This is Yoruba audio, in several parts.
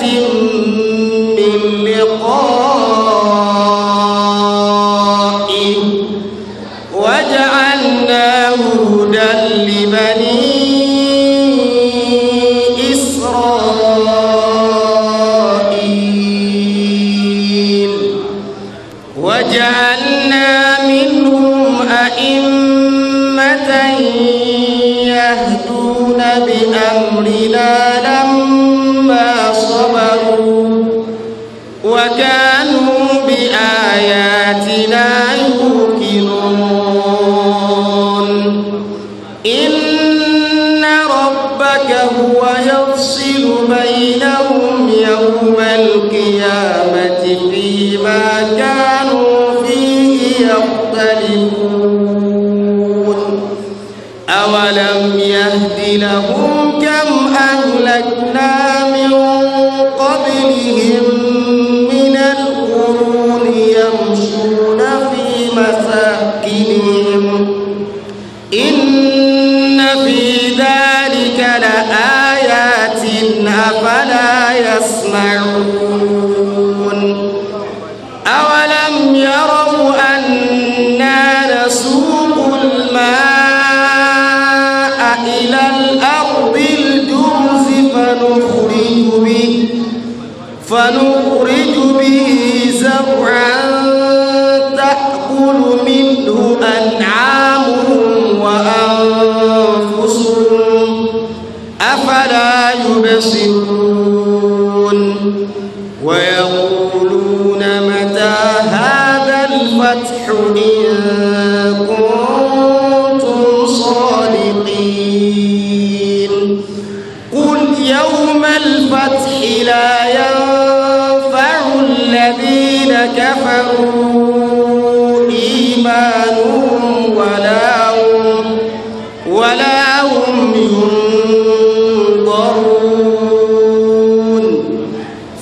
Brasil. ونخرج به زرعا تأكل منه أنعامهم وأنفسهم أفلا يبصرون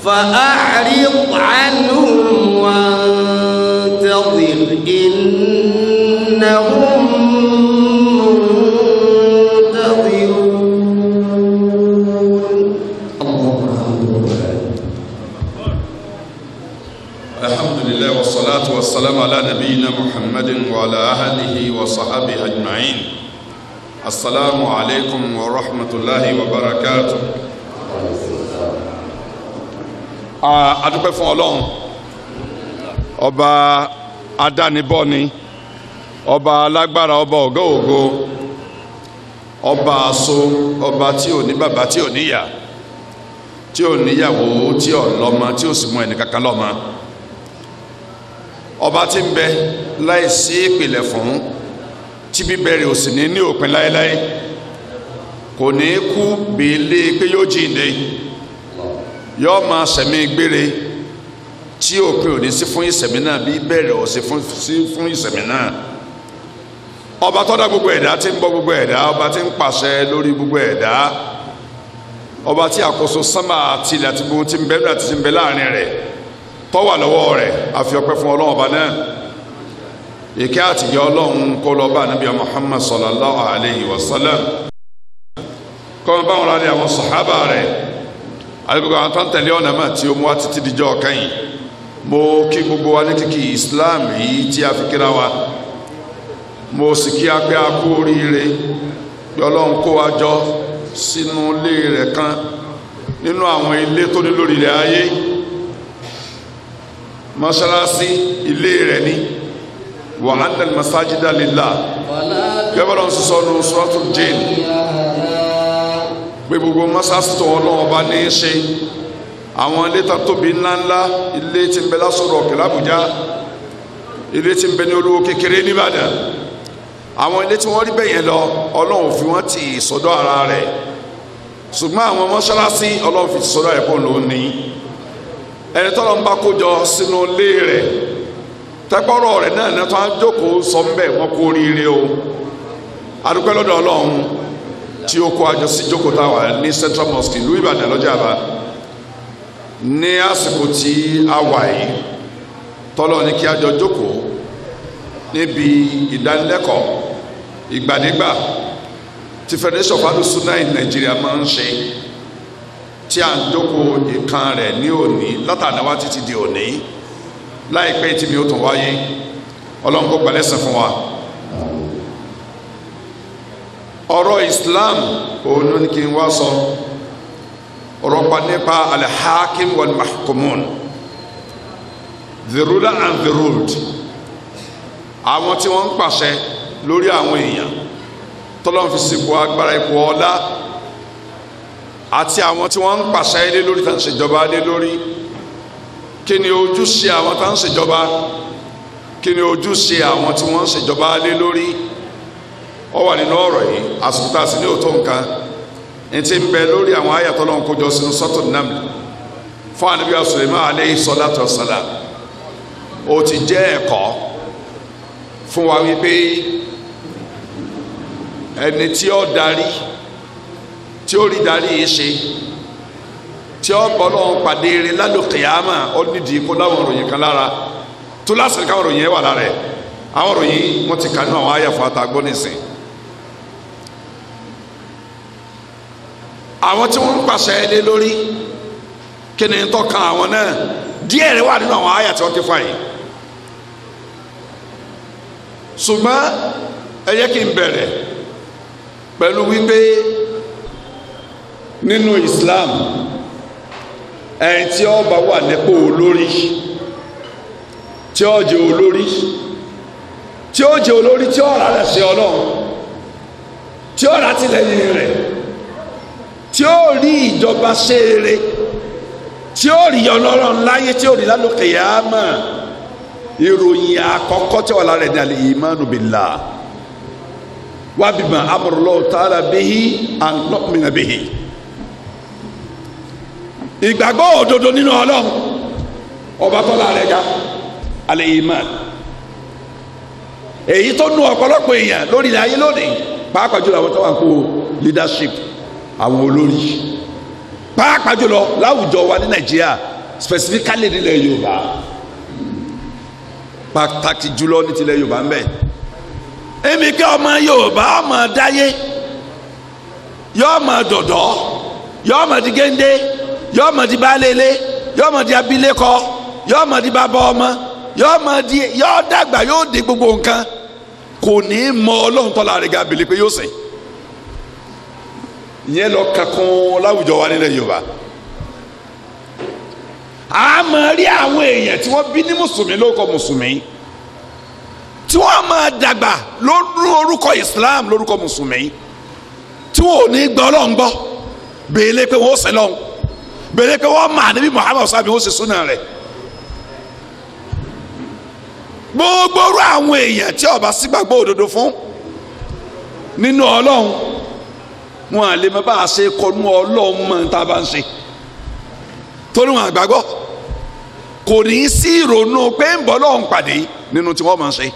فأعرض عنهم وانتظر إنهم منتظرون الله الحمد لله والصلاة والسلام على نبينا محمد وعلى أهله وصحبه أجمعين السلام عليكم ورحمة الله وبركاته adúpẹ́ fún ọlọ́run ọba adánibọ́ni ọba alágbára ọba ọ̀gá ọba aso ọba tí ò ní bàbá tí ò níyà tí ò níyàwó tí ò lọ́mọ tí ò sì mú ẹnì kankan lọ́mọ ọba tí ń bẹ láì sí ìpìlẹ̀ fún tí bíbẹ̀rẹ̀ ò sì ní ní òpin láéláé kò ní kú pé yóò yọọ máa sẹ̀mí gbére tí òpin òní sí fún ìsẹ̀mí náà bí bẹ̀rẹ̀ òsì sí fún ọba tọ́da gbogbo ẹ̀dá tí ń bọ́ gbogbo ẹ̀dá ọba tí ń pàṣẹ lórí gbogbo ẹ̀dá ọba tí àkóso sánmà àti ilẹ̀ àti gbogbo tí bẹ àti ń láàrin rẹ̀ lọ́wọ́ rẹ̀ fún ọba náà sallallahu alayhi wa sallam kọ́ àti gbogbo àwọn tó ń tẹ̀lé ọ̀nà mọ̀ tí ó mú wá títí dijọ́ kẹ́yìn mo kí gbogbo wa ní Islam yìí tí a fi kíra wa mo sì kí a pé a kú oríire pé ọlọ́run kó wa jọ sínú ilé rẹ̀ kan nínú àwọn ilé tó ní lórí ilẹ̀ ayé mọ́ṣáláṣí ilé rẹ̀ ni wa anna al-masajida lillah gẹ́gẹ́ bọ́lá ń sọ suratul jinn pé gbogbo mọ́sásítọ̀ ọlọ́wọ́n bá ní í ṣe àwọn ilé tán tóbi ńláńlá ilé tí ń bẹ lásòrò ọ̀kẹ́ làbújá ilé tí ń bẹ ní olówó kékeré nìbàdàn àwọn ilé tí wọ́n rí bẹ́yẹn lọ ọlọ́run fi wọ́n ti sọ́dọ̀ ara rẹ̀ ṣùgbọ́n àwọn mọ́ṣáláṣí ọlọ́run fi sọ́dọ̀ ẹ̀kọ́ ló ní ẹni tọ́lọ́ ń bá kójọ sínú ilé rẹ̀ tẹ́gbọ́rọ̀ rẹ̀ náà ní wọ́n á jókòó sọ ń kó oríire o adúpẹ́ lọ́dọ̀ ọlọ́run tí ó kó àjọ sí jókòó táwa ní central mosque ìlú ìbàdàn lọ́jọ́ àbá ní àsìkò tí a wà yìí tọ́lọ́ ní kí àjọ jókòó níbi ìdánilẹ́kọ̀ọ́ ìgbàdégbà tí federation of alusuna in Nigeria máa ń ṣe tí à ń jókòó ìkan rẹ̀ ní òní látànáwá títí di òní láìpẹ́ tí mi ó tún wáyé ọlọ́run kó gbalẹ́sìn fún wa ọ̀rọ̀ islam òun ló ní kí n wá sọ ọ̀rọ̀ pa nípa alhakim wal mahkumun the ruler and the ruled àwọn tí wọ́n ń pàṣẹ lórí àwọn èèyàn tọ́lọ́n fi sìnkú agbára ipò ọlá àti àwọn tí wọ́n ń pàṣẹ ilé lórí tá ń ṣèjọba lé lórí kí ni ojúṣe àwọn tá ń ṣèjọba kí ni ojúṣe àwọn tí wọ́n ń ṣèjọba lé lórí ọ wà nínú ọ̀rọ̀ yìí àsùkútà sí ní òótọ́ nǹkan ní ti ń bẹ lórí àwọn àyàtọ̀ náà kójọ sínú sọ́tò nam fún àníbí Sulaiman alayhi salatu wassalam ó ti jẹ́ ẹ̀kọ́ fún wa wípé ẹni tí ó darí tí ó rí darí yìí ṣe tí ó bọ́ lọ́wọ́ pàdé eré lálùkìyàmà ó nídìí kó láwọn òròyìn kan lára tó lásìkò káwọn òròyìn ẹ wà lára ẹ àwọn òròyìn wọn ti kà nínú àwọn àyàfọ àtàgbọ́nìsìn. àwọn tí wọ́n ń pàṣẹ ilé lórí kí ni tọ́ka àwọn náà díẹ̀ rẹ̀ wà nínú àwọn àyà tí wọ́n ti fà yìí ṣùgbọ́n ẹ yẹ kí n bẹ̀rẹ̀ pẹ̀lú wípé nínú Islam ẹni tí ó bá wà nípò olórí tí ó jẹ́ olórí tí ó jẹ́ olórí tí ó rà rẹ̀ sí Ọlọ́run tí ó rà tìlẹ́yìn rẹ̀ tí ó rí ìjọba ṣeere tí ó rí ọlọ́run láyé tí ó rí lálùkè yá mọ̀ ìròyìn àkọ́kọ́ tí wà lára ẹ̀ ní alẹ́ ìmánu bìlà wà bímọ amúrúlọ́ tààrà bíhí àlọ́mìnà bíhí ìgbàgbọ́ òdodo nínú ọlọ́run ọba tó lára ẹ̀ ga alẹ́ ìmánu èyí tó nu ọ̀pọ̀lọpọ̀ èèyàn lórí ilẹ̀ ayé lónìí pàápàá jùlọ àwọn tó wà kó leadership àwọn olórí pàápàá jùlọ láwùjọ wa ní nàìjíríà specifically nílẹ̀ yorùbá pàtàkì jùlọ ní tilẹ̀ yorùbá ń bẹ èmi kẹ́ ọmọ yorùbá ọmọ dáyé yọ ọmọ dọ̀dọ̀ yọ ọmọ di géńdé yọ ọmọ di baálélé yọ ọmọ di abilékọ yọ ọmọ di bàbá ọmọ yọ ọmọ di yọ ọdàgbà yóò di gbogbo nǹkan kò ní mọ ọlọ́run tọ́lá rẹ̀ ga pé yóò sìn ìyẹn lọ kankan láwùjọ wa nílẹ̀ yorùbá a máa rí àwọn èèyàn tí wọ́n bí ní mùsùlùmí lórúkọ mùsùlùmí tí wọ́n máa dàgbà lórúkọ islam lórúkọ mùsùlùmí tí wọ́n ò ní gbọ́ ọlọ́run gbọ́ béèlè pé wọ́n ó sẹ́ lọ́hùn béèlè pé wọ́n máa níbi muhammadu sábì ó sì súnà rẹ̀ gbogbo àwọn èèyàn tí ọba sígbàgbọ́ òdodo fún nínú ọlọ́run wọn à lè mọ bá a ṣe kọnu ọlọ́run mọ tá a bá ń ṣe torí wọn àgbàgbọ́ kò ní í sí ìrònú pé ń bọ́ lọ́hùn pàdé nínú tí wọ́n máa ṣe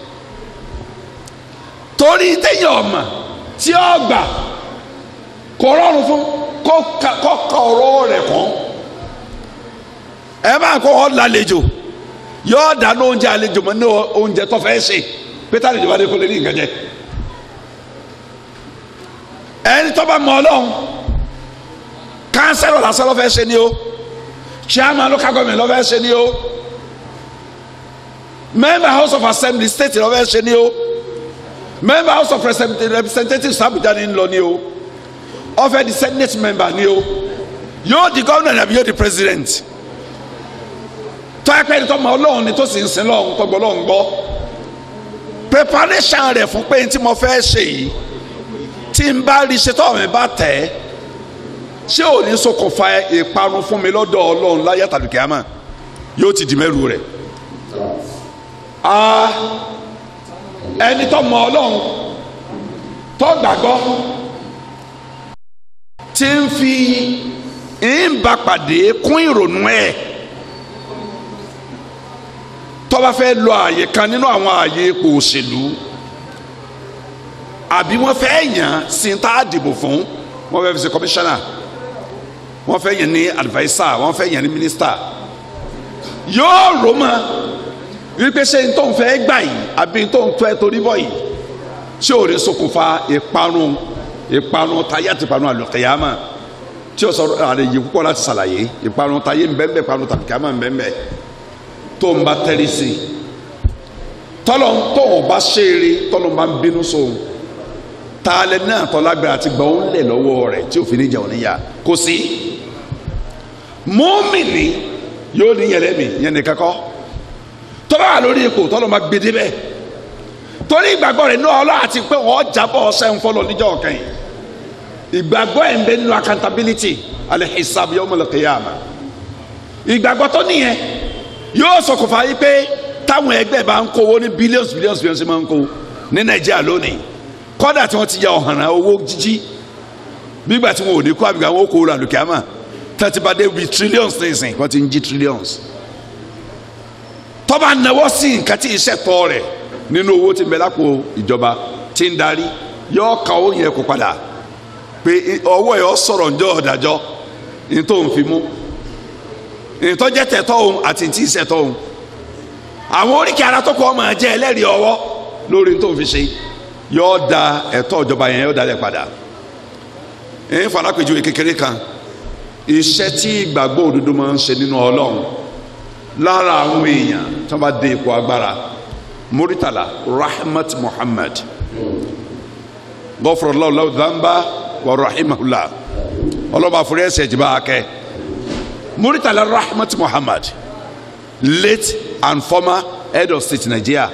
torí téèyàn ọ̀mà tí ó gbà kò rọrùn fún kó ka ọ̀rọ̀ rẹ̀ kàn ẹ máa kọ́ ọ́ lálejò yóò dáná oúnjẹ àlejò mọ́ ní oúnjẹ tó fẹ́ ṣe pété àlejò bá dé kó lè rí nǹkan jẹ ẹni tó bá mọ ọlọ́run kánsẹ́lọ̀ lásán lọ́fẹ́ ṣe ni o chairman local government lọ́fẹ́ ṣe ni o member house of assembly state lọ́fẹ́ ṣe ni o member house of representatives Abuja ni lọ ni o ó fẹ́ di senate member ni o yóò di governor àbí yóò di president tọ́pẹ́ tó mọ ọlọ́run ni tó sì ń sin lọ́run tó gbọ́ lọ́run gbọ́ preparation rẹ̀ fún pé ní tí mo fẹ́ ṣe yìí tí n bá rí ṣe tọ́ mi bá tẹ̀ ẹ́ ṣé ò ní ṣokùnfà ìparun fún mi lọ́dọ̀ ọlọ́run láyé tàbí kíámà yóò ti di mẹ́rù rẹ̀ a ẹni tó mọ ọlọ́run tó gbàgbọ́ tí ń fi ń bá pàdé kún ìrònú ẹ̀ tó bá fẹ́ lọ àyè kan nínú àwọn àyè ipò òṣèlú àbí wọ́n fẹ́ yàn sin a dìbò fún wọ́n fẹ́ fi ṣe commissioner wọ́n fẹ́ yàn ní adviser wọ́n fẹ́ yàn ní minister yóò rò mọ́ wípé ṣé n tó ń fẹ́ gbà yìí àbí n tó ń tọ́ ẹ torí bọ̀ yìí tí ò lè ṣokùnfà ìparun ìparun tayé àti ìparun àlùkìyàmà tí o sọ̀rọ̀ àrẹ yìí púpọ̀ láti ṣàlàyé ìparun tayé ńbẹ́ńbẹ́ ìparun tàbí kìámà ńbẹ́ńbẹ́ tó ń bá tẹ́lẹ̀ sí i tọ́lọ̀ tó ń bá ṣe eré tọ́lọ̀ bá ń bínú sóhun taalẹ náà tọ́lágbára àti gbà ó ń lẹ̀ lọ́wọ́ rẹ̀ tí òfin níjà òníyà kò sí. mọ́mìnì yóò ní yẹlẹ́mì yẹn nìkan kọ́ tọ́lá lórí ipò tọ́lọ́ máa gbé débẹ̀ torí ìgbàgbọ́ rẹ̀ náà ọlọ́ àti pé wọ́n jábọ̀ ọ̀sẹ̀ ń fọlọ́ níjọ́ ọ̀kan ìgbàgbọ́ ẹ̀ ń bẹ nínú accountability al-hisab yawm al-qiyamah ìgbàgbọ́ tó nìyẹn yóò ṣokùnfà yìí pé táwọn ẹgbẹ́ bá ń kówó ní billions billions billions máa ń kó ní nàìjíríà lónìí kọ́dà tí wọ́n ti ya ọ̀hànà owó jíjí nígbà tí wọn ò ní kó àbíkà wọn ó kó o làlùkẹ́ àmà tẹ́tí bá bi trillions wọ́n ti ń jí trillions tọ́ba náwó sí nǹkan tí iṣẹ́ tọ́ rẹ̀ nínú owó tí ń ìjọba ti ń darí yọ ka owó yẹn kó padà pé ọwọ́ yẹn sọ̀rọ̀ ǹjọ́ ọ̀dàjọ́ ní tó fi mú ìtọ́jẹ́ tẹ̀tọ́ òun àti òun àwọn oríkèé ara ọmọ ẹ̀jẹ̀ ẹlẹ́rìí ọwọ́ lórí fi ṣe yóò da ẹ̀tọ́ ìjọba yẹn yóò dalẹ̀ padà ẹ̀yin farakẹ̀jọ kékeré kan iṣẹ́ tí ìgbàgbọ́ òdodo máa ń ṣe nínú ọlọ́run lára àwọn èèyàn tó bá dé ipò agbára muritala rahmat muhammad gọfọrọlọwọ lọwọ dánbà wà rahimahullah ọlọ́ba àforí ẹ̀ṣẹ̀ jìbá akẹ́ muritala rahmat muhammad late and former head of state nigeria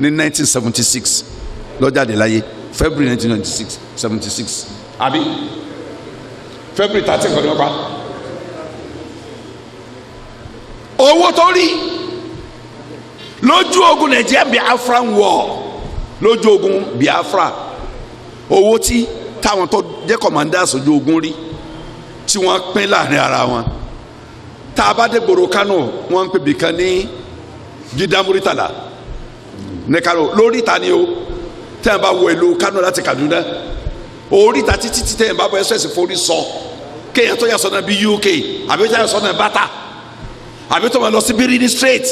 ní 1976 ló láyé February nineteen ninety six seventy six àbí February thirteen kọ́ni wọ́n pa owó tó rí lójú ogun Nàìjíríà Biafra ń wọ̀ lójú ogun Biafra owó tí táwọn tó jẹ́ commanders ojú ogun rí tí wọ́n pín láàrin ara wọn tá a bá dé gbòòrò Kánò wọ́n ń pè bìkan ní gídá Muritala ní Kánò lórí ta ni o tẹ́ ẹ̀ bá wọ ìlú Kánò láti Kaduna oríta títí tí tẹ́ ẹ̀ bá bọ ẹsẹ̀sì forí sọ kéèyàn tó yà sọ́nà bí UK àbí tó yà sọ́nà bàtà àbí tó lọ sí Birni straight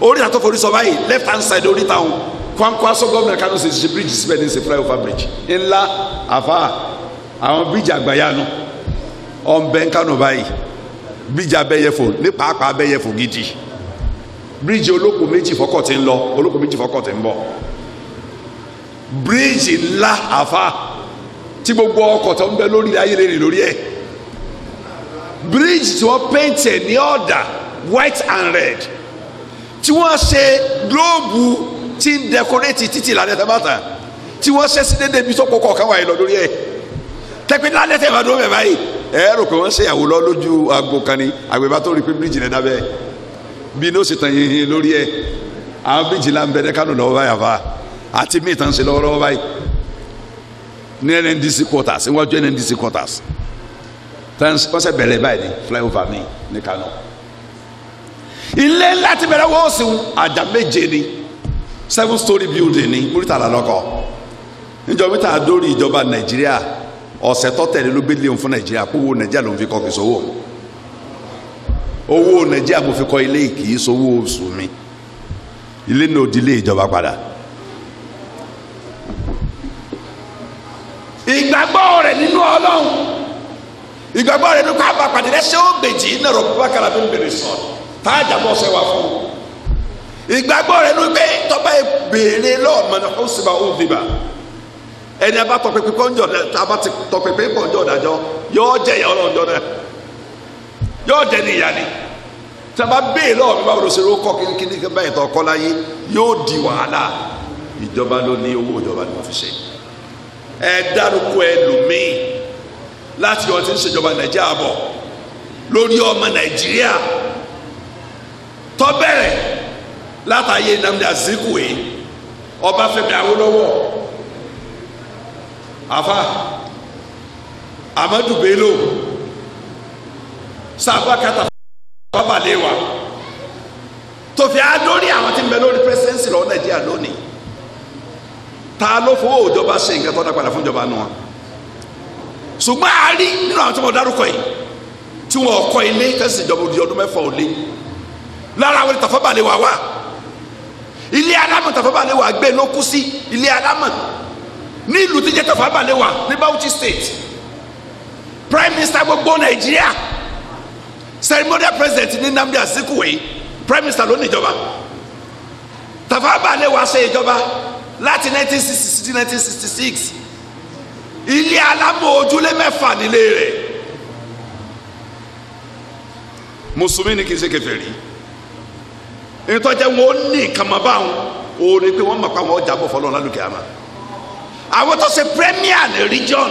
oríta tó forí sọ báyìí left hand side oríta òun kwankwaso gómìnà Kánò ṣe ṣe bridge síbẹ̀ ní ṣe flyover bridge ńlá àfa àwọn bridge àgbáyanu ọ̀nbẹ́ Kánò báyìí bridge abẹ́yẹfò ní pàápàá abẹ́yẹfò gidi bridge olóko méjì fọkọ̀ tí ń lọ olóko méjì fọkọ̀ tí ń bọ̀ bíríìjì ńlá àfa tí gbogbo ọkọ̀ tó ń bẹ lórí ayé lè rìn lórí ẹ̀ bíríìjì tí wọ́n pẹ́ǹtì ní ọ̀dà white and red tí wọ́n ṣe gílóòbù tí ń dẹkọrétì títì lálẹ́ tẹ́ bàtà tí wọ́n ṣe sí déédéé bí tó kọ́ kọ̀ọ̀kan wà yìí lọ lórí ẹ̀ tẹ́pẹ́ lálẹ́ tẹ́ bàtà ó bẹ̀ báyìí ẹ rò pé wọ́n ṣèyàwó lọ lójú agbo kan ni àgbẹ̀bá tó rí pé bíríìjì rẹ̀ dábẹ́ bí ní ó sì tàn yìnyín lórí ẹ̀ àwọn bíríìjì là ń bẹ dẹ́kánù lọ́wọ́ àti míì tán ṣe lọ́wọ́lọ́wọ́ báyìí ní NNDC quarters níwájú NNDC quarters tans wọ́n ṣe bẹ̀rẹ̀ báyìí ní flyover mi ní Kano ilé láti bẹ̀rẹ̀ wọ́n sì àjà méje ni seven story building ni múrítàlá lọ́kọ̀ níjọba mítà dórí ìjọba Nàìjíríà ọ̀sẹ̀ tọ́tẹ̀lé ló gbélé òun fún Nàìjíríà kó wo Nàìjíríà ló ń fi kọ́ kì í sówó owó Nàìjíríà mo fi kọ́ ilé kì í sówó oṣù mi ilé náà òdìlé ìjọba padà ìgbàgbọ́ rẹ̀ nínú ọlọ́run ìgbàgbọ́ rẹ̀ nínú káàbà pàdé lẹ́sẹ̀ ó gbèjì náà rọ̀ bá kàrà bí ń bèrè sàn tá a jàmọ́ ọ̀sẹ̀ wà fún un ìgbàgbọ́ rẹ̀ nínú pé tọ́ba yẹn béèrè lọ́ọ̀ mọ̀nà ó sì máa ń bíbà ẹni a bá tọpinpin kọ́ ńjọ a bá ti tọpinpin kọ́ ńjọ dájọ́ yóò jẹ ìyá ọlọ́run jọ náà yóò jẹ ní ìyá ni tí a bá béèrè lọ́ọ̀ mi báwo ló ṣe ló kọ́ kíníkíní báyìí tọ́ kọ́ láyé yóò di wàhálà ìjọba ló ní owó ìjọba ni fi ṣe ẹ dárúkọ ẹlòmíì láti ọtí ń ṣèjọba nàìjíríà bọ̀ lórí ọmọ nàìjíríà tó bẹ̀rẹ̀ látàyè Nnamdi Azikiwe Ọbáfẹ́mi Awólọ́wọ̀ afa Amadu Bello sábà kàtà fábàlẹ́wà tó fi á lórí àwọn tí ń bẹ lórí pẹ́sẹ́ńsì lọ́wọ́ nàìjíríà lónìí ta ló fowó ìjọba ṣe nǹkan tó dá padà fún ìjọba nù wọn ṣùgbọ́n a rí nínú àwọn tó wọn dárúkọ yìí tí wọn kọ́ ilé tẹ́sí ìjọba òdi ọdún mẹ́fà ò lé lára wọn tàfọ́bàlẹ̀ wà wá ilé alámọ̀ tàfọ́bàlẹ̀ wà gbé ló kú sí ilé alámọ̀ ní ìlú tí jẹ́ tàfọ́bàlẹ̀ wà ní Bauchi state prime minister gbogbo Nàìjíríà ceremonial president ní Nnamdi Azikiwe prime minister ló ní ìjọba tàfọ́bàlẹ̀ wà ṣe ìjọba láti 1966 sí 1966 ilé alámọ̀ ojúlé mẹ́fà nílé rẹ̀ mùsùlùmí ni kì í ṣe kèfèrí ìtọ́jẹ́ wọn ó ní ìkàmọ́bá wọn òun ni pé wọ́n mọ̀ pa wọn ọjà bọ̀ fọlọ́run lálùkẹ́ àmà àwọn tó ṣe premier ní region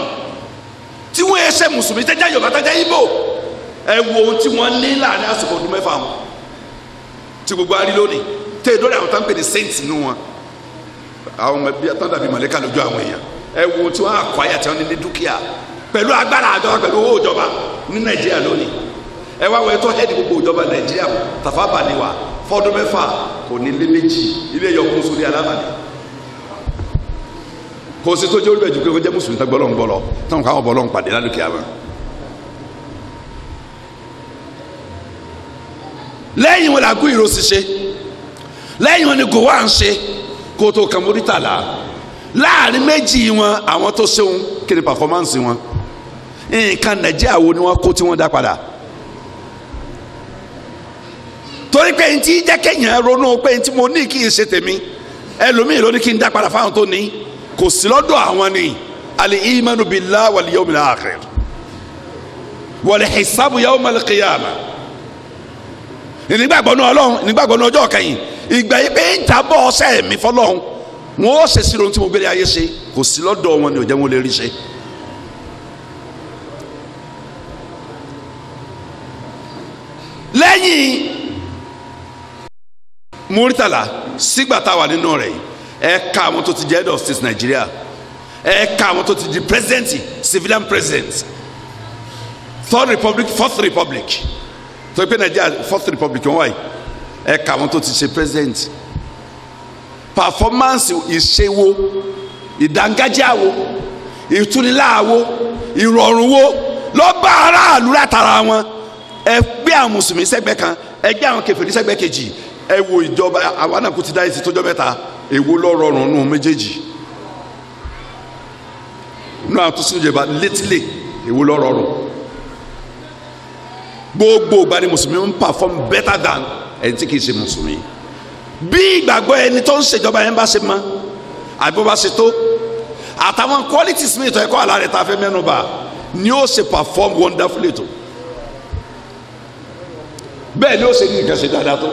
tí wọ́n ṣe mùsùlùmí tẹ́jẹ́ yorùbá tẹ́jẹ́ ibo ẹ wo ohun tí wọ́n ní láàrin àsìkò ọdún mẹ́fà wọn tí gbogbo arí lónìí tẹ́ ìdórí àwọn tó ń pè ní saint nù wọn àwọn ọmọ ẹbí tán dàbí màlẹ́kà lójú àwọn èèyàn ẹ wo tí wọ́n àkọ́yà tí wọ́n ní dúkìá pẹ̀lú agbára àjọba pẹ̀lú owó ìjọba ní nàìjíríà lónìí ẹ wá wọ ẹtọ́ ẹ̀dì gbogbo ìjọba nàìjíríà tàfà bàníwá fọ́dún mẹ́fà kò ní lé méjì ilé ẹ̀yọkùn sórí alábàdàn kò sí tó jẹ́ olú ẹ̀jú pé ó jẹ́ mùsùlùmí tó gbọ́lọ́ ni gòwá ń kó tó kan mórítàlá láàrin méjì wọn àwọn tó ṣeun kí ni pàfọ́mánsì wọn nǹkan nàìjíríà wo ni wọ́n kó tí wọ́n dá padà torí pé n ti jẹ́ kéèyàn ronú pé n ti mo ní kí n ṣe tèmi ẹlòmíì ló kí n dá padà fáwọn tó ní kò sí lọ́dọ̀ àwọn ni ali imanu billah wal yawmil akhir wal hisabu ìnígbàgbọ́ ní ọlọ́run ìnígbàgbọ́ ní ọjọ́ kẹyìn ìgbà yìí pé ń jábọ̀ ọsẹ mi fọlọ́run wọn ó ṣèṣì ohun tí mo bẹ̀rẹ̀ ayé ṣe kò sí lọ́dọ̀ wọn ni ò jẹ́ wọn lè rí ṣe. lẹ́yìn Muritala sígbà tá a wà nínú rẹ̀ ẹ̀ka àwọn tó ti jẹ́ head of state Nàìjíríà ẹ̀ka àwọn tó ti di president civilian president third republic fourth republic tó pé Nàìjíríà fourth republic wọn wáyé ẹ̀ka àwọn tó ti ṣe president performance ìṣèwò ìdángájáwo ìtúniláwo ìrọ̀rùnwó lọ́ba aráàlú látara wọn ẹ gbé àwọn mùsùlùmí sẹ́gbẹ́ kan ẹ gbé àwọn kèfèrí sẹ́gbẹ́ kejì ẹ wo ìjọba àwọn àkùn ti dáyé sí tọ́jọ́ mẹ́ta èwo lọ́rọ̀rùn nù méjèèjì nù àtúnṣe ìjọba létílé èwo lọ́rọ̀rùn gbogbo ìgbà ni mùsùlùmí ń perform better than ẹni tí kìí ṣe mùsùlùmí bí ìgbàgbọ́ ẹni tó ń ṣèjọba yẹn bá ṣe mọ́ àbí bó bá ṣe tó àtàwọn qualities mi ìtọ́ ẹ̀kọ́ àlá tá a fẹ́ mẹ́nu bá ni ó ṣe perform wonderfully tó bẹ́ẹ̀ ni ó ṣe ní nǹkan ṣe dáadáa tó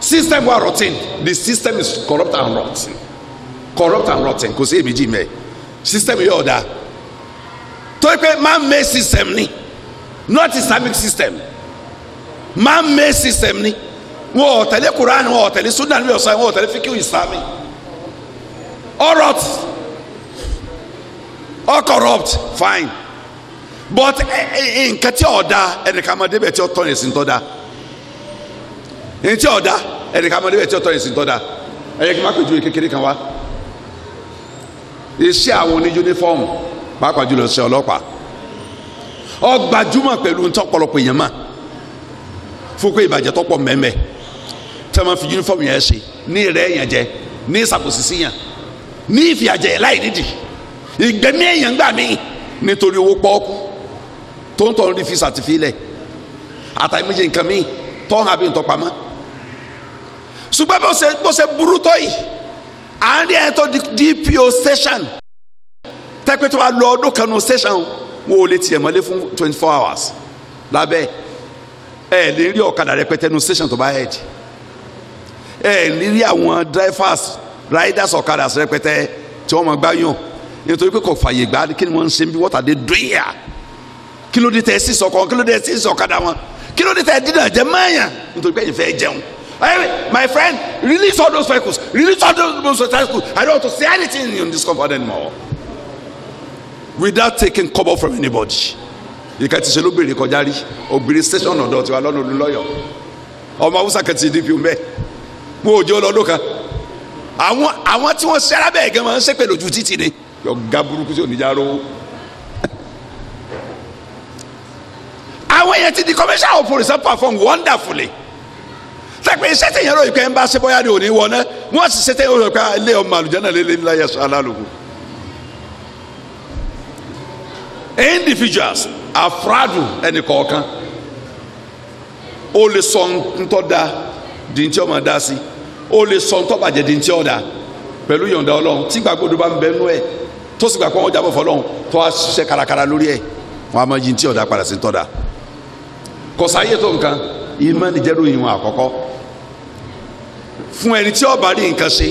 system wa rotten the system is corrupt and rotten corrupt and rotten kò sí èmi jí mẹ́ system yóò dáa torí pé man made system ni not islamic system man made system ni wọn ò tẹ̀lé quran wọn ò tẹ̀lé sunnah níbi ọ̀sán wọn ò tẹ̀lé fikiru islami all rot all corrupt fine but eh, eh, nǹkan tí ọ̀dà ẹnìkan máa débẹ̀ tí ó tọ́ ẹ̀sìn tó dáa ẹni tí ọ̀dà ẹnìkan máa débẹ̀ tí ó tọ́ ẹ̀sìn tó dáa ẹ̀yẹ kí n má pèjú kékeré kan wá iṣẹ́ àwọn oní yunifọ́ọ̀mù pàápàá jùlọ ṣe ọlọ́pàá ó gbajúmọ̀ pẹ̀lú ntọ́pọ̀lọpọ̀ èèyàn mà fún pé ìbàjẹ́ tọ́pọ̀ mẹ́mẹ́ tẹ́ máa fi yunifọ́ọ̀mù yẹn ṣe ní ìrẹ́ èèyàn jẹ ní ìsàkóso sí yàn ní ìfìyàjẹ láì nídìí ìgbẹ́mí èèyàn gbà mí nítorí owó pọ́ọ́kú tó ń tọ́nu rí fi sàtìfilẹ̀ àtàìmọye nǹkan míì tọ́hún àbí ntọ́pamọ́ ṣùgbọ́n bó ṣe burú tó yìí à ẹ̀ tó DPO station tẹ́pẹ́ tó bá lọ ọdún kan nù station wọn ò lè tiẹ̀ mọ́lé fún twenty four hours lábẹ́ ẹ lè rí ọ̀kadà rẹpẹtẹ nù station tó bá yẹ jì ẹ lè rí àwọn drivers riders ọ̀kadà rẹpẹtẹ tí wọ́n máa gbá yàn nítorí pé kò fàyè gbá kí ni wọ́n ń ṣe bí wọ́n tàdé dúnyà kí ló dé tẹ̀ sí sọ̀kan kí ló dé tẹ̀ sí sọ̀kadà wọn kí ló dé tẹ̀ dídà jẹ́ mọ́ọ̀yàn nítorí pé ìfẹ́ jẹun my friend release all those vehicles release all those motorcycles i don't want to see anything in this compound anymore without taking cover from anybody ìka ti ṣe ló bèrè kọjá rí ògbèrè station ọ̀dọ̀ tiwa lọ́nà olùlọ́yọ̀ ọmọ haúsá kan ti dp mbẹ wọn ò jẹ́ ọlọ́dún kan àwọn àwọn tí wọ́n ṣẹ́ra bẹ́ẹ̀ gan máa ń ṣépè lójú títì ni yọ ga burúkú sí oníjà rówó. àwọn èèyàn ti di commercial operation perform wonderfully tẹ́pẹ́ iṣẹ́ tẹ̀yẹ́rọ ìpẹ́ ń bá ṣe bọ́yá ni òní wọ́n náà wọ́n sì ṣe tẹ̀yẹ́rọ ìpẹ́ ilé ọmọ àlùjá náà lé lé ńlá yẹn aláàlùkù. individuals afraadu ẹnì kọ̀ọ̀kan o lè sọ ntọ́da di ntí ọmọ da sí o lè sọ ntọ́bàjẹ́ di ntí ọ̀dà pẹ̀lú yọ̀ǹda ọlọ́run tí gbàgbọ́dọ̀ bá ń bẹ nú ẹ̀ tó sì gbà pé wọ́n jábọ̀ fọlọ́run tó wá ṣiṣẹ́ kárakára lórí ẹ̀ wọ́n á máa yí ntí ọ̀dà padà sí ntọ́da kọ̀sáyé tó nǹkan ìmánì jẹ́rú ìwọ̀n àkọ́kọ́ fún ẹni tí ó bá rí nǹkan ṣe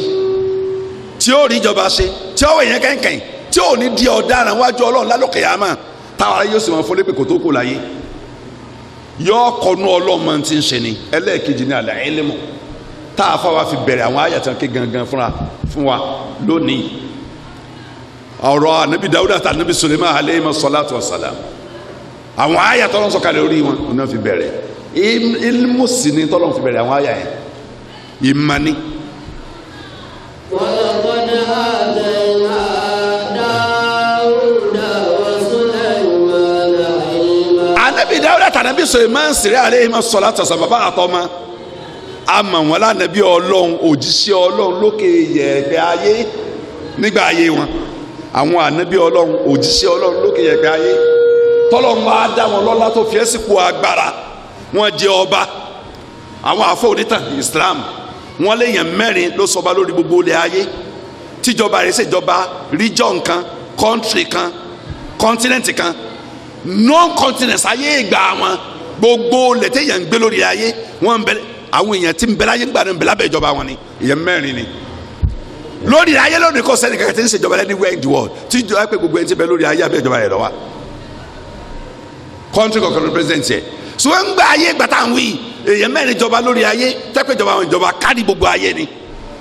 tí ó rí ìjọba ṣe tí ó wẹ̀ yẹn tí ò ní di ọ̀daràn wájú ọlọ́run lálùkẹ́ yá mà táwa yóò sì máa fọlé pé kò tó kò láyé yọ kọnu ọlọ́run máa ti ń ṣe ni ẹlẹ́ẹ̀kejì ní àlẹ́ ẹlẹ́mọ̀ tá a fáwa fi bẹ̀rẹ̀ àwọn àyàtàn ké gangan fúnra fún wa lónìí ọ̀rọ̀ anabi dawuda àti anabi suleiman aleyhi masalatu wasalam àwọn àyà tọ́lọ́n sọ̀kalẹ̀ orí wọn ọ̀nà fi bẹ̀rẹ̀ ilmu ni tọ́lọ́n fi bẹ̀rẹ̀ àwọn àyà yẹn ìmọ̀ wọ́n lọ bọ́ ní àdé. dáwúdà tànàbí Suleiman sèré alẹ́ ìmọ̀ sọ̀lá tọ̀sán bàbá àtọ́mọ àmọ̀ wọn lànàbí ọlọ́run òjíṣẹ́ ọlọ́run lókè yẹ̀ẹ̀gbẹ́ ayé nígbà ayé wọn àwọn ànàbí ọlọ́run òjíṣẹ́ ọlọ́run lókè yẹ̀ẹ̀gbẹ́ ayé tọ́lọ́run bá dá wọn lọ́lá tó fi ẹ́sìnkú agbára wọn jẹ ọba àwọn àfọ onítàn Islam wọn léèyàn mẹ́rin ló sọba lórí gbogbo ilẹ̀ ayé tíjọba rẹ̀ ṣèjọba region kan country kan continent kan non continence ayé ìgbà wọn gbogbo lẹ́tẹ̀ yẹn ń gbé lórí ayé wọn ń bẹ àwọn èèyàn tí ń bẹ láyé gbà ń bẹ lábẹ́ ìjọba wọn ni èèyàn mẹ́rin ni lórí ayé lónìí kò sẹ́ni kankan tí ń ṣèjọba lẹ́ni wẹ́ẹ̀ ń diwọ̀ tí ìjọba pé gbogbo ẹni tí ń bẹ lórí ayé abẹ́ ìjọba rẹ̀ lọ́wọ́ kọ́ńtì kọ̀ọ̀kan ló president yẹ so ń gba ayé gbàtà ń wí èèyàn mẹ́rin jọba lórí ayé tẹ́pẹ́ ìjọba àwọn ìjọba kárí gbogbo ayé ni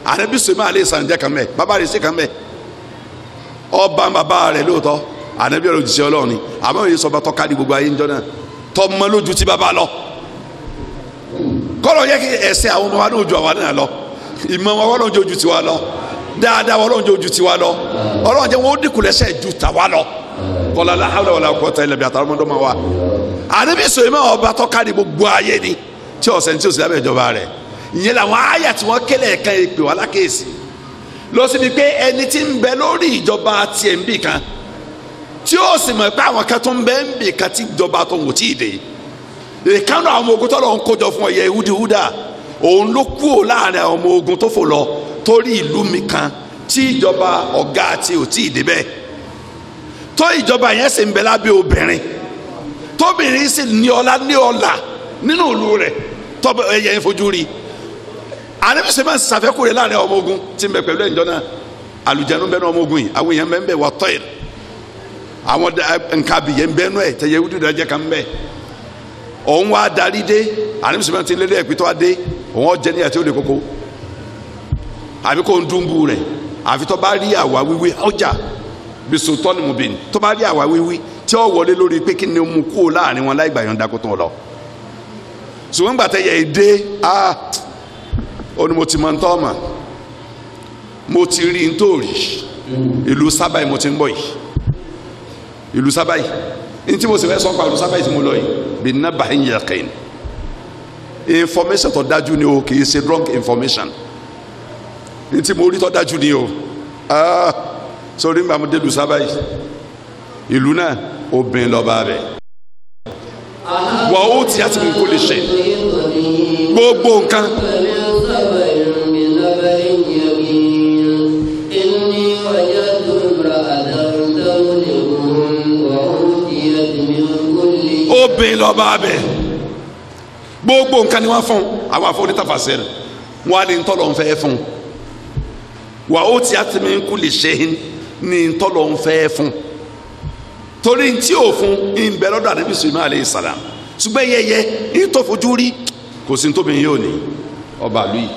àrẹ́bí sèmi àlẹ́ ìsànjẹ́ kan mẹ́ bàbá rẹ̀ sí kan mẹ́ ọba bàbá rẹ̀ lóòótọ́ ànábì ọ̀rọ̀ òjíṣẹ́ ọlọ́run ni àmọ́ òye sọba tọ́ kárí gbogbo ayé ń jọ náà tọ́ mọ lójú tí bàbá lọ kọ́lọ̀ yẹ kí ẹ̀sìn àwọn ọmọ wa náà ju àwa náà lọ ìmọ̀ wọn ọlọ́run jẹ́ ojú tiwa lọ dáadáa wọn ọlọ́run jẹ́ ojú tiwa lọ ọlọ́run jẹ́ wọn ó dínkù lẹ́sẹ̀ ju tàwa lọ kọ́lọ̀ aláhàlọ́ wàlá kọ́ta ilẹ̀ bí àtàlọ́mọdọ́mọ wa ànábì sọ̀rọ̀ ọba tọ́ kárí gbogbo ayé ni tí ọ̀sẹ̀ tí òsì lábẹ́ ìjọba rẹ̀ ìyẹn làwọn àyà tí wọ́n kélé ẹ̀ka ìpè wà lákèésí lọ síbi pé tí ó sì mọ̀ pé àwọn kan tó ń bẹ́ẹ̀ ń bè kan tí ìjọba tó ń wò tí ì dé ìkànnì àwọn ọmọ ogun tó lọ ń kójọ fún ọyẹ ìhúdi húdà òun ló kú ò láàrin àwọn ọmọ ogun tó fò lọ torí ìlú mi kan tí ìjọba ọ̀gá àti òtí ì débẹ̀ tó ìjọba yẹn sì ń bẹ lábẹ́ obìnrin tóbìnrin sì ní ọlá ní ọlà nínú ìlú rẹ̀ tọ́bẹ̀ ẹ̀yẹ ń fojú rí àrẹ́bí sèmá sàfẹ́kù rẹ̀ láàrin ọmọ ogun tí ń bẹ pẹ̀lú ẹ̀ńjọ́ náà àlùjẹ̀nu bẹ́ẹ̀ ní ọmọ ogun yìí àwọn èèyàn bẹ́ẹ̀ ń bẹ wà tọ́yìn àwọn nǹkan abìyẹ ń bẹ́ẹ̀ nú ẹ̀ tẹ̀yẹ wúdú ìdájẹ́ kan bẹ́ẹ̀ òun wá darí dé àní mùsùlùmí ti lélẹ̀ ẹ̀pítọ́ wá òun ọ̀jẹ̀ ní àti òde koko àbí kò ń dúnbù rẹ̀ àfi tó bá rí àwa wíwí ọjà bísò tọ́ni mu bìn tó bá rí àwa wíwí tí ó wọlé lórí pé kí ni mu kú láàrin wọn láì gbàyàn dákó tó lọ ṣùgbọ́n gbàtẹ́ yẹ̀ dé a ó ní mo ti mọ ntọ́ ọ̀mà mo ti rí ntòrí ìlú sábà mo ti ń bọ̀ yìí ìlú sábàyì ntí mo sì fẹ́ sọ́kpa ìlú sábàyì tí mo lọ yìí bí nàbà ń yẹ kẹ́yìn information tó dájú ni o kì í ṣe wrong information ntí mo rí tó dájú ni o ah sori nígbà mo dé ìlú sábàyì ìlú náà obìnrin lọ́ba rẹ̀ wà ó ti àti mo kò lè ṣe gbogbo nǹkan. obìnrin lọ́ba abẹ gbogbo nǹkan ni wọ́n fún àwọn afọ onítàfàṣẹ rẹ wọ́n á ní ntọ́lọ̀ ń fẹ́ fún wà ó ti àtẹ̀mí kú lè ṣe é ní ntọ́lọ̀ ń fẹ́ fún torí ntí òfun ìbẹ̀rọ̀dọ̀ àdébí sùnmọ́ àlẹ́ ìsàlám ṣùgbọ́n yẹyẹ ìtọ́fojú rí kò sí tóbi yóò ní ọba àlú yìí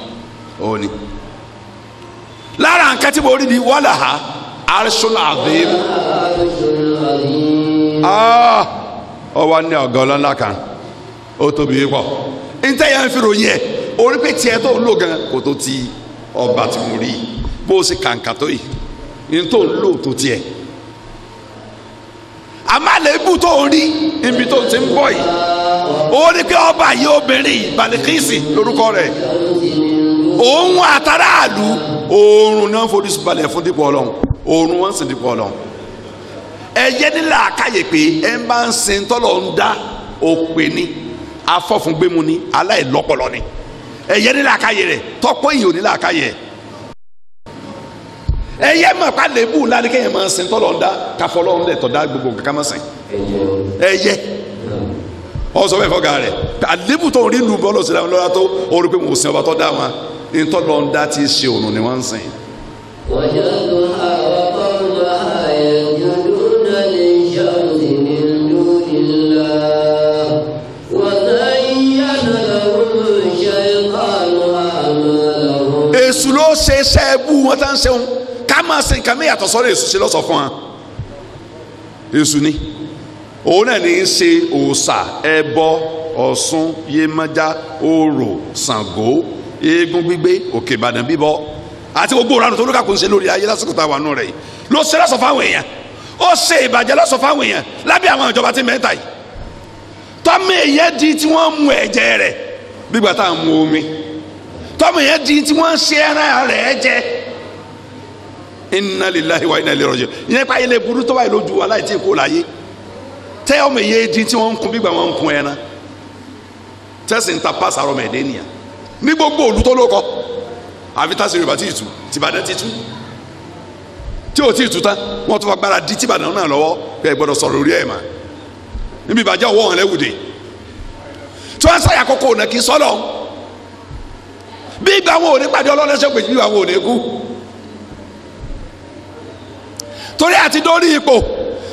ó ní. lára nǹkan tí mo rí ni wàhálà ha arṣọlá àbẹ́ẹ́mú ọ wá ní ọ̀gá ọlọ́lá kan ó tóbi pọ̀ ntẹ́ yẹn fi ròyìn ẹ̀ orí pé tiẹ̀ tó ń lò gan kò tó ti ọba tí mo rí bó o sì kàǹkà tó yìí n tó ń lò tó tiẹ̀ àmàlẹ́bù tó ń rí ibi tó ti ń bọ̀ yìí ó pé ọba yìí obìnrin balikisi lórúkọ rẹ̀ òun àtàrà àlù oorun náà forí balẹ̀ fún dípò ọlọ́run oorun wọn sì dípò ọlọ́run ẹyẹ nílà káyè pé ẹ ń bá ń sin tọ́lọ̀ ń dá òpè ni afọ́fúngbẹ́mu ni aláìlọ́pọlọ ni ẹyẹ nílà káyè rẹ tọpọ ìyò nílà káyè ẹyẹ mọ̀ ká lè bù ládé kéèyàn máa sin tọ́lọ̀ ń dá káfọ́lọ́ ń dẹ̀ tọ́ dá gbogbo kankan máa sìn ẹyẹ ọ sọ bẹ́ẹ̀ fọ́gà rẹ̀ àlébù tó ń rí lu bọ́ọ̀lù sílẹ̀ lọ́la tó ó rí pé mo sin ọba tó dá wọn ní ń dá ti ṣe òun ni wọ́n ń sìn. wọ́n yóò lọ ha èṣù ló ṣe iṣẹ́ ẹbú wọn tá ń ṣeun ká máa ṣe nǹkan méyàtọ̀ sọ́rọ̀ èṣù ṣe lọ́sọ̀ fún wa èṣù ni òun náà ní í ṣe òòṣà ẹbọ ọ̀ṣun yemọja orò ṣàngó eégún gbígbé òkè ìbàdàn bíbọ àti gbogbo òranù tó lókàkùn ṣe lórí ayé lásìkò tá a wà nù rẹ̀ yìí ló ṣe lọ́sọ̀ fáwọn èèyàn ó ṣe ìbàjẹ́ lọ́sọ̀ fáwọn èèyàn lábẹ́ àwọn ìjọba tí mẹ́ta yìí tọ́mọ èèyàn di tí wọ́n mu ẹ̀jẹ̀ rẹ̀ bí gbà tá omi tọ́mọ yẹn di tí wọ́n ṣe ẹran rẹ̀ jẹ inna lillahi wa inna ilaihi raji'un ìyẹn pa ilé burú tó báyìí lójú wa láì tí kò láyé tẹ ọmọ yẹn di tí wọ́n ń kun bígbà wọ́n ń kun ẹran tẹ́sí ń ta pass àrọ́ mọ̀ ẹ̀dẹ́ nìyà ní gbogbo òlu tó lóko àfi tá a ṣe yorùbá tí ì tìbàdàn ti tu tí o ti tu tán wọ́n tún fa gbára di tìbàdàn náà lọ́wọ́ pé ẹ gbọ́dọ̀ sọ̀rọ̀ orí ẹ̀ mà níbi ìbàjẹ́ ọwọ́ hàn lẹ́wùdè tí wọ́n ń kókó ọ̀nà kì í sọ́dọ̀ bí ìgbà wọn ò ní pàdé ọlọ́run ẹsẹ̀ pèsè bí ìgbà wọn ò ní kú torí àti dórí ipò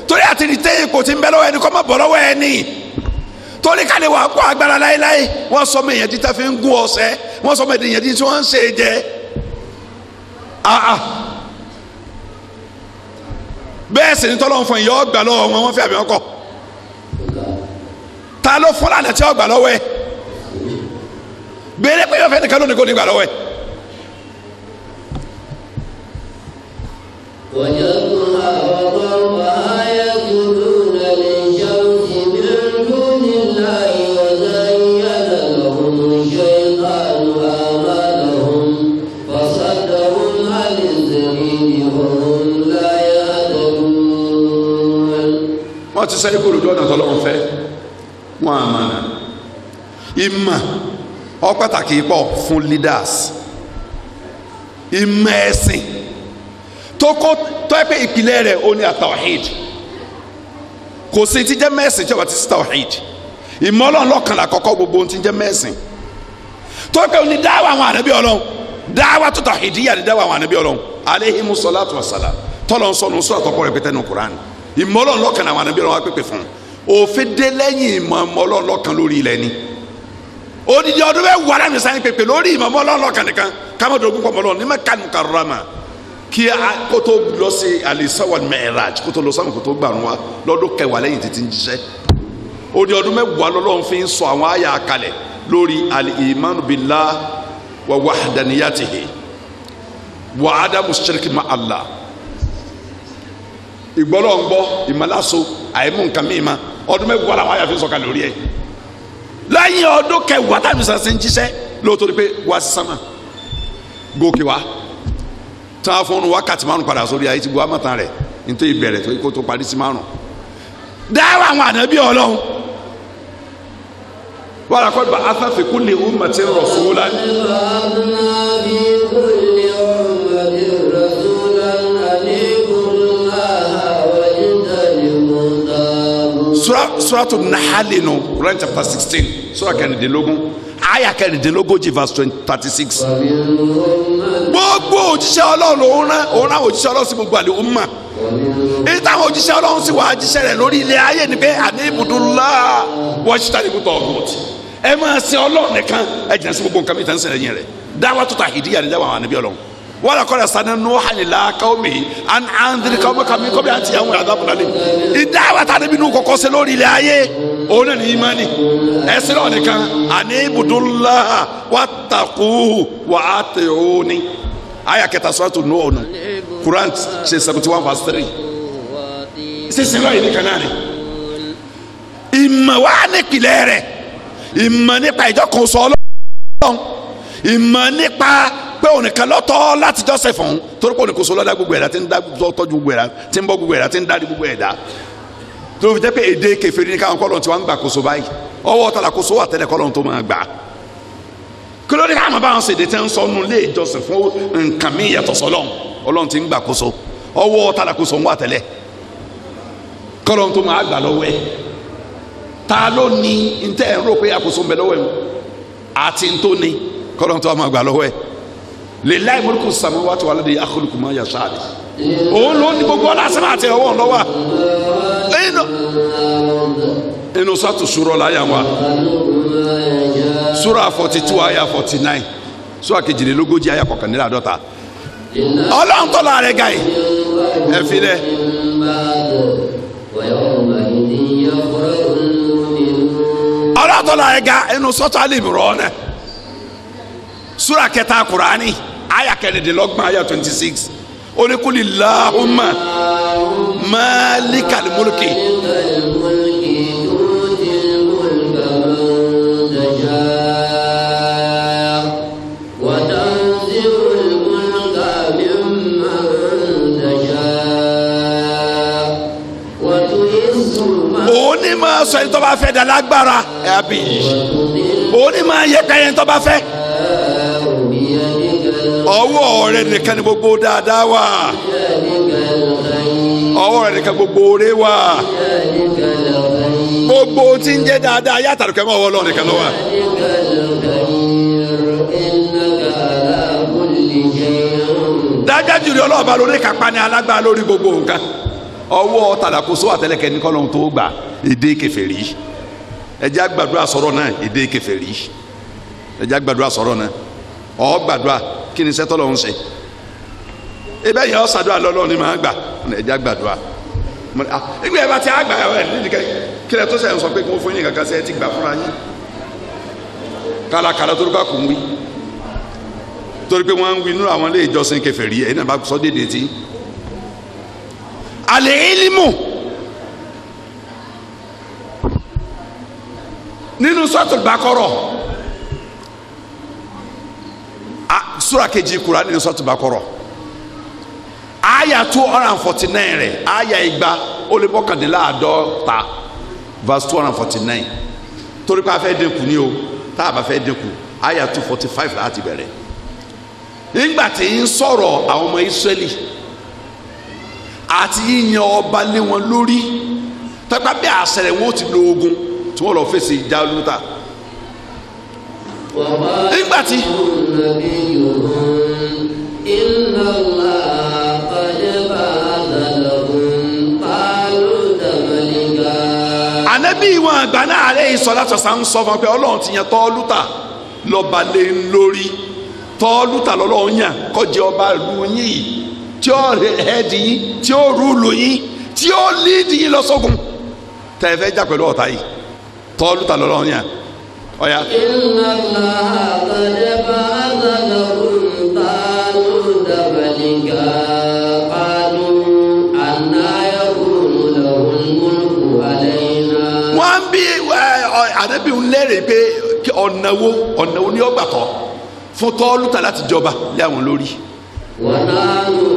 torí àti rìtẹ́ ipò tí ń bẹ lọ́wọ́ ẹni kọ́ mọ́ bọ̀ lọ́wọ́ ẹni torí ká lè wà kó agbára láéláé wọ́n sọ mọ èèyàn títà fi ń gún ọ̀sẹ̀ wọ́n sọ mọ èèyàn títà wọ́n ń ṣe jẹ́ àà bẹ́ẹ̀ sì ni tọ́lọ́ ń fọ ìyá ọgbà lọ́wọ́ wọn wọ́n fẹ́ àbí wọn ta ló fọ́lá àlẹ́ ọgbà lọ́wọ́ ẹ̀ gbèrè pé yọ̀ọ́ fẹ́ nìkan lónìí kò ní gbà lọ́wọ́ ẹ̀. E. wọ́n ti sẹ́yìn kúrò lọ́nà tọ́lọ́run fẹ́ wọn àmàlà ìmà ọ pàtàkì pọ̀ fún leaders ìmọ̀ ẹ̀sìn tó kó tó ẹ pé ìpìlẹ̀ rẹ̀ ó ní àtàwáhìd kò sí ti jẹ́ mẹ́sìn tí ó bá ti sí tàwáhìd ìmọ̀ ọlọ́run lọ́kàn lákọ́kọ́ gbogbo ohun ti jẹ́ mẹ́sìn tó ẹ pé ó ní dáwà àwọn ànábì ọlọ́run dáwà tó tàwáhìdíyà ní dáwà àwọn ànábì ọlọ́run aleihimu salatu wassalam tọ́lọ̀ ń sọnù sọ́ọ̀ tọ́kọ rẹ̀ pété ní Qur'an ìmọ̀ ọlọ́run lọ́kàn àwọn ànábì ọlọ́run wá pépè fún un òfin dé ìmọ̀ ọlọ́run lọ́kàn lórí ilẹ̀ ni odidi ọdún bẹ wàrà mi sáyẹn pépè lórí ìmọ̀mọ́ lọ́lọ́ kànìkan kámọ́ dògún pọ̀ mọ́lọ́ ní mẹ́ kánú kàrọ́ra mà kí a kótó lọ sí alisawa mẹ́raj kótó lọ sáwọn kótó gbàrún wa lọ́dún kẹwàá lẹ́yìn títí ń jíṣẹ́ odidi ọdún mẹ́wàá lọ́lọ́run fi ń sọ àwọn àyà kalẹ̀ lórí al-imanu billah wa wahdaniyatihi wa adamu shirki ma Allah ìgbọ́lọ́ ń gbọ́ ìmọ̀láso àìmú nǹkan míì ma ọdún mẹ́wàá làwọn àyà fi ń sọ kalẹ̀ lórí lẹ́yìn ọdún kẹwàá tàbí sàṣẹ ń jíṣẹ́ lóòótọ́ ni pé wá sí sánmà gòkè wá tí wọ́n fún un wákàtí márùn padà sórí ayé ti bu amọ̀tán rẹ̀ nítorí ìbẹ̀rẹ̀ tó kó tó parí sí márùn. dáwọ́ àwọn ànábì ọlọ́run wọ́n rà kọ́dùbà afẹ́fẹ́ kú ni ó mọ̀tí rọ̀ fún la. wàhálà náà bí kò lè ọ̀rọ̀ rẹ̀ rẹ̀ tó lánàá ní. sura suratu nahali nu Quran chapter sixteen sura kẹrìndínlógún aya kẹrìndínlógójì verse twenty thirty six. gbogbo òjíṣẹ́ ọlọ́run òun rán òun rán òjíṣẹ́ ọlọ́run sí gbogbo àlè òun mà èyí táwọn òjíṣẹ́ ọlọ́run sì wá jíṣẹ́ rẹ̀ lórí ilẹ̀ ayé ni pé àní ibùdókòlá wọ́n ṣe tàbí púpọ̀ ọ̀gbọ̀n ẹ máa ṣe ọlọ́run nìkan ẹ jìnnà sí gbogbo nǹkan mi ìtàn sẹ̀rẹ̀ yẹn rẹ̀ dáwà tó ta ìdíyà wala kɔrɔ sani nuuha lila kawmi an andiri kawmi kami kɔmi an tiɲɛ wuli adamu naani idawa ta ni bi n'u kɔkɔ se lórí ilẹ̀ o na ni imani ɛsɛ lɔ ni kan ani ibudulaha wa taku wa ateoni aya kɛta suratu nuuhu na Quran ṣe seventy one verse three sisi lɔ yi ni kan naani ìmọ̀ wa ni pilẹ̀ rẹ̀ ìmọ̀ nípa ìjọ kan sọ ọlọ́run ìmọ̀ nípa. pé òun nìkan lọ́tọ́ láti jọ́sẹ̀ fún torí pé òun kò lọ́dá gbogbo ẹ̀dá tí ń dá tọ́jú gbogbo ẹ̀dá tí ń bọ́ gbogbo ẹ̀dá tí ń dárí gbogbo ẹ̀dá tó fi jẹ́ pé èdè kèfèrí ní káwọn kọ́lọ́n tí ń gbà kóso báyìí ọwọ́ tala kóso wà tẹ́lẹ̀ gbà bá wọn tẹ́ ń sọ nu lé fún nǹkan lilayi mulku samawati wal ardi yakhluqu ma yasha òun ló ní gbogbo ọlá sẹ́mi àti ọwọ́ ọ̀nọ́wà inú inú sọ́tù sùrọ̀ láyà wa sùrọ̀ forty two àyà forty nine sùrọ̀ kejìlélógójì àyà kọkànléláàdọ́ta ọlọ́run tọ́lá rẹ̀ ga yìí ẹ fi dẹ́. ọlọ́run tọ́lá rẹ̀ ga inú sọ́tù alẹ́ ìbùrọ̀ súrà kẹta kùránì àyà kẹrìndínlọ́gbọ̀n àyà twenty six oníkùlì làhùnmá máàlíkàlì múlùkì. oní máa tó bá fẹ́ dá ẹ̀ àbí oní yẹ ká tó bá fẹ́. ọwọ́ rẹ nìkan gbogbo dáadáa wà ọwọ́ rẹ nìkan gbogbo oore wà gbogbo tí ń jẹ́ dáadáa yàtọ̀ kẹ́mọ́ ọwọ́ dájájú rí ọlọ́ọ̀bá lórí kápá ni lórí gbogbo nǹkan ọwọ́ tàdàkóso àtẹlẹkẹ ní tó gbà èdè àgbàdo àsọ̀rọ̀ náà èdè àgbàdo ọ gbàdúrà kí ni sẹ́tọ́ lọ́hún ṣe ebe yẹn ọ̀sàdúrà lọ́lọ́run ni màá gbà ẹ̀já gbàdúrà ẹgbẹ́ ah, ẹ bá ti àgbà ẹ̀ nídìí kílẹ̀ tó sẹ́yìn sọ pé kí wọ́n fún yín kankan sẹ́yìn ti gbà fúnra yín kálakàlà tó bá kù ń wí torí pé wọ́n ń wí nínú àwọn ilé ìjọsìn kèfèrí ẹ̀ náà bá sọ déédéé tí alẹ́ ìlímù nínú sọ́tò gbàkọ́rọ̀. sura kejì ni ní sọ́tù Bakọ́rọ̀ aya two hundred and forty nine rẹ̀ aya igba ó lé mọ́kàndínláàdọ́ta verse two hundred and forty nine torí pé a fẹ́ dínkù ní o tá a bá fẹ́ dínkù aya two forty five láti bẹ̀rẹ̀ nígbà tí ń sọ̀rọ̀ àwọn ọmọ Ísírẹ́lì àti yíyan ọba lé wọn lórí tẹ́pẹ́ bí àṣẹ rẹ̀ wọ́n ti lo ogun tí wọ́n lọ fèsì Jálútà nígbà tí. ànábì ìwọ̀n àgbà náà àárẹ̀ ìsọ̀látọ̀sá ń sọ fún ọ pé ọlọ́run ti yan tọ́lútà lọ́ba lé ń lórí tọ́lútà lọ́lọ́run yàn kọjá ọba ìlú yín yìí tí ó hẹ́ẹ̀dì yín tí ó rúùlù yín tí ó líìdì lọ́sọ̀gùn tẹ̀fẹ́ jà pẹ̀lú ọ̀tá yìí tọ́lútà lọ́lọ́run yàn ọ̀yà. iná náà tọ́jú bá dáná ta ló dàbẹ̀lì gà pàdù ànáyẹ̀kùn lọ́wọ́ múlùkù alẹ́ iná. wọ́n bí àdébí ń lérè pé ọ̀nà wo ni ó gbàtọ̀ fún tọ́lú láti jọba lé àwọn lórí. wọ́n náà lò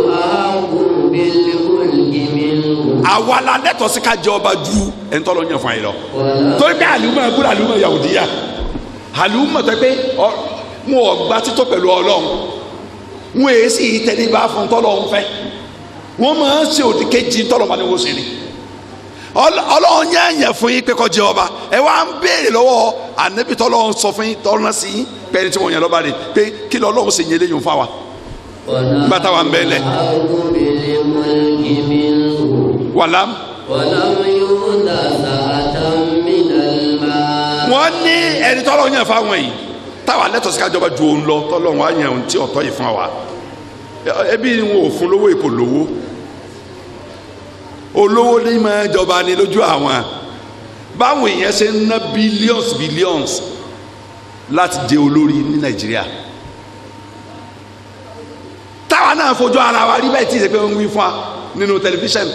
àwa la lẹ́tọ̀ọ́ sí ká jẹ ọba ju ẹ̀ńtọ́ lọ yàn fún àyè lọ torí pé àlùmọ̀ ẹ̀kú làlùmọ̀ yahudi àlùmọ̀ pé wọn ò títọ́ pẹ̀lú ọlọ́run wọn èyí sì tẹ̀lébà fún tọ́lọ́run fẹ́ wọn máa ń ṣe òdì kejì tọ́lọ́run ni wọ́n ni ọlọ́run yẹn fún yín pé kó ọba ẹ wá ń béèrè lọ́wọ́ ànábì tọ́lọ́run sọ fún yín tọ́lọ́run sí yín pẹ́ẹ́ni tí wọ́n yẹn lọ́ba rè pé kí lọ́lọ́run sì yẹn léyìn fún wa nígbà táwa ń bẹ́ẹ̀ lẹ̀. wàlám. wàlám yóò dà sáà àwa ní ẹni tọ́lọ́ yàn fáwọn yìí táwa lẹ́tọ̀ọ́ sí ká jọba ju òun lọ tọ́lọ́ wọn á yàn ohun tí ọ̀tọ́ yìí fún wa ẹbí wọn ò fún lówó èkó lówó olówó ní máa jọba ni lójú àwọn báwọn èèyàn ṣe ń ná billions billions láti jẹ olórí ní nàìjíríà táwa náà fojú ara wa rí bẹ́ẹ̀ tí ì ṣe pé ń wí fún wa nínú tẹlifíṣàn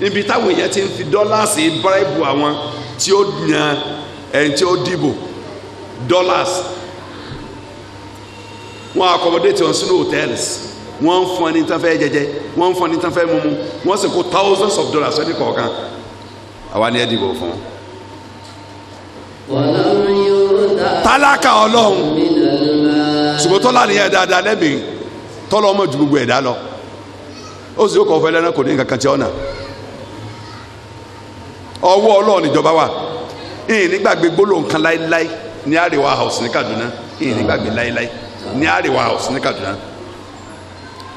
níbi táwọn èèyàn ti ń fi dọ́là sí bíráìbù àwọn tí ó yan ẹni tí ó dìbò dollars wọ́n accommodate wọn sínú hotels wọ́n ń fún ẹni tán fẹ́ jẹjẹ wọ́n ń fún ẹni tán fẹ́ mumu wọ́n sì kó thousands of dollars ẹni kọ̀ọ̀kan àwa ni ẹ dìbò fún wọn. tálákà ọlọ́run ṣùgbọ́n tọ́lá nìyẹn dáadáa lẹ́mìí tọ́lọ́ ọmọ ju gbogbo ẹ̀dá lọ ó sì yóò kọ́ fẹ́ lẹ́nu kò ní nǹkan kan tí ọ̀nà ọwọ́ ọlọ́run níjọba wà. ee nígbàgbé gbólóhùn kan láéláé ní àríwá house ní Kaduna nígbàgbé láéláé ní àríwá house ní Kaduna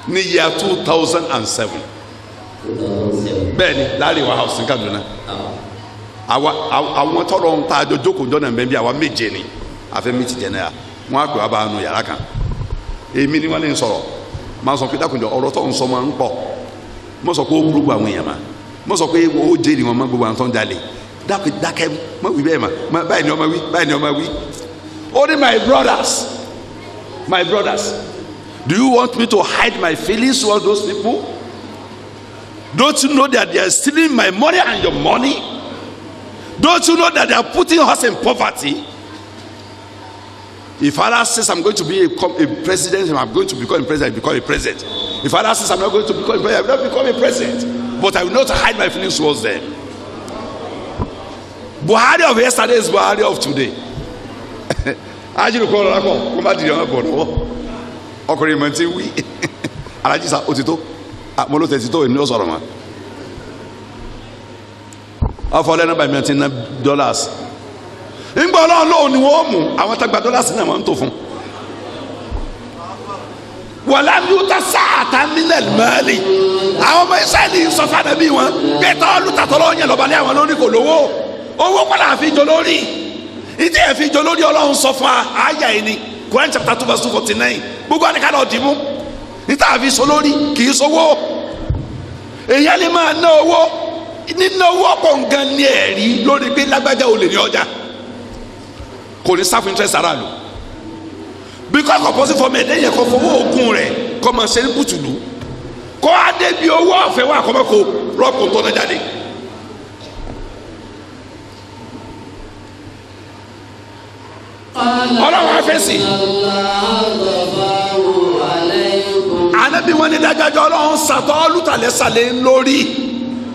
ní two thousand and seven bẹ́ẹ̀ house ní Kaduna àwọn tọrọ ń ta àjọ jókòó jọ́nà bẹ́ẹ̀ bí àwa méje ni mi ti náà bá a nu yàrá kan èmi ni wọ́n lè sọ pé tó ń sọ máa ń sọ pé ó àwọn èèyàn ma sọ pé ó gbogbo àwọn tó ń jalè dákẹ́ dákẹ́ má wí bẹ́ẹ̀ mà báyìí ni ọmọ wí báyìí ni ọmọ wí. ó ní my brothers my brothers do you want me to hide my feelings towards those people don't you know that they are stealing my money and your money don't you know that they are putting us in poverty if Allah says I'm going to be a, a president I'm going to become a president I become a president if Allah says I'm not going to become a president I will not become a president but I will not hide my feelings towards them Buhari of yesterday is Buhari of today ajiri kọ ọlọlá kọ kó má dìde ọmọ bọ lọ́wọ́ ọkùnrin mọ ti wí alájí sa òtítọ́ àpọlọ tẹsítọ èmi ló sọ̀rọ̀ mọ afọlẹ nọ́mbà mi ti ná dọ́làs ńgbà Ọlọ́run lóò ni wọn mú àwọn tagba dọ́làs náà máa ń tò fún wàlá lùtà sáàtà nílẹ̀ mẹ́lì àwọn ọmọ israẹli sọfà nàbí wọn gbẹtọ́ lùtà tọ́lọ́ yẹn lọ́balẹ̀ àwọn lórí kò lówó owó kọ́ la fi jọ lórí ìdí ẹ̀ fi jọ lórí ọlọ́run sọ fún àyà yìí ni Quran chapter two verse forty nine gbogbo àdìkà lọ dìímú ìta àfi so lórí kì í sowó èyàn lè máa ná owó níná owó ọ̀pọ̀ nǹkan ní ẹ̀rí lórí pé lágbájá olè ní ọjà kò ní sáfù interest ara lò because kò pọ́sí fọmọ ẹ̀dẹ́ yẹn kò fowó ogun rẹ̀ kò máa ṣe ní bùtùlù kó adé bí owó ọ̀fẹ́ wà kọ́mọ́kò rọ́pò tó náà jáde. ọlọ́run afẹ́sì anabi wọn ni dájájọ́ ọlọ́run sàtọ́ ọlùtàlẹ́sàlẹ̀ lórí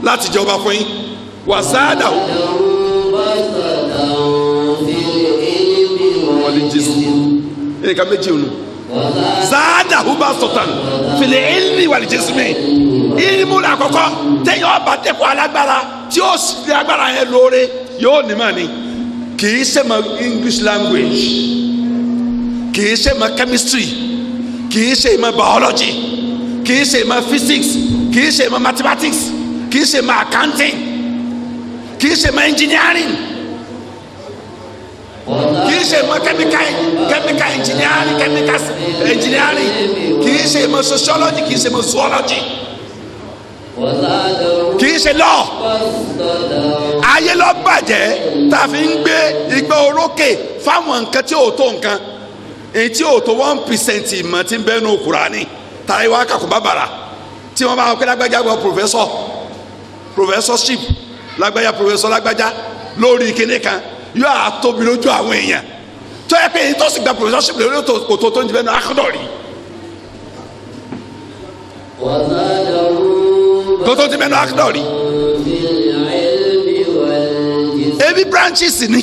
láti jọba fún yín wà sáádà o. wọlé jésù ẹnì kan méjì ònù sáádà o bá sọ̀tàn fìlẹ̀ ẹ̀lì wàlẹ̀ jésù mi ìrìmú làkọ́kọ́ tẹ̀yìn ọba tẹ̀kọ́ alágbára tí ó sì rí agbára yẹn lóore yóò ní mà kìí sẹ́mọ̀ English language kìí sẹ́mọ̀ chemistry kìí sẹ́mọ̀ biology kìí sẹ́mọ̀ physics kìí sẹ́mọ̀ mathematics kìí sẹ́mọ̀ accounting kìí sẹ́mọ̀ engineering kìí sẹ́mọ̀ chemical chemical engineering chemical engineering kìí sẹ́mọ̀ sociology kìí sẹ́mọ̀ zoology kì í ṣe lọ ayé lọ bàjẹ́ tá a fi ń gbé igbá orókè fáwọn nǹkan tí ò tó nǹkan èyí tí ò tó one percent ìmọ̀ tí ń bẹ nínú Kùránì tara ìwà kàkó bàbàrà tí wọ́n bá wọn pé lágbájá wọ professor professorship lágbájá professor lágbájá lórí kinní kan yóò àtóbi lójú àwọn èèyàn tó yẹ pé èyí tó sì gba professorship lórí òtò tó ń jẹ bẹ́ẹ̀ ní akọ́dọ̀ rí. wàhálà tó tó ti mẹ́nu akdọ̀ rí ebi branches ni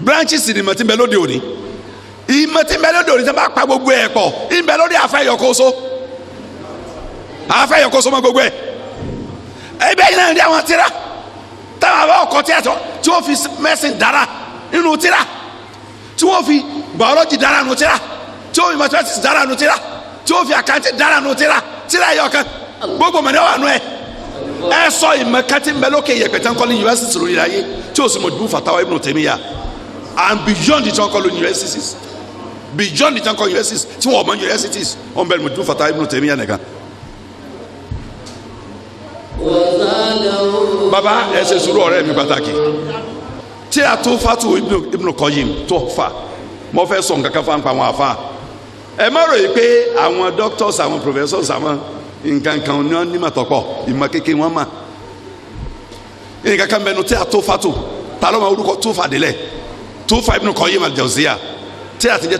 branches ni mọ̀ tí ń bẹ lóde òní ìmọ̀ tí ń lóde òní tí wọ́n bá pa gbogbo ẹ̀ pọ̀ ń bẹ lóde àfẹ́yọkóso àfẹ́yọkóso mọ́ gbogbo ẹ̀ ẹbí ẹ̀yin náà rí àwọn tírà táwọn àbá ọkọ̀ tí àtọ̀ tí wọ́n fi mẹ́sìn dara nínú tírà tí wọ́n fi biology dára nínú tírà tí wọ́n fi mathematics dára nínú tírà tí wọ́n fi accounting dára nínú tírà tírà yọ̀ọ̀kan gbogbo mọ̀nẹ́ wà nù ẹ ẹ sọ ìmọ̀ kẹ́tí mbẹ́ lókè yẹ̀pẹ̀ tán kọ́lé university lórí ayé tí o sì mọ̀ dùn fatawa ibùdó tèmi yá and beyond the tán kọ́lé universities beyond the tán kọ́lé universities tí wọ́n mọ̀ universities wọ́n bẹ̀rẹ̀ mọ̀ dùn fatawa ibùdó tèmi yá nìkan. baba ẹ ṣe sùúrù ọ̀rẹ́ mi pàtàkì tí a tó fa tó ibùdó kọ́yìn tó fa mo fẹ́ sọ nǹkan kan fa ń pa àwọn àfa ẹ má ròyìn pé àwọn doctors àwọn professors nǹkan kan ní wọn nímọ̀ tọ́pọ̀ ìmọ̀ kékeré wọn mà nǹkan kan bẹnu tí a tó fa tó ta ló ma orúkọ tó fa délẹ̀ tó fa Ibn Qayyim al-Jawziyya tí a ti jẹ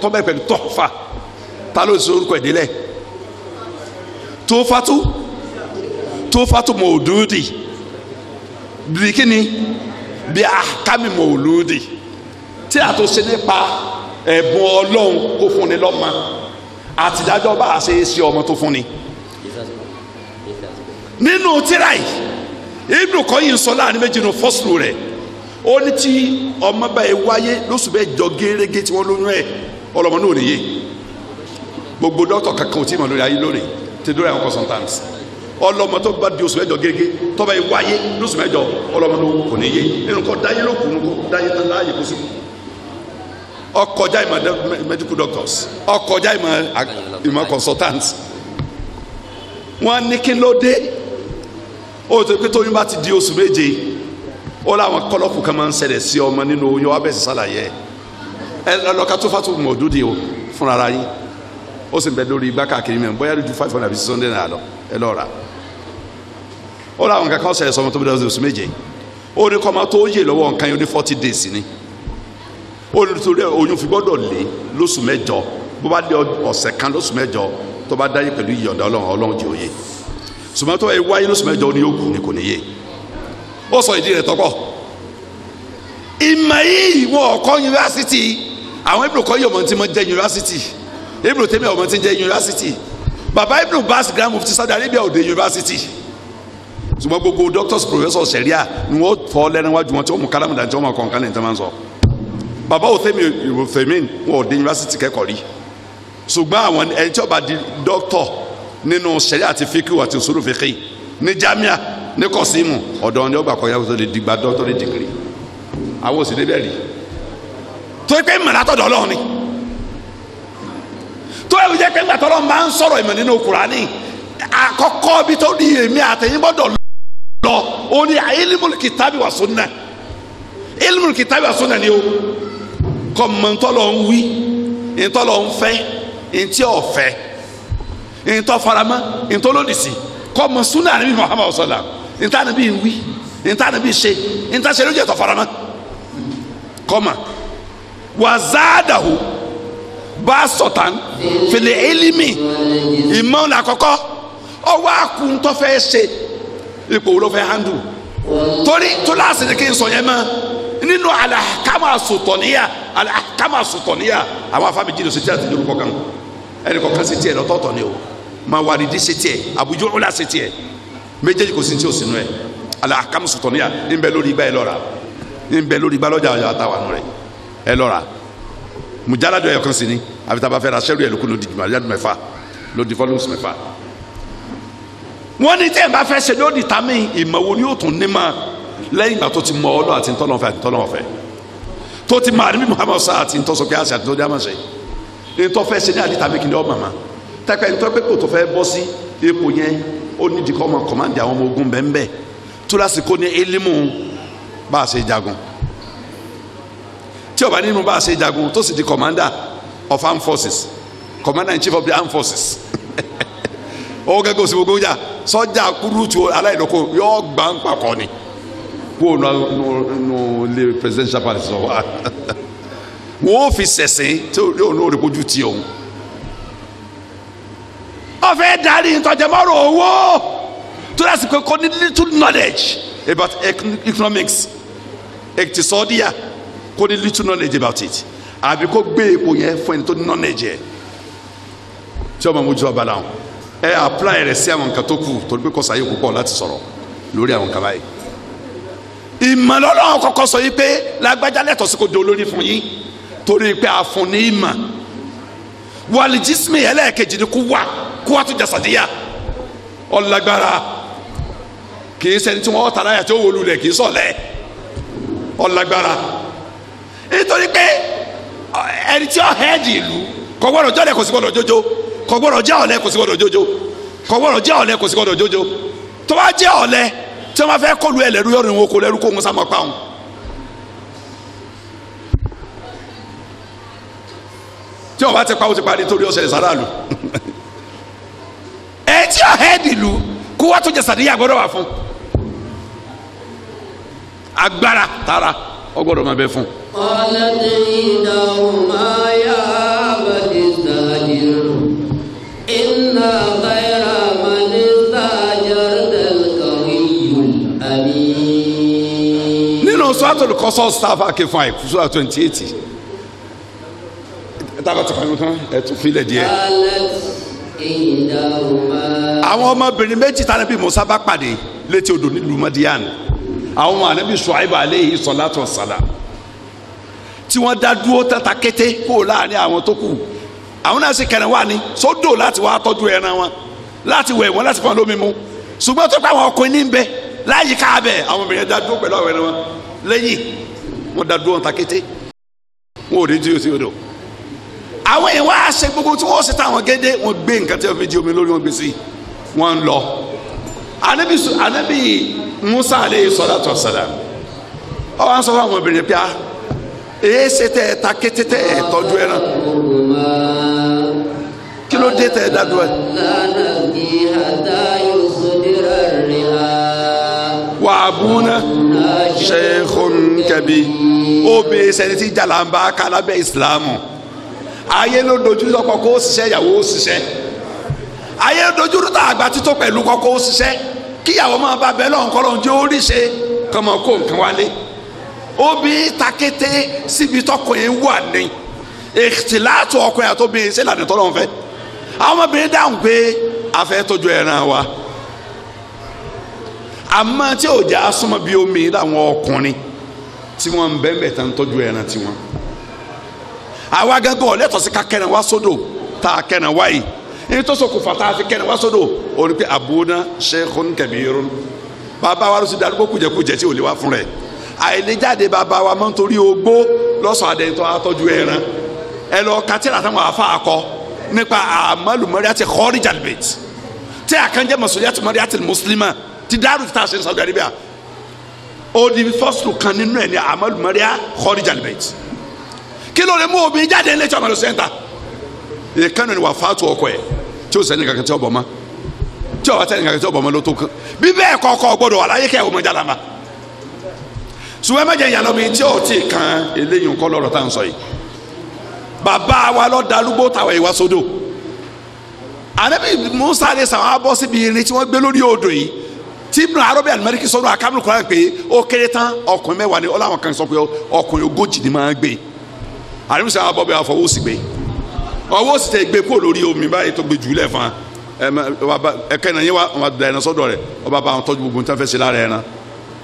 tó bẹ́ẹ̀ pẹ̀lú tọ́ fa ta ló sọ orúkọ ìdílẹ̀ tó fa tó tó fa tó mọ̀ọ́dúndì bí kíni bí ahkami mọ̀ọ́lúndì tí a tó ṣe nípa ẹ̀bùn ọlọ́run kó fún ni lọ́mọ àtìdájọ́ bá a ṣe é ṣe ọmọ tó fún ni. nínú tíra yìí Ibnu Qayyim sọ láàrin méjì nù fọ́sùlù rẹ̀ ó ní tí ọmọ báyìí wáyé lóṣù bẹ́ẹ̀ jọ gẹ́rẹ́gẹ́ tí wọ́n lóyún ẹ̀ ọlọ́mọ náà nìyí gbogbo dọ́tọ̀ kankan ò tí ì mọ̀ lórí ayé lónìí ti dúró àwọn consultants ọlọ́mọ tó bá di oṣù mẹ́jọ gẹ́gẹ́ tó bá yẹ wáyé lóṣù mẹ́jọ ọlọ́mọ náà kò ní nínú kọ́ dáyé ló kù dáyé tó láàyè kó sí kù ọkọjá ìmọ̀ medical doctors ọkọjá ìmọ̀ ìmọ̀ consultants wọ́n ní kí ló dé ó ti pé tóyún bá ti di oṣù méje ó láwọn kọlọ́kù kan máa ń ṣẹlẹ̀ sí ọmọ nínú oyún abẹ́ sí sàlàyé ẹ lọ́ka tó fàtó mọ̀ọ́dúndì o fúnra ara yín ó sì ń bẹ lórí igbá káàkiri mẹ́rin bóyá lójú five hundred àbí six hundred naira lọ ẹ lọ́ọ́ rà ó láwọn kankan ṣẹlẹ̀ sọmọ tó bí lọ́sọ̀ oṣù méje ó ní kọ́ máa tó yè lọ́wọ́ nǹkan yóò ní forty days ni olùsòrí oyún fi gbọ́dọ̀ lé lóṣù mẹ́jọ bó bá lé ọ̀sẹ̀ kan lóṣù mẹ́jọ tó bá dáyé pẹ̀lú ìyọ̀ǹda ọlọ́run ọlọ́run jẹ́ òye sùmọ́tò ẹ wáyé lóṣù mẹ́jọ ni yóò kù ni kò ní yé ó sọ ìdí rẹ̀ tọ́pọ̀ ìmọ̀ yìí wọn ọ̀kọ́ yunifásitì àwọn ibùdó kọ́ yìí ọmọ tí mo jẹ́ yunifásitì ibùdó tẹ́mi ọmọ tí ń jẹ́ yunifásitì bàbá ibùdó bas grand mufti Saudi Arabia òde yunifásitì ṣùgbọ́n gbogbo doctors professors sẹ̀ríà ni wọ́n fọ́ lẹ́nu wájú wọn tí wọ́n mú kálámù bàbá òfèmín wọn ò dé yunifásitì kẹ́kọ̀ọ́ rí ṣùgbọ́n àwọn ẹni tí ó bá di dókítọ̀ nínú sẹ́rí àti fíkì àti òṣòro fíkì ní jamia ní kọ́símù ọ̀dọ̀ wọn ni ó gbà kọ́ yàgò tó lè dìgbà dókítọ̀ lè dìgírì àwọn òsì débẹ̀ rí tó yẹ pé mọ̀nà tọ̀dọ̀ ọlọ́run ni tó yẹ pé gbàtọ́ ọlọ́run máa ń sọ̀rọ̀ ìmọ̀ nínú Kùránì àkọ́kọ́ bí tó di èmi àtẹ̀yìnbọ̀dọ̀ lọ ó ní ilimul kitabi wa sunna ilimul kitabi wa sunna ni o kọ́ mọ ntọ́lọ̀ ń wí ntọ́lọ̀ ń fẹ́ ntí ọ̀fẹ́ ntọ́ faramọ́ ntọ́lódì sí kọ́ mọ súnà ànábì Muhammad sọlá ntá ànábì ń wí ntá ànábì ṣe ntá ṣe lójú ẹ̀tọ́ faramọ́ kọ́ mọ wàzádàhù bá sọ̀tàn fèlè élímì ìmọ̀ ọ̀nà àkọ́kọ́ ọwọ́ àkùntọ́ fẹ́ ṣe ipò wo ló fẹ́ handle torí tó láàsì ni kí n sọ yẹn mọ́ nínú alahakama sotọniya alahakama sotọniya àwọn afa a ló ṣe tí a ti dúró kọkan ẹnì kọkan ṣe tiẹ̀ lọ́tọ̀ọ̀tọ̀ ni o mawaridi se tiẹ̀ abuju ọla se tiẹ̀ méjèèjì kò sí tí o sinú ẹ alahakama sotọniya ń bẹ lórí ibà ẹ lọ́ra ń bẹ lórí ibà lọ́jà ọjà àtàwọn rẹ ẹ lọ́ra mujaladu ẹyọkan sí ni àfi tá a bá fẹ́ ra sẹ́rù ẹ̀ lóko ló di jùmọ̀ àyàdù mẹ́fà ló di fọ́lùmùsì mẹ́fà wọ́n ní tẹ́ ẹ̀ bá fẹ́ ṣe lórí tàmí ìmọ̀wò ni yóò tún lẹ́yìn ìgbà tó ti mọ ọlọ́ àti ntọ́lọ́fẹ́ àti ntọ́lọ́fẹ́ tó ti mọ àdébí muhammadu sá àti ntọ́sọ̀kẹ́ àti àtúntò dámàṣẹ́ ntọ́fẹ́ ṣe ní àdìta mékìlì ọmọ àmà tẹ́pẹ́ ntọ́pẹ́ kò tó fẹ́ bọ́ sí ipò yẹn ó ní dìkọ́ ọmọ kọ̀mándì àwọn ọmọ ogun bẹ́ẹ̀ túlásì kó ní elimu bá a ṣe jagun tí ọba nínú bá a ṣe jagun tó sì di commander of armed forces commander in chief of the armed forces ọwọ́ gẹ́gẹ́ òsì gbogbo jà sọ́jà kúrútù aláìlóko yọ gbàǹpà kọ́ni kúrò nù ilé president, palace lọ wa wọn ò fi sẹ̀sìn tí yóò ní òrìkójú ti òun wọ́n fẹ́ darí ìtọ́jẹmọ́rò owó tó dá sí pé little knowledge about economics ectisọ́díà kò ní little knowledge about it àbí kó gbé ipò yẹn fún ẹni tó ní knowledge yẹn tí ọmọ mojú ọba làwọn ẹ apply rẹ sí àwọn nǹkan tó kù torí pé kọsà yóò púpọ̀ láti sọ̀rọ̀ lórí àwọn nǹkan báyìí ìmọ̀ lọ́lọ́run kọ́kọ́ sọ yìí pé lágbájá lẹ́tọ̀ọ́ sí kó di olórí fún yín torí pé a fún ní ìmọ̀ wàlìjísímì ẹlẹ́ẹ̀kejì ni kú wà kú wà tó jàsàdíyà ọlágbára kì í ṣẹni tí wọ́n tara yà tí ó wọlú rẹ̀ kì í sọ̀lẹ̀ ọlágbára nítorí pé ẹni tí ó hẹ́ẹ̀dì ìlú kò gbọ́dọ̀ jọ́lẹ̀ kò sí gbọ́dọ̀ jójó kò gbọ́dọ̀ jẹ́ ọ̀lẹ kò sí gbọ́dọ̀ jójó kò gbọ́dọ̀ jẹ́ ọ̀lẹ kò sí gbọ́dọ̀ jójó tó bá jẹ́ ọ̀lẹ tí wọ́n fẹ́ kọlu ẹlẹ́rú yọrin wọn kò lẹ́rú kó wọn sá máa pa wọn. tí wọ́n bá ti pa ó ti parí torí ọ̀sẹ̀ ìsára lù ẹ tí ọ̀ hẹ́ẹ̀dì lù kó wá tó jẹ sàdéyà gbọ́dọ̀ wà fún agbára tara ọgbọ́dọ̀ ma bẹ fún. ọ̀làdé ìdáhùn máa yá. suratul Qasas tá a fà ké fún àyè twenty eight ẹ tá a kọ́ tó kàn kán ẹ tún filẹ̀ díẹ̀. àwọn ọmọbìnrin méjì tá a nàbí Musa bá pàdé létí odò nílùú Madian àwọn ọmọ ànábì Shuaib alayhi salatu wassalam tí wọ́n dá dúró tata kété kó láàrin àwọn tó kù àwọn náà sì kẹrin wá ní sódò láti wá tọ́jú ẹran wọn láti wẹ̀ wọ́n láti fọ́n lómi mu ṣùgbọ́n tó pa àwọn ọkùnrin ní láyìíká bẹ àwọn obìnrin dá dúró pẹ̀lú àwọn ẹran wọn lẹ́yìn wọ́n da dúró ta kété wọ́n ò ní jí òsì odò àwọn ìwà àṣẹ gbogbo tí wọ́n ṣe táwọn gédé wọ́n gbé nǹkan tí wọ́n fi jí omi lórí wọn gbé wọ́n lọ anabi anabi musa aleyhi salatu wassalam ọ wá ń sọ fún àwọn obìnrin pé a ah, èyí ṣe tẹ ẹ ta kété tẹ ẹ tọ́jú ẹ náà kí ló dé tẹ ẹ dá dúró wà abúná ṣẹ́ẹ́kùn kẹ̀bí obìnrin sẹ́ni tí jàlàǹbá kálábẹ́ ìsìlámù ayé ló dojú lọ́pọ̀ kó sise ìyàwó ṣiṣẹ́ ayé ló dojú lọ́tà àgbà títọ́ pẹ̀lú kọ́kọ́ ṣiṣẹ́ kíyàwó máa bá bẹ́ẹ̀ lọ́hùn kọ́ lọ́hùn jẹ́ oríṣe kọ́mọ kó nǹkan wálé obìnrin takété síbi tọkùnrin wà ní ìtìláàtò ọkùnrin àtòbìnrin sílànà tọ́lọ́hún fẹ́ àwọn obìnrin dáhùn pé afẹ́ tọ́jú ẹran wa àmọ́ tí ò já súnmọ́ bí omi làwọn ọkùnrin tí wọ́n ń bẹ́ẹ̀ tán tọ́jú ẹran tiwọn àwa gángan lẹ́tọ̀ọ́ sí ká kẹran wá sódò tá a kẹran wá yìí ní tó sọkò fà tá a fi kẹran wá sódò ó ní pé àbúrò ṣẹ́kùn kẹ̀míyẹ́rún bàbá wa ló ti darúgbó kùjẹkùjẹ tí ò lè wá fún rẹ̀ àìlèjáde bàbá wa máa ń torí ogbó lọ́sàn-án ti dáàrú ti ta ṣe Saudi Arabia ó di fọ́sùn kan nínú ẹ̀ ní Maria Khadija al-Bayt kí ló lè mú omi jáde ní lẹ́tọ̀ ọmọdé sẹ́ńtà ìkànnì ni wà fàtú ọkọ ẹ̀ tí ó sẹ́ni kankan tí ó bọ̀ mọ́ tí ó wà sẹ́ni kankan tí ó bọ̀ mọ́ ló tó kàn bí bẹ́ẹ̀ kọ́kọ́ gbọ́dọ̀ wà láyé kẹ́ ọmọ jàlámà ṣùgbọ́n ẹ má jẹ́ ìyàlọ́ mi tí ó ti kan eléyìí nǹkan lọ́rọ̀ tá à ń sọ yìí bàbá wa lọ darúgbó tàwa ìwà sódò ànábì Musa lè sàwọn abọ́ síbi irin tí wọ́n gbé lórí odò yìí tí ibùdó arọ́bí alimẹ́ríkì sọ́dọ̀ akámúlù kọ́ra pé ó kéré tán ọkùnrin mẹ́wàá ni ọlọ́wọ́n kan sọ pé ọkùnrin ogójì ni máa ń gbé àríwísí àwọn abọ́bẹ̀ àfọwọ́ òsì gbé ọwọ́ òsì tẹ gbé kúrò lórí omi báyìí tó gbé jù lẹ̀ fún wa ẹ̀kẹ́ náà yẹn wà wọn da ẹran sọ́dọ̀ rẹ̀ ọba bá wọn tọ́jú gbogbo nǹkan fẹ́ẹ́ ṣe lára ẹran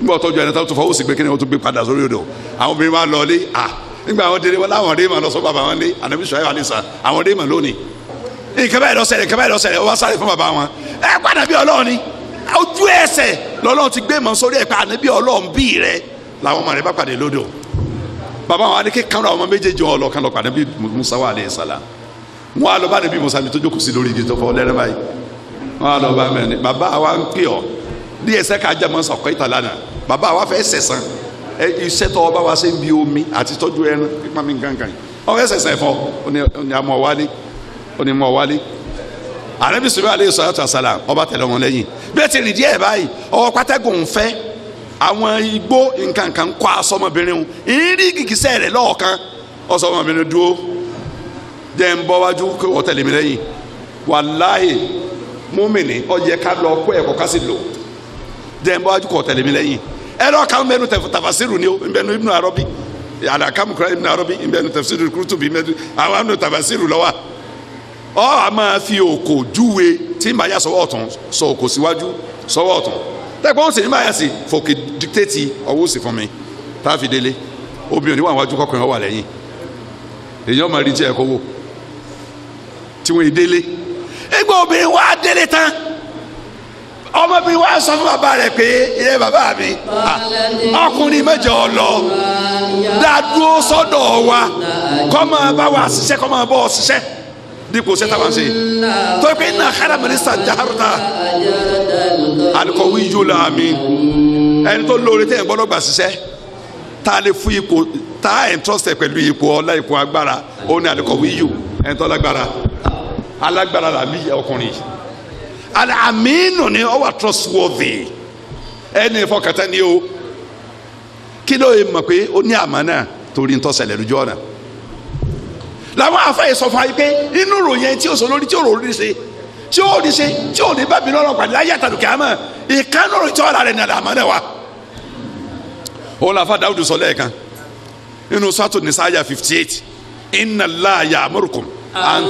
nígbà tọ́jú ẹran tó fọwọ́ òsì gbé kí ni wọ́n tó gbé padà sórí odò àwọn obìnrin wa lọ lé à nígbà àwọn dèrè wọn láwọn dèrè mà lọ sọ bàbá wọn lé ànábì sọ ayọ àlẹsà àwọn dèrè mà lónìí nǹkan báyìí lọ ṣẹlẹ̀ nǹkan báyìí lọ ṣẹlẹ̀ wọn sáré fún bàbá wọn ẹ gbọ́dọ̀ bí Ọlọ́run ni ojú ẹsẹ̀ lọ́lọ́run ti gbé mọ́ sórí ẹ̀ka ànábì ọlọ́run bí rẹ làwọn ọmọ rẹ bá pàdé lódò bàbá wọn adéke kanra ọmọ méjèèjì wọn lọ kan lọ pàdé bí musa wà alayhi salam wọn á lọ bá níbi musa mi tó jókòó sí lórí igi tó fọ lẹ́rẹ́ báyìí wọn á lọ bá mẹ́rin bàbá wa ń pè ọ́ ní ẹsẹ̀ ká jẹ́ mọ́sán ọ̀kọ́ ìtàlá náà bàbá wa fẹ́ sẹ̀sán iṣẹ́ tọ́ ọba wa ṣe ń bi omi àti tọ́jú ẹran pípa mi gángan ọ̀rẹ́ sẹ̀sẹ̀ fọ́ ọ ni àmọ̀ wálé ọ ni mọ̀ wálé anabi sọlá aleyhi sọlátù wasalam ọba tẹ̀lé wọn lẹ́yìn bẹ́ẹ̀ ti rìn díẹ̀ báyìí ọwọ́ pátágùn fẹ́ àwọn igbó nkankan kọ́ asọmọbìnrin wọn ìrírí gìgísẹ̀ rẹ̀ lọ́ọ̀kan ọsọmọbìnrin dúró jẹ́ ń bọ́ wájú kí wọ́n tẹ̀lé mi lẹ́yìn wàláhì múmìnì ọ̀yẹ́ ká lọ kó ẹ̀kọ́ ká sì lò jẹ́ ń bọ́ wájú kí wọ́n tẹ̀lé mi lẹ́yìn ẹ̀rọ kan ń bẹnu tafasiru ni o ń bẹnu ibnu arabi àdàkàmù ibnu arabi ń bẹnu tafasiru kurutubi ń bẹnu ọ a máa fi òkò júwe tí n bá yà sọ́wọ́ ọ̀tún sọ òkò síwájú sọ́wọ́ ọ̀tún tẹ́gbọ́n sì ní bá yà sí fòkè díktẹ́tì ọwọ́ sì fún mi tá a fi délé obìnrin wà wájú kọkùnrin wà lẹ́yìn èèyàn máa rí jẹ́ ẹ̀kọ́ wò tí wọ́n délé ẹgbẹ́ obìnrin wà á délé tán ọmọbìnrin wa sọ fún bàbá rẹ pé ilé bàbá mi ọkùnrin mẹ́jọ lọ dádúró sọ́dọ̀ wa kó máa bá wa ṣiṣẹ́ kó máa bọ ọ ṣiṣẹ́ dípò sẹ́tàbà ṣe tọ́pẹ́ iná kára mínísítà jaharuta alikọ̀wé yóò la mi ẹni tó lóore tẹ́ ẹ̀ gbọ́dọ̀ gbà ṣiṣẹ́ tá a lè fún ipò tá a ẹ̀ ń tọ́sẹ̀ pẹ̀lú ipò ọlá ipò agbára ó ní alikọ̀wé yóò ẹni tó lágbára alágbára làmì ọkùnrin aminu ni ọwà trustworthy ẹni ìfọkàtà ni o kí ló yẹ mọ̀ pé ó ní àmánà torí ń tọ́sẹ̀ lẹ́nu jọ́ọ̀nà làwọn afẹ́yẹ sọ fún wa pé inú ròyìn tí o sọ lórí tí o rò rí ṣe tí o rí ṣe tí o ní bábí lọ́rọ̀ pàdé láyé àtàlùkẹ́ àmọ́ ìkànnì ròyìn tí ọ̀rọ̀ rẹ̀ nàlẹ́ àmọ́ náà wa. O la fa Dáúdù sọ lẹ́ẹ̀kan inú sọ́tò ní fifty eight inna Allah ya'murukum an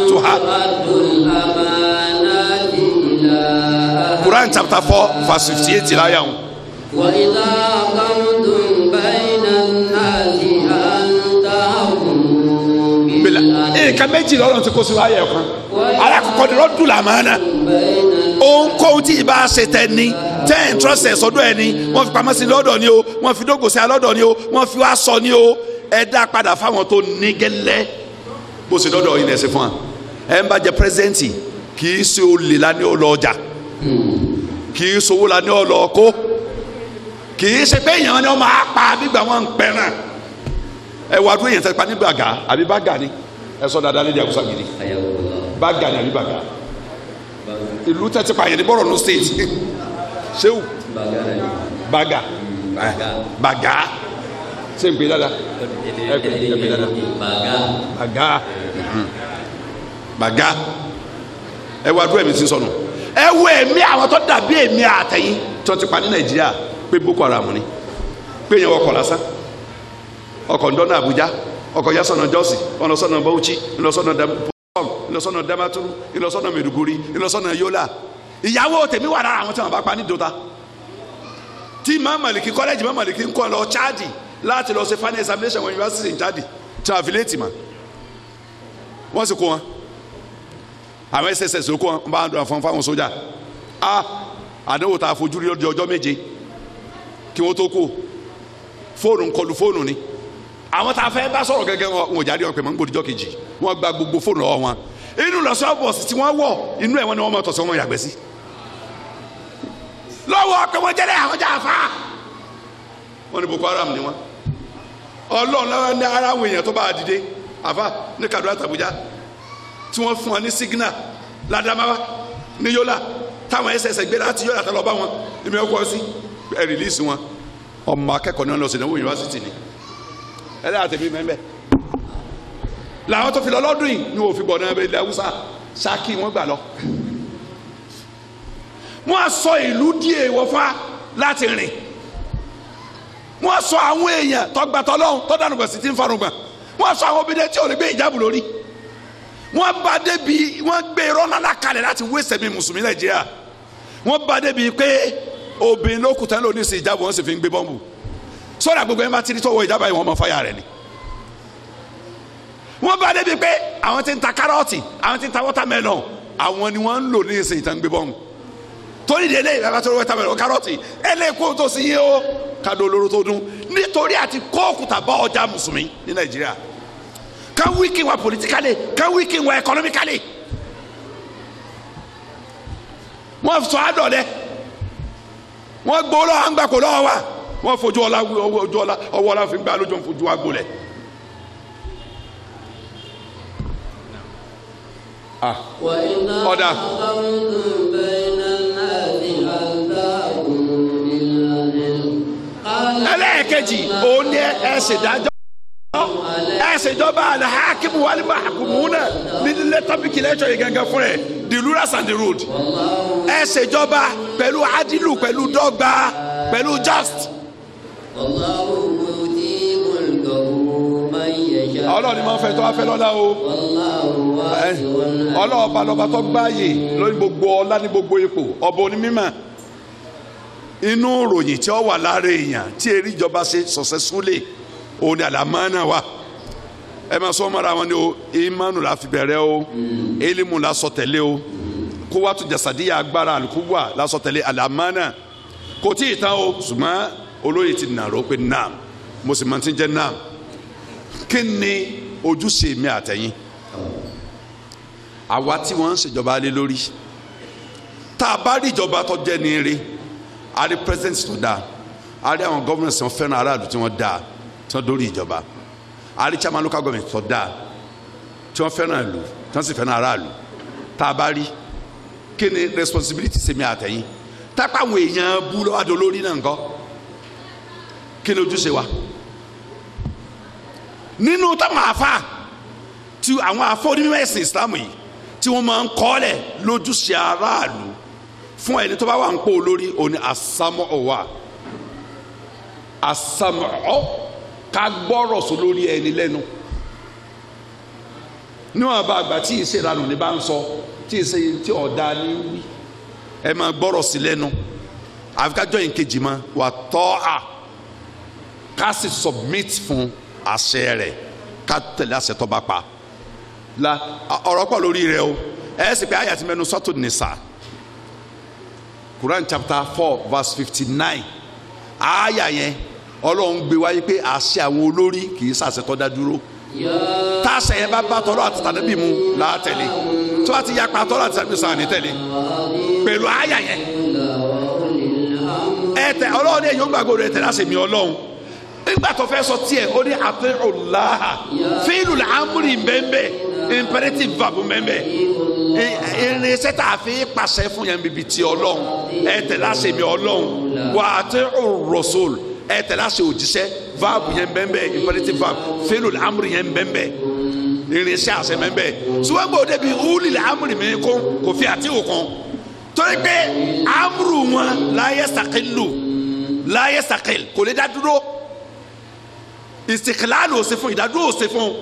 Quran chapter four verse fifty eight láyà wọn. wà á ilá àkàndùn. nǹkan méjì lọ́rọ̀ tí kò sí wáyé kan alákọ̀ọ́kọ́ ni rọ́dùn làmánà ohunkóhun tí ìbá ṣe tẹ ni tẹ́ ẹ̀ ń trọ́sẹ̀ sọ́dọ̀ ẹ̀ ni wọ́n fi pamọ́ sí lọ́dọ̀ ni o wọ́n fi dógò sí alọ́dọ̀ ni o wọ́n fi wá sọ ni o ẹ dá padà fáwọn tó ní gẹ́lẹ́ bó ṣe lọ́dọ̀ yìí lẹ́sìn fún wa ẹ ń bá jẹ pírẹsidẹ́ǹtì kì í ṣe olè la ní ọlọ ọjà kì í ṣowó la ní ọlọ ọkọ kì í ṣe pé èèyàn ni wọ́n máa pa nígbà wọn ń pẹ́ràn ẹ wá dúró èèyàn tẹ́ pa nígbàgà àbí bá gà ni ẹ sọ dáadáa lédi àgùsà gidi Baga ni àbí bàgà ìlú tẹ́tí pààyàn ní bọ́rọ̀ ní state ṣéwù bàgà bàgà ṣé n pè dáadáa ẹ pè dáadáa bàgà bàgà ẹ wá dúró ẹ̀mí sí sọnù ẹ wo ẹ̀mí àwọn tó dàbí ẹ̀mí àtẹ̀yìn tó ti pa ní nàìjíríà pé boko haram ni pé yẹn wọkọ̀ lásán ọkọ̀ ń dọ́nà àbújá ọkọ̀ ya sọ̀nà jọ́sì ọ̀nà sọ̀nà bauchi ọ̀nà sọ̀nà pọ́m ọ̀nà sọ̀nà damaturu ọ̀nà sọ̀nà mẹ̀dùgúrí ọ̀nà sọ̀nà yọ́là ìyàwó tèmi wà lára àwọn tí wọn bá pa ní dòta tí máa màlìkì kọ́lẹ́jì máa ń kọ́ lọ chaadi láti lọ ṣe final examination wọn university in chaadi tí wọn àfilẹ́tì mà wọ́n sì kó wọn àwọn sss ló kó wọn bá ń dọ̀rọ̀ fáwọn sójà a àdánwò tá a fojú rí ọjọ́ méje kí wọ́n tó kú fóònù ń kọlu fóònù ni àwọn tá a fẹ́ bá sọ̀rọ̀ gẹ́gẹ́ wọn ò jáde wọn pè mọ́ ń gbòdìjọ́ kejì wọn gba gbogbo fóònù lọ́wọ́ wọn inú lọ́sọ̀ bọ̀sì tí wọ́n wọ̀ inú ẹ̀ wọn ni wọ́n máa tọ̀ wọn yàgbẹ́ sí. lọ́wọ́ pé wọ́n jẹ́rẹ́ àwọn jà fa wọ́n ní Boko Haram ni wọ́n ọlọ́run lọ́wọ́ ní ara àwọn èèyàn tó bá dìde àfa ní Kaduna tàbújá tí wọ́n fún wọn ní signal ládàmáwá ní Yola táwọn ẹsẹsẹ gbé láti Yola tó lọ bá wọn ìmọ̀ sí ẹ̀ rìlíìsì wọn ọmọ akẹ́kọ̀ọ́ náà lọ sí ìdánwò yunifásitì ni ẹlẹ́yà tèmi mẹ́mẹ́ làwọn tó fi lọ lọ́dún yìí ni òfin bọ̀ náà ilẹ̀ haúsá ṣáàkì wọ́n gbà lọ wọ́n á sọ ìlú di èèwọ̀ fún wa láti rìn wọ́n á sọ àwọn èèyàn tọgbàtọ́ lọ́hùn tọ́dánùgbọ̀n sì ti ń farùngbọ̀n wọ́n á sọ àwọn obìnrin tí ò ní gbé ìjáàbù lórí wọ́n bá débi wọ́n gbé irọ́ ńlá kalẹ̀ láti wé sẹ́mi mùsùlùmí nàìjíríà wọ́n bá débi pé obìnrin lókùtà lónìí sí ìjábọ̀ wọ́n sì fi ń gbé bọ́ǹbù sọ́dà gbogbo ẹ̀ bá ti rí tọ́wọ́ ìjábá yìí wọ́n mọ fáyà rẹ̀ ni. wọ́n bá débi pé àwọn ti ń ta kárọ̀tì àwọn ti ń ta wọ́tàmẹ́lọ̀n àwọn ni wọ́n ń lò ní ìsìn ìtàn gbé bọ́ọ̀mù torí de eléyìí bàbá tó lọ wọ́tàmẹ́lọ̀n kárọ̀tì eléyìí kó tó sí yé o kado olóró tó dún nítorí àti kóòkùtà bá ọjà mùsùlùmí ní nàìjíríà kan wíkì wa politically kan wíkì wa economically wọ́n sọ àdọ̀ dẹ wọ́n gbowó lọ́wọ́ à lọ́wọ́ wa wọ́n fojú ọlá ojú ọlá ọwọ́ ọlá fi gbà lójú fojú wa gbolẹ̀. ọ̀dà. ẹlẹ́ẹ̀kejì òun ni ẹ ṣèdájọ́ ẹsẹjọba alahakimu walima hakumuna nílẹ tọpiki lẹjọ yìí gẹ́gẹ́ fún ẹ the rulers and the ruled ẹsẹjọba pẹ̀lú adilu pẹ̀lú dọ́gba pẹ̀lú just ọlọ́ọ̀ni máa ń fẹ́ tó wá fẹ́ lọ́lá o ọlọ́ọ̀ba lọ́ba tó gbáàyè lórí gbogbo ọlá ní gbogbo ipò ọba onímọ̀ inú ròyìn tí ó wà lára èèyàn tí eré ìjọba ṣe sọ̀sẹ̀ súlẹ̀ òun ni àlámánà wa ẹ máa sọ mọ́ra wọn ni o imanu la fi bẹ̀rẹ̀ o elimu hmm. la sọ tẹ̀lé o hmm. kó wàá tó jasadiya agbára alukuwa la sọ tẹ̀lé àlámánà kò tí ì tán o ṣùgbọ́n olóyè ti nàró pé nam mo sì máa ti jẹ́ nam kí ni ojúṣe mi àtẹ̀yìn àwa tí wọ́n ń ṣèjọba lé lórí tá a bá rí ìjọba tó jẹ́ ní rí a rí president tó dáa a rí àwọn gómìnà tí wọ́n aráàlú tí wọ́n dáa tí wọ́n dórí ìjọba a rí chairman local government tó dáa tí wọ́n fẹ́ràn ìlú tí wọ́n sì fẹ́ràn aráàlú tá a bá rí kí ni responsibility ṣe mi àtẹ̀yìn tápá àwọn èèyàn bú lọ́wọ́ àdó lórí náà nǹkan kí ni ojúṣe wa nínú táwọn àfa tí àwọn àfa onímọ̀ ẹ̀sìn ìsìlámù yìí tí wọ́n máa ń kọ́lẹ̀ lójúṣe aráàlú ẹni tó bá wà ń pò lórí òní àsámọ́ wa àsámọ́ ká gbọ́rọ̀ sọ lórí ẹni lẹ́nu níwọ̀n bá àgbà tí ìṣe ìranù ní bá ń sọ tí ìṣe tí ọ̀dà ní wí ẹ máa gbọ́rọ̀ sí lẹ́nu àfikájọ́ yìí kejì máa wà tọ́ à ká sì submit fún àṣẹ rẹ̀ ká tẹ̀lé àṣẹ tó bá pa la ọ̀rọ̀ pọ̀ lórí rẹ̀ o ẹ sì pé àyà ti mẹ́nu sọ́tò nìsa Quran chapter four verse fifty nine àyà yẹn ọlọ́run gbé wáyé pé àṣẹ àwọn olórí kì í ṣàṣẹ tó dá dúró táṣẹ yẹn bá bá tọ́lọ́ àti tànẹ́bì mu látẹ̀lé tó bá ti yapa tọ́lọ́ àti tànẹ́bì sàn ní tẹ̀lé pẹ̀lú àyà yẹn ẹ tẹ ọlọ́run ní èyí ó rẹ tẹ̀lé àṣẹ mi ọlọ́run nígbà tó fẹ́ sọ tiẹ̀ ó ní àtẹ̀rọ̀láhà fílù làámúrì mbẹ́mbẹ́ imperative verb mbẹ́mbẹ́ irinṣẹ́ tá a fi pàṣẹ fún yẹn bíbi ti ọlọ́run ẹ tẹ̀lé mi ọlọ́run wà àtẹ̀rọ̀rọ̀sọ̀l ẹ tẹ̀lé àṣẹ òjíṣẹ́ verb yẹn mbẹ́mbẹ́ imperative verb fílù làámúrì yẹn mbẹ́mbẹ́ irinṣẹ́ àṣẹ mbẹ́mbẹ́ sùwọ́gbọ̀ débi húlì làámúrì mi kún kò fi àti òkun torí pé àmúrù wọn láyé sàkílù láyé sàkílù kò lè dá dúró ìsìkìláàlù òsè fún ìdádúró òsè fún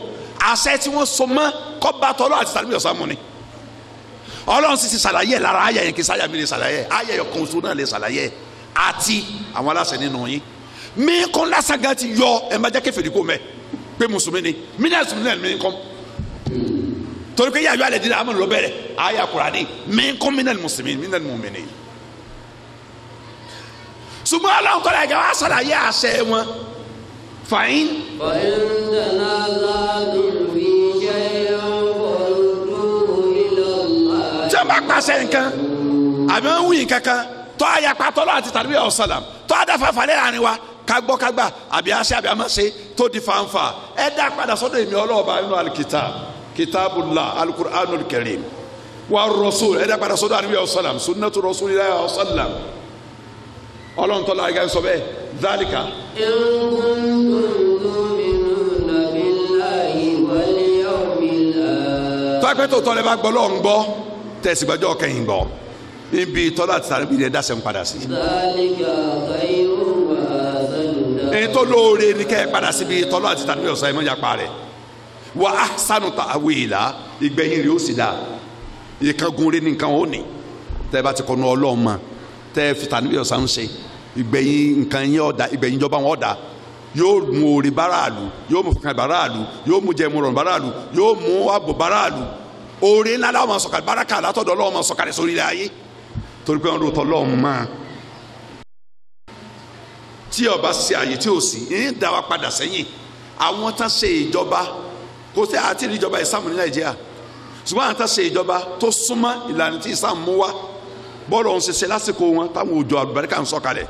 àṣẹ tí wọ́n so mọ́ kọ́ba tọ́lọ́ àti sàlùmí ọ̀sán mọ́ni ọlọ́run sì ti ṣàlàyé lára ayé yẹn kì í sáyà mi lè ṣàlàyé ayé yẹn kan oṣù náà lè ṣàlàyé àti àwọn aláṣẹ nínú yín mí kọ́ lásán gan ti yọ ẹ má jẹ́ kẹfẹ́ ìdíkò mẹ́ pé mùsùlùmí ni mí náà sùn náà mí kọ́ torí pé yàyọ alẹ́ dídá amúlò bẹ̀rẹ̀ ayé àkùránì mí kọ́ mí náà mùsùlùmí mí náà mùmìnì ṣùgbọ́n ọlọ́run kọ́ فإن فإن تنازعتم في شيء فردوه إلى الله tí a bá pàṣẹ nǹkan àbí wọ́n wí nǹkan kan tó a yapa tọ́lọ́ àti tàbí ọ̀sálàm tó a dáfa falẹ̀ láàrin wa ká gbọ́ ká tó di fanfa ẹ dá padà sọ́dọ̀ èmi ọlọ́ọ̀bá alikita kitabula alukur'anul karim wa rasul ẹ dá padà sọ́dọ̀ àníbi ọ̀sálàm sunnatu rasulillah ọ̀sálàm ọlọ́run tọ́lọ́ àyíká sọ bẹ́ẹ̀ zálìkà. tọ́pẹ́ tó tọ́lẹ́ bá gbọ́ lọ́ọ̀ ń gbọ́ tẹ̀sígbàjọ́ kẹ́yìn gbọ́ níbi tọ́lá àti tàbí ilẹ̀ dáṣẹ́ ń padà sí. èyí tó lóore ni kẹ́ ẹ padà síbi tọ́lá àti tàbí ọ̀sán ẹ̀ mọ́jà pa rẹ̀ wà á sànù tà àwẹ̀ ìlà ìgbẹ̀yìn rẹ̀ ó sì dáa ìkangun rẹ̀ nìkan ó ní tẹ́ bá ti kọ́ nu ọlọ́ọ̀ma tẹ́ fi tàbí ọ̀sán ń ṣe ìgbẹ̀yìn nǹkan yẹn ọ̀dà ìgbẹ̀yìn ìjọba wọn ọ̀dà yóò mú orí báráàlú yóò mú fúnkan báráàlú yóò mú jẹmu rọrùn báráàlú yóò mú ààbò báráàlú oore ńlá làwọn sọ̀kalẹ̀ báraka látọ̀dọ̀ lọ́wọ́ máa sọ̀kalẹ̀ sórí ilẹ̀ ayé torí pé wọn ló tọ́ lọ́wọ́ máa tí ọba ṣe àyè tí ò sí ń dá wa padà sẹ́yìn àwọn tán ṣe ìjọba kò sí àti ìjọba ìsàmù ní nàìjíríà ṣùgbọ́n àwọn tán ṣe ìjọba tó súnmọ́ ìlànà tí ìsàmù mú wá bọ́ọ̀lù ọ̀hún ṣe ṣe lásìkò wọn táwọn òjò àlùbáríkà ń sọ̀kalẹ̀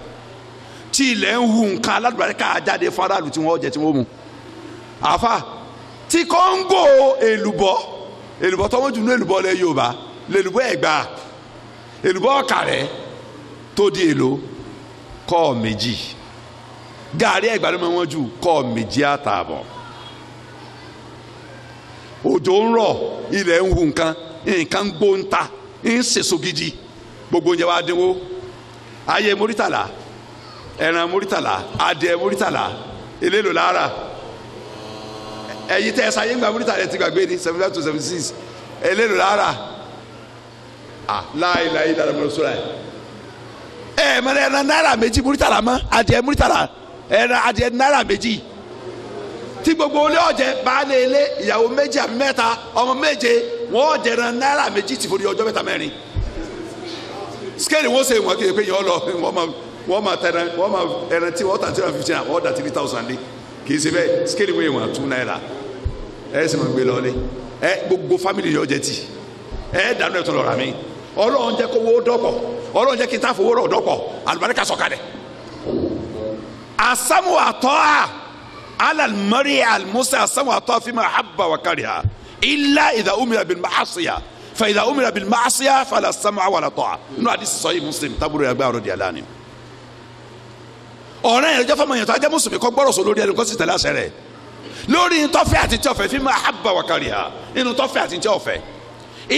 tí ilẹ̀ ń hu nǹkan aládùbáríkà jáde faraàlú tí wọ́n jẹ tí wọ́n mu àfa tí kóńgò èlùbọ́ èlùbọ́ tọ́wọ́n jù ní èlùbọ́ lẹ Yorùbá lèlùbọ́ Ẹ̀gbá èlùbọ́ ọ̀kàrẹ́ tó di èlò kọ́ méjì gààrí Ẹ̀gbá ló máa wọ́n jù kọ́ méjì àtààbọ̀ òjò ń rọ̀ ilẹ̀ ń hu nǹkan nǹkan gbóǹta ń sèso gidi gbogbo oúnjẹ wa dínwó ayé mórítàlá ẹran múrítàlá adìẹ múrítàlá eléèlò lára ẹ̀yin tẹ́ ẹ gba múrítàlá ti gbàgbé ni seventy five to seventy six eléèlò lára láìláì dára mọ́ sọ́ra ẹ̀ ẹ̀ mẹ́rin ẹran náírà méjì múrítàlá adìẹ ẹran adìẹ náírà méjì tí gbogbo olé baálé ilé ìyàwó méjì àbí ọmọ méje náírà méjì kéde pé yẹn wọ́n máa ta ẹran wọ́n máa ẹran tí wọ́n ta three hundred fifty naira wọ́n da three thousand lé kì í ṣe bẹ́ẹ̀ scale wey wọ́n two naira ẹ sì máa gbé lọ lé ẹ gbogbo family yóò jẹ tì ẹ dànù ẹ̀ tó lọ́ra mi ọlọ́run jẹ́ kówó dọ́pọ̀ ọlọ́run jẹ́ kí n ta fowó rọ̀ dọ́pọ̀ àlùbáríkà sọ̀kalẹ̀ asamu atọ́a alalimari alimusa asamu atọ́a fi ma haba wakari ha illa idà umira bin maasiya fa idà umira bin maasiya fa la samu awala tọ́a nínú àdìsí sọ yìí muslim taburu yàgbé àròdì ọ̀rẹ́ yẹn jẹ́ fọmọ yẹn tó ajẹ́ mùsùlùmí kọ́ gbọ́rọ̀ sọ lórí ẹni kó sì tẹ̀lé àṣẹ rẹ̀ lórí ntọ́fẹ́ àti tí ọ̀fẹ́ fíìmù àhábà wàkàrí ha nínú ntọ́fẹ́ àti tí ọ̀fẹ́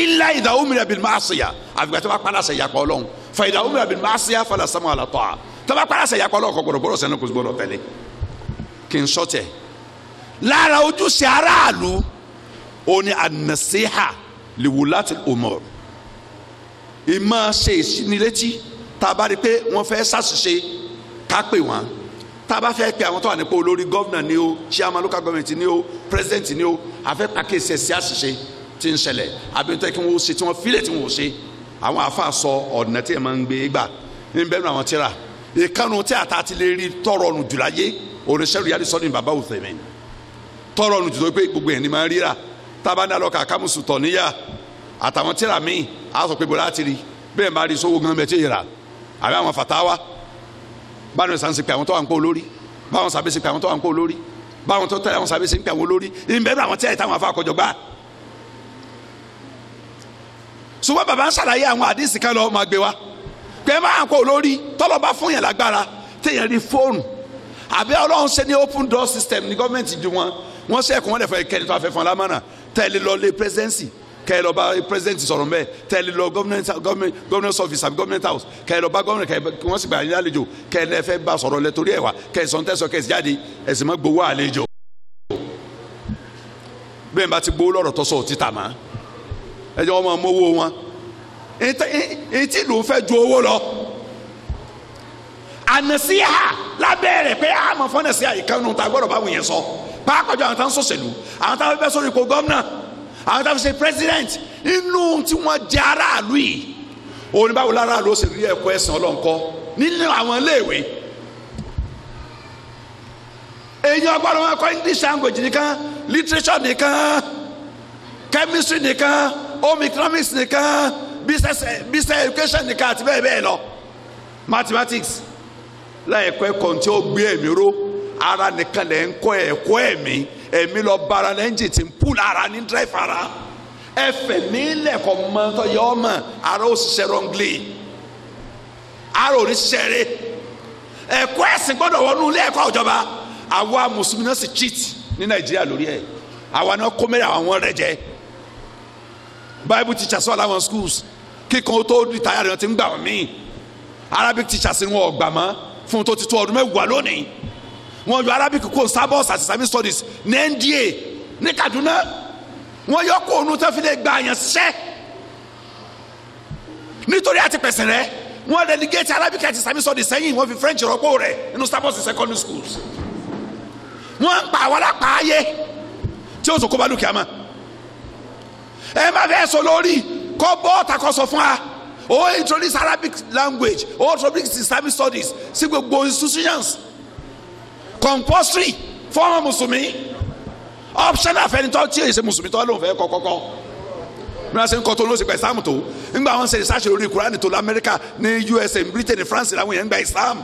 ilá ìdá omira bìnnú máa ṣèyà àfìgbà tó bá padà ṣe ìyàpọ̀ ọlọ́run fa ìdá omira bìnnú máa ṣèyà fọlá sẹ́mu àlàtọ́ a tó bá padà ṣe ìyàpọ̀ ọlọ́run kò gbọdọ̀ gbọdọ̀ ká pè wọ́n tá a bá fẹ́ pe àwọn tó wà nípò olórí gọ́vnà ni o chairman local government ni o president ni o àfẹ́ pàkíyèsí ẹ̀ sí àṣìṣe tí ń ṣẹlẹ̀ àbíntẹ́ kí wọ́n ṣe tí wọ́n fílẹ̀ tí wọ́n ṣe àwọn àáfàá sọ ọ̀nà tí ẹ̀ máa ń gbé gbà ń bẹ́ẹ̀ nù àwọn tíra ìkànnù tí àtà ti lè rí tọrọ nù jù láyé oníṣẹ́rù yàrá sọ́ni bàbá òfèmí tọrọ nù jù tó pé gbogbo ẹ̀ ní máa ríra báwọn sàn sí pé àwọn tó wà ń pọ̀ olórí báwọn sàbẹ̀ sí pé àwọn tó wà ń pọ̀ olórí báwọn tó tẹ̀lé àwọn sàbẹ̀ sí pé àwọn olórí ìbẹ̀rù àwọn tẹ̀lé táwọn afọ àkọjọ gbà. ṣùgbọ́n bàbá ń ṣàlàyé àwọn àdìsí kan lọ́ọ́ máa gbé wa pé máa ń pọ̀ olórí tọ́lọ́ bá fún yẹn lágbára téèyàn rí fóònù àbí ọlọ́run ṣe ní open door system ní gọ́ọ̀mẹ̀ntì ju wọn wọ́n ṣe ẹ̀kọ́ wọn lè fọ ìkẹ́ni tó afẹ́fọ́n lámànà tẹ̀lé lọ lé presidency kẹ́ ẹ lọ bá president sọ̀rọ̀ mbẹ́ tẹ́ ẹ government lọ government office àbí government house kẹ́ ẹ lọ bá government kẹ́ ẹ wọ́n sì gbà yín àlejò kẹ́ ẹ fẹ́ bá sọ̀rọ̀ lẹ torí ẹ̀ wá kẹ́ ẹ sọ̀n tẹ́sọ̀ kẹ́ ẹ sì jáde ẹ sì má gbowó àlejò. bẹ́ẹ̀ bá ti gbowó lọ́rọ̀ tọ́sọ̀ ti tà má ẹ jẹ́ wọ́n máa mówó wọn etí ló ń fẹ́ ju owó lọ ànàsíhà lábẹ́rẹ̀ pé àmọ̀ fọ́nàsíhà ìkànnù tá a gbọ́dọ̀ báwọn yẹn sọ pàápàá jọ àwọn táwọn sọ̀sẹ̀lú àwọn táwọn fẹ́ sọ̀rọ̀ ìkó gómìnà àwọn táwọn ṣe president inú tí wọ́n jẹ́ aráàlú yìí òun ni báwo lára ló ṣe rí ẹ̀kọ́ ẹ̀sìn ọlọ́nkọ́ nínú àwọn iléèwé èyí ọgbọ́n wọn kọ́ English language nìkan literature nìkan chemistry nìkan home economics nìkan business business education nìkan àti bẹ́ẹ̀ bẹ́ẹ̀ lọ mathematics láì ẹ̀kọ́ ẹ̀kọ́ tí ó gbé ẹ̀mí ró ara nìkan lẹ̀ ń kọ́ ẹ̀kọ́ ẹ̀mí ẹ̀mí lọ bara lẹ́ńjì tí ń púl ara ní dírẹ́fà ara ẹfẹ̀ mi lẹ̀kọ̀ mọ́tọ́ yọ ọmọ ara ó ṣiṣẹ́ rọ́nglé ara ò ní ṣiṣẹ́ rẹ ẹ̀kọ́ ẹ̀sìn gbọ́dọ̀ wọnú ilé ẹ̀kọ́ ìjọba àwa mùsùlùmí náà sì cheat ní nàìjíríà lórí ẹ̀ àwa náà kó mẹ́rin àwọn rẹ̀ jẹ́ bible teachers wà láwọn schools kíkan tó rìtáyà rẹ̀ ti ń gbà wọ́n míì arabic teachers wọn ò gbà mọ́ fún tó ti tó ọdún mẹ́wàá lónìí wọ́n yọ arabic kó sabos àti islamic studies ní nda ní kaduna wọ́n yọ kó ònú tó fi lè gba àyàn ṣiṣẹ́ nítorí àti pẹ̀sìn rẹ̀ wọ́n relegate arabic àti islamic studies sẹ́yìn wọ́n fi french rọ́pò rẹ̀ nínú sabos secondary schools wọ́n ń pa àwọn alápàáyé tí ó sòkó bá lùkìá mọ́ ẹ má fẹ́ sọ lórí kọ́ bọ́ọ̀tà kọ́ sọ fún wa ó introduce arabic language ó introduce islamic studies sí gbogbo institutions compulsory fọ́ọ̀mù mùsùlùmí option àfẹnitọ́ tí èyí ṣe mùsùlùmí tọ́ ló ń fẹ́ kọ́kọ́kọ́ bí wọ́n ṣe ń kọ́ tó ló ṣe gba islam tó nígbà wọn ṣe research lórí kurani tó lamẹ́ríkà ní usa britain france làwọn yẹn ń gba islam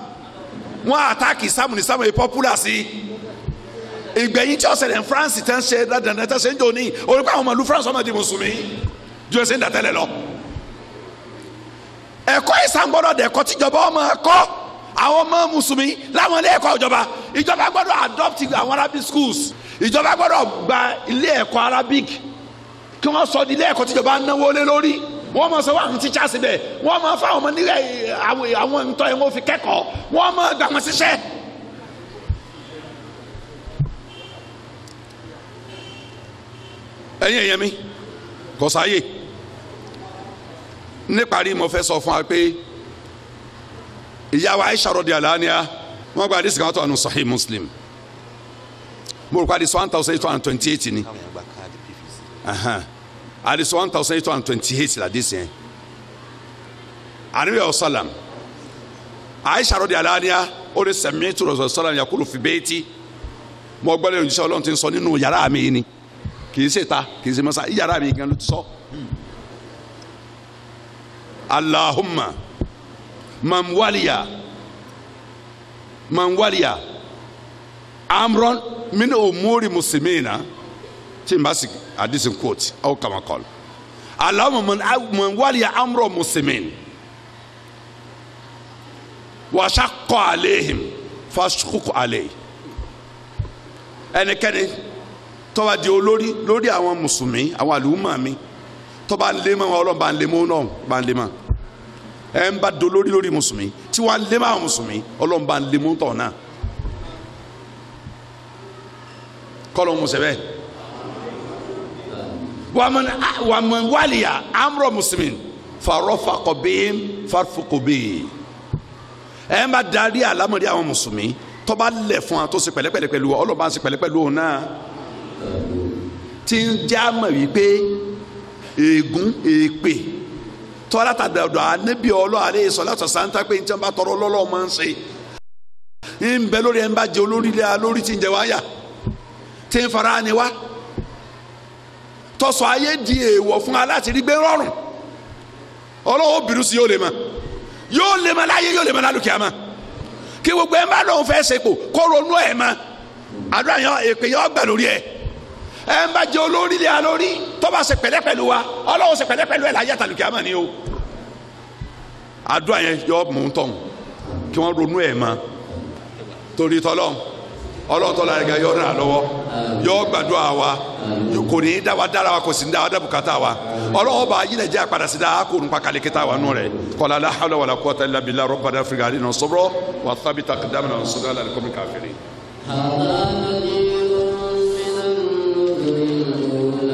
wọn àtàkì islam ní islam yẹn popular sí ìgbẹ̀yìn tí ọ̀sẹ̀ ní france tẹ́ ń ṣe dandan tẹ́ ṣe ń jò ní orúkọ àwọn ọmọlú france ọmọdé mùsùlùmí ju ẹsẹ̀ ń dàtẹ́lẹ̀ lọ ẹ̀kọ́ islam gbọ́dọ̀ dẹ̀ ẹ̀kọ́ tíjọba ọmọ ẹ̀kọ́ àwọn ọmọ mùsùlùmí láwọn ilé ẹ̀kọ́ ìjọba ìjọba gbọ́dọ̀ adopt àwọn arabic schools ìjọba gbọ́dọ̀ gba ilé ẹ̀kọ́ arabic kí wọ́n sọ di ilé ẹ̀kọ́ tíjọba náwó lé lórí wọ́n máa sọ wá àwọn tíṣà síbẹ̀ wọ́n máa fa àwọn ọmọ nílẹ̀ eh, àwọn ntọ́ yẹn wọ́n fi kẹ́kọ̀ọ́ wọ́n máa gbà wọ́n síṣẹ́. ẹ̀yin ẹ̀yẹ mi kò sáyè níparí mo fẹ́ sọ fún wa pé ìyá wa Aisha radiyallahu anha wọ́n gba àdìsí kan tó ànú Sahih Muslim mo rò pé àdìsí one thousand eight hundred and twenty eight ni àdìsí one thousand eight hundred and twenty eight làdìsí yẹn àníwẹ̀ ọ̀sálàm Aisha radiyallahu anha ó ní sẹ̀mí tó rọ̀ sọ́làm yakulu fi bayti mo gbọ́ lẹ́yìn òjíṣẹ́ ọlọ́run ti ń sọ nínú yàrá mi ni kì í ṣe ta kì í ṣe mọ́sá yàrá mi gan ló ti sọ. Allahumma mamwaliya mamwaliya amron min umuri muslimina tí n bá sigi hadisi quote aw kama kọl alahuma mamwaliya amro muslimin wasakọ alehim fasukuku alehi ẹnikẹ́ni tó bá di olórí lórí àwọn mùsùlùmí àwọn àlùmọ́ mi tó bá ń lé mọ́ wọn ọlọ́run bá ń lé ẹ ń bá dolórí lórí mùsùlùmí tí wọ́n á lé máa mùsùlùmí ọlọ́run bá ń lé mú tọ̀ náà kọ́lọ́ mú sẹ́bẹ̀. wàmọ̀ wàlìyà amúrọ̀ mùsùlùmí farọ́fà kọ̀bí farfù kọ̀bí ẹ ń bá darí àlámọ̀rí àwọn mùsùlùmí tó bá fún wa tó ṣe pẹ̀lẹ́pẹ̀lẹ́ pẹ̀lú wa ọlọ́run bá ń ṣe pẹ̀lẹ́pẹ̀lú òun náà tí ń já mọ̀ wípé ègún èpè. E tọ́lá tàdàdọ̀ ànábì ọlọ́ àlẹ́ ìsọ̀látọ̀ santa pé njẹ́ n bá tọrọ lọ́lọ́ máa n ṣe ń bẹ lórí ẹ̀ ń bá olórí lẹ́yà lórí tí ń jẹ fara ni ayé di fún wa láti rí gbé yóò lè yóò lè láyé yóò lè lálùkìá kí gbogbo lóun ẹ ń bá jẹ olórí lé alórí tó bá ṣe pẹ̀lẹ́ pẹ̀lú wa Ọlọ́run ṣe pẹ̀lẹ́ pẹ̀lú ẹ̀ láyé àtàlùkì àmà ni o àdúrà yẹn yọ mú tọ̀hún kí wọ́n ronú ẹ̀ mọ́ torí tọ́lọ́hún Ọlọ́run tọ́lá ẹ̀ga yọ ràn án lọ́wọ́ yọ gbàdúrà wa kò ní í dá wa dára wa kò sì ní dá wa dábùkátà wa Ọlọ́run bá yí nàìjíríà padà sí dáa kó nípa kàlíkítà wa nù rẹ̀ kọ́lá aláhàlọ́ wàlá kọ́tà ilà bìlá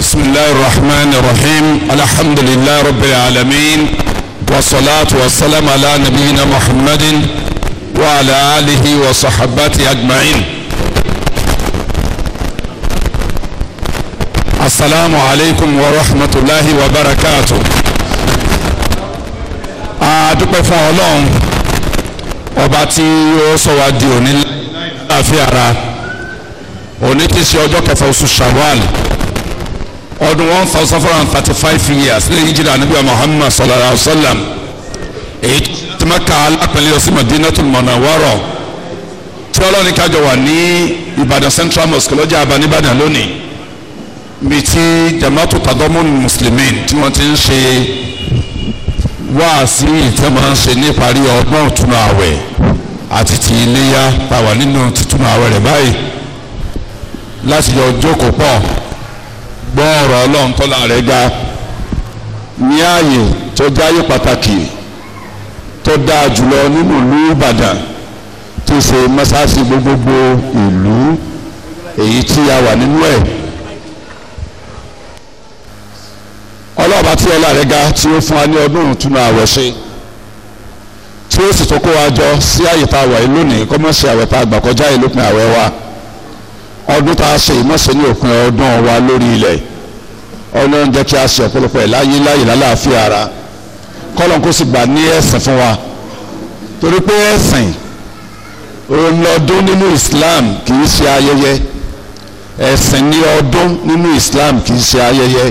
بسم الله الرحمن الرحيم الحمد لله رب العالمين والصلاة والسلام على نبينا محمد وعلى آله وصحبته أجمعين السلام عليكم ورحمة الله وبركاته adúpẹ́ fún ọlọ́run ọba tí ó sọ wá di òní láàfin ara òní ti ṣe ọjọ́ kẹfà oṣù Shawwal ọdún one thousand four hundred thirty five years lẹ́yìn jíra anabi muhammad sallallahu alayhi wa sallam èyí tó máa ka alápẹ̀lẹ́ ọ̀sìn madinatul munawwara tí ọlọ́run kájọ wà ní ìbàdàn central mosque lọ́jà abaníbàdàn lónìí bíi ti jama'atu tadamun muslimin tí wọ́n ti ń ṣe wáàsí ìtẹ́ máa ń ṣe níparí ọgbọ́n ìtúnu àwẹ̀ àti ti iléyà tá nínú títúnu àwẹ̀ rẹ̀ báyìí láti yọ ọjọ́ kó pọ̀ gbọ́ ọ̀rọ̀ ọlọ́run tọ́lá ga ní ààyè tó jáyé pàtàkì tó dáa jùlọ nínú ìlú Ìbàdàn tó ṣe mọ́sáàsì gbogbogbò ìlú èyí tí a wà nínú ẹ̀ ọlọ́ọ̀bá tí ọlá ga tí ó fún wa ní ọdún ìtúnu ṣe tí ó sì ọdún tá a ṣe ìmọ̀ṣẹ́ ní òpin ọdún wa lórí ilẹ̀ ọlọ́run jẹ́ kí a ṣe ọ̀pọ̀lọpọ̀ ẹ̀ láyé láyè lálàáfíà ara kọ́lọ́n kó sì gbà ní ẹ̀sìn fún wa torí pé ẹ̀sìn òun lọ́dún nínú Islam kì í ṣe ayẹyẹ ẹ̀sìn ní ọdún nínú Islam kì í ṣe ayẹyẹ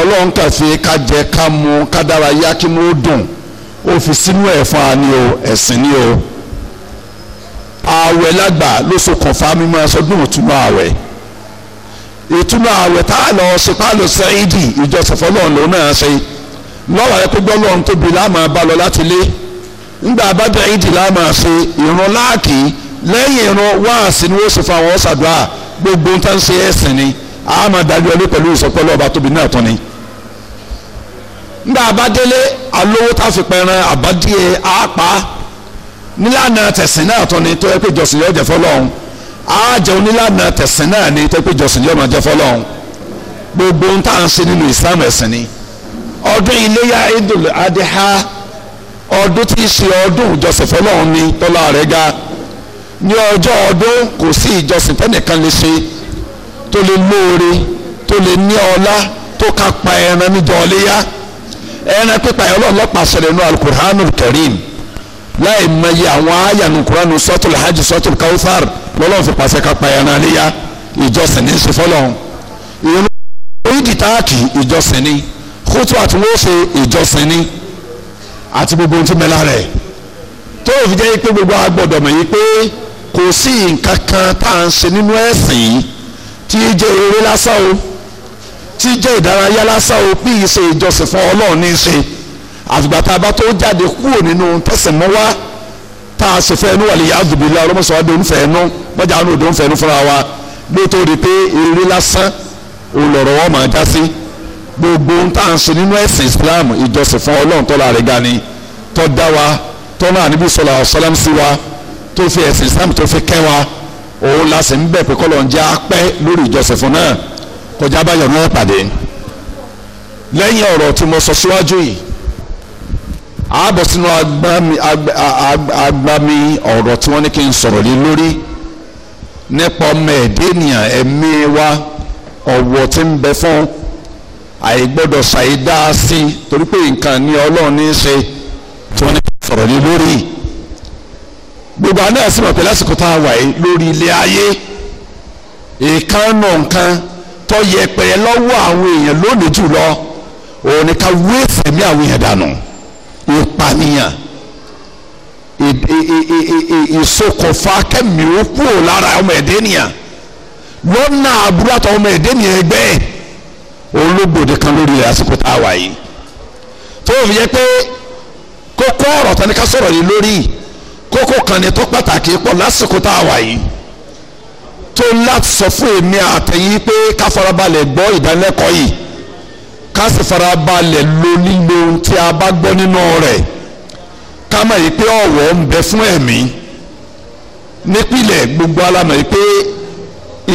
ọlọ́run kà ká jẹ ká mu ká dára yá kí mo dùn ó fi sínú ẹ̀ fún o ẹ̀sìn ní o. ààwẹ̀ lágbà ló ṣokùnfà mímọ́ ẹsọ́dún ìtúnú ààwẹ̀ ìtúnú tá a lọ ṣe pa ìdì ìjọsìn ṣe lọ́wọ́ tóbi láàmú abalọ láti lé ńgbà láàmú ṣe ìran láàkì lẹ́yìn ìran ni gbogbo ń tán ṣe ẹ̀sìn ni dájú ẹlú pẹ̀lú nílànà tẹ̀sìn náà tó ni tó yẹ pé jọ̀sìn yóò jẹ́ fọlọ́run á jẹ́ onílànà tẹ̀sìn náà ni tó yẹ pé jọ̀sìn yóò máa jẹ́ fọlọ́run gbogbo ń tà ń ṣe nínú Islam ẹ̀sìn ni ọdún iléyà idul adiha ọdún tí í ṣe ọdún ìjọsìn fọlọ́run ni tọ́lá rẹ̀ ga ní ọjọ́ ọdún kò sí ìjọsìn tẹ́nìkan lè ṣe tó lè lóore tó lè ní ọlá tó ká pa ẹran níjọ ọléyà ẹran pípa ẹ̀ ọlọ́ọ̀lọ́pàá láì mọye àwọn àyànnú kuranu sọ́tul hajj sọ́tul kawthar lọ́lọ́run fi pàṣẹ ká pa ẹran níyà ìjọsìn ní ṣe fọlọ́run ìrún orídì táàkì ìjọsìn ní kótó àti wọ́n ṣe ìjọsìn ní àti gbogbo ohun tí mẹ́la rẹ̀ tó o fi jẹ́ pé gbogbo agbọ́dọ̀ mọ̀ yìí pé kò sí nǹkan kan tá à ń ṣe nínú ẹ̀sìn yìí tí í jẹ́ eré lásán o tí í jẹ́ ìdárayá lásán o bí ìṣe ìjọsìn fún Ọlọ́run ní í ṣe àtùgbà tá a bá tó jáde kúrò nínú tẹsán mọ́ wá tá a ṣe fẹ́ ní wàlẹ̀ yà dùbìlà ọlọ́mọṣọ́ wa dòun fẹ́ nú mọ́jà àwọn òdòun fẹ́ fúnra wa bí o tó rí pé eré lásán olọ̀rọ̀ wọn máa já sí gbogbo ohun tá ń ṣe nínú ẹ̀sìn Islam ìjọsìn fún Ọlọ́run tọ́lá rẹ̀ ga ni tọ́ dá wa tọ́lá àníbí sọ̀rọ̀ ọ̀sọ́lám sí wa tó fi ẹ̀sìn Islam tó fi kẹ́ wa òun la sì ń bẹ̀ pé kọ́lọ̀ ń jẹ́ apẹ́ lórí ìjọsìn fún náà kọjá báyọ̀ náà pàdé lẹ́yìn ọ̀rọ̀ tí mo sọ síwájú yìí àbọ̀ sínú agbami ọ̀rọ̀ tí wọ́n ní kí n sọ̀rọ̀ lé lórí nípa ọmọ ẹ̀dẹ́ ẹ̀mí wa ọ̀wọ̀ tí ń bẹ fún àìgbọ́dọ̀ ṣàìdá sí torí pé nǹkan ní ọlọ́run ní í ṣe tí wọ́n ní kí n sọ̀rọ̀ lé lórí gbogbo àná ẹ̀sìn mọ̀ pé lásìkò tá a wà yìí lórí ilé ayé ìkànnà nǹkan tó yẹpẹrẹ lọ́wọ́ àwọn èèyàn lónìí jùlọ òun ni ká wé àwọn èèyàn dànù. ìpànìyàn ìsokòfà kẹ́mi ó kúrò lára ọmọ ẹ̀dẹ́ nìyàn lọ́nà àbúrò àtàwọn ọmọ ẹ̀dẹ́ nìyàn ẹgbẹ́ olóògbòde kan lórí àsìkò tá a wà yìí tó fi yẹ pé kókó ọ̀rọ̀ tani ká sọ̀rọ̀ yìí lórí kókó kan ni tó pàtàkì pọ̀ lásìkò tá a wà yìí tó láti sọ fún èmi àtẹ̀yìn pé ká farabalẹ̀ gbọ́ ìdánilẹ́kọ̀ọ́ yìí ká sì fara balẹ̀ lo lílo ohun tí a bá gbọ́ nínú rẹ̀ ká mọ̀ yìí pé ọ̀wọ̀ ń bẹ fún ẹ̀mí nípìnlẹ̀ gbogbo alamọ̀ yìí pé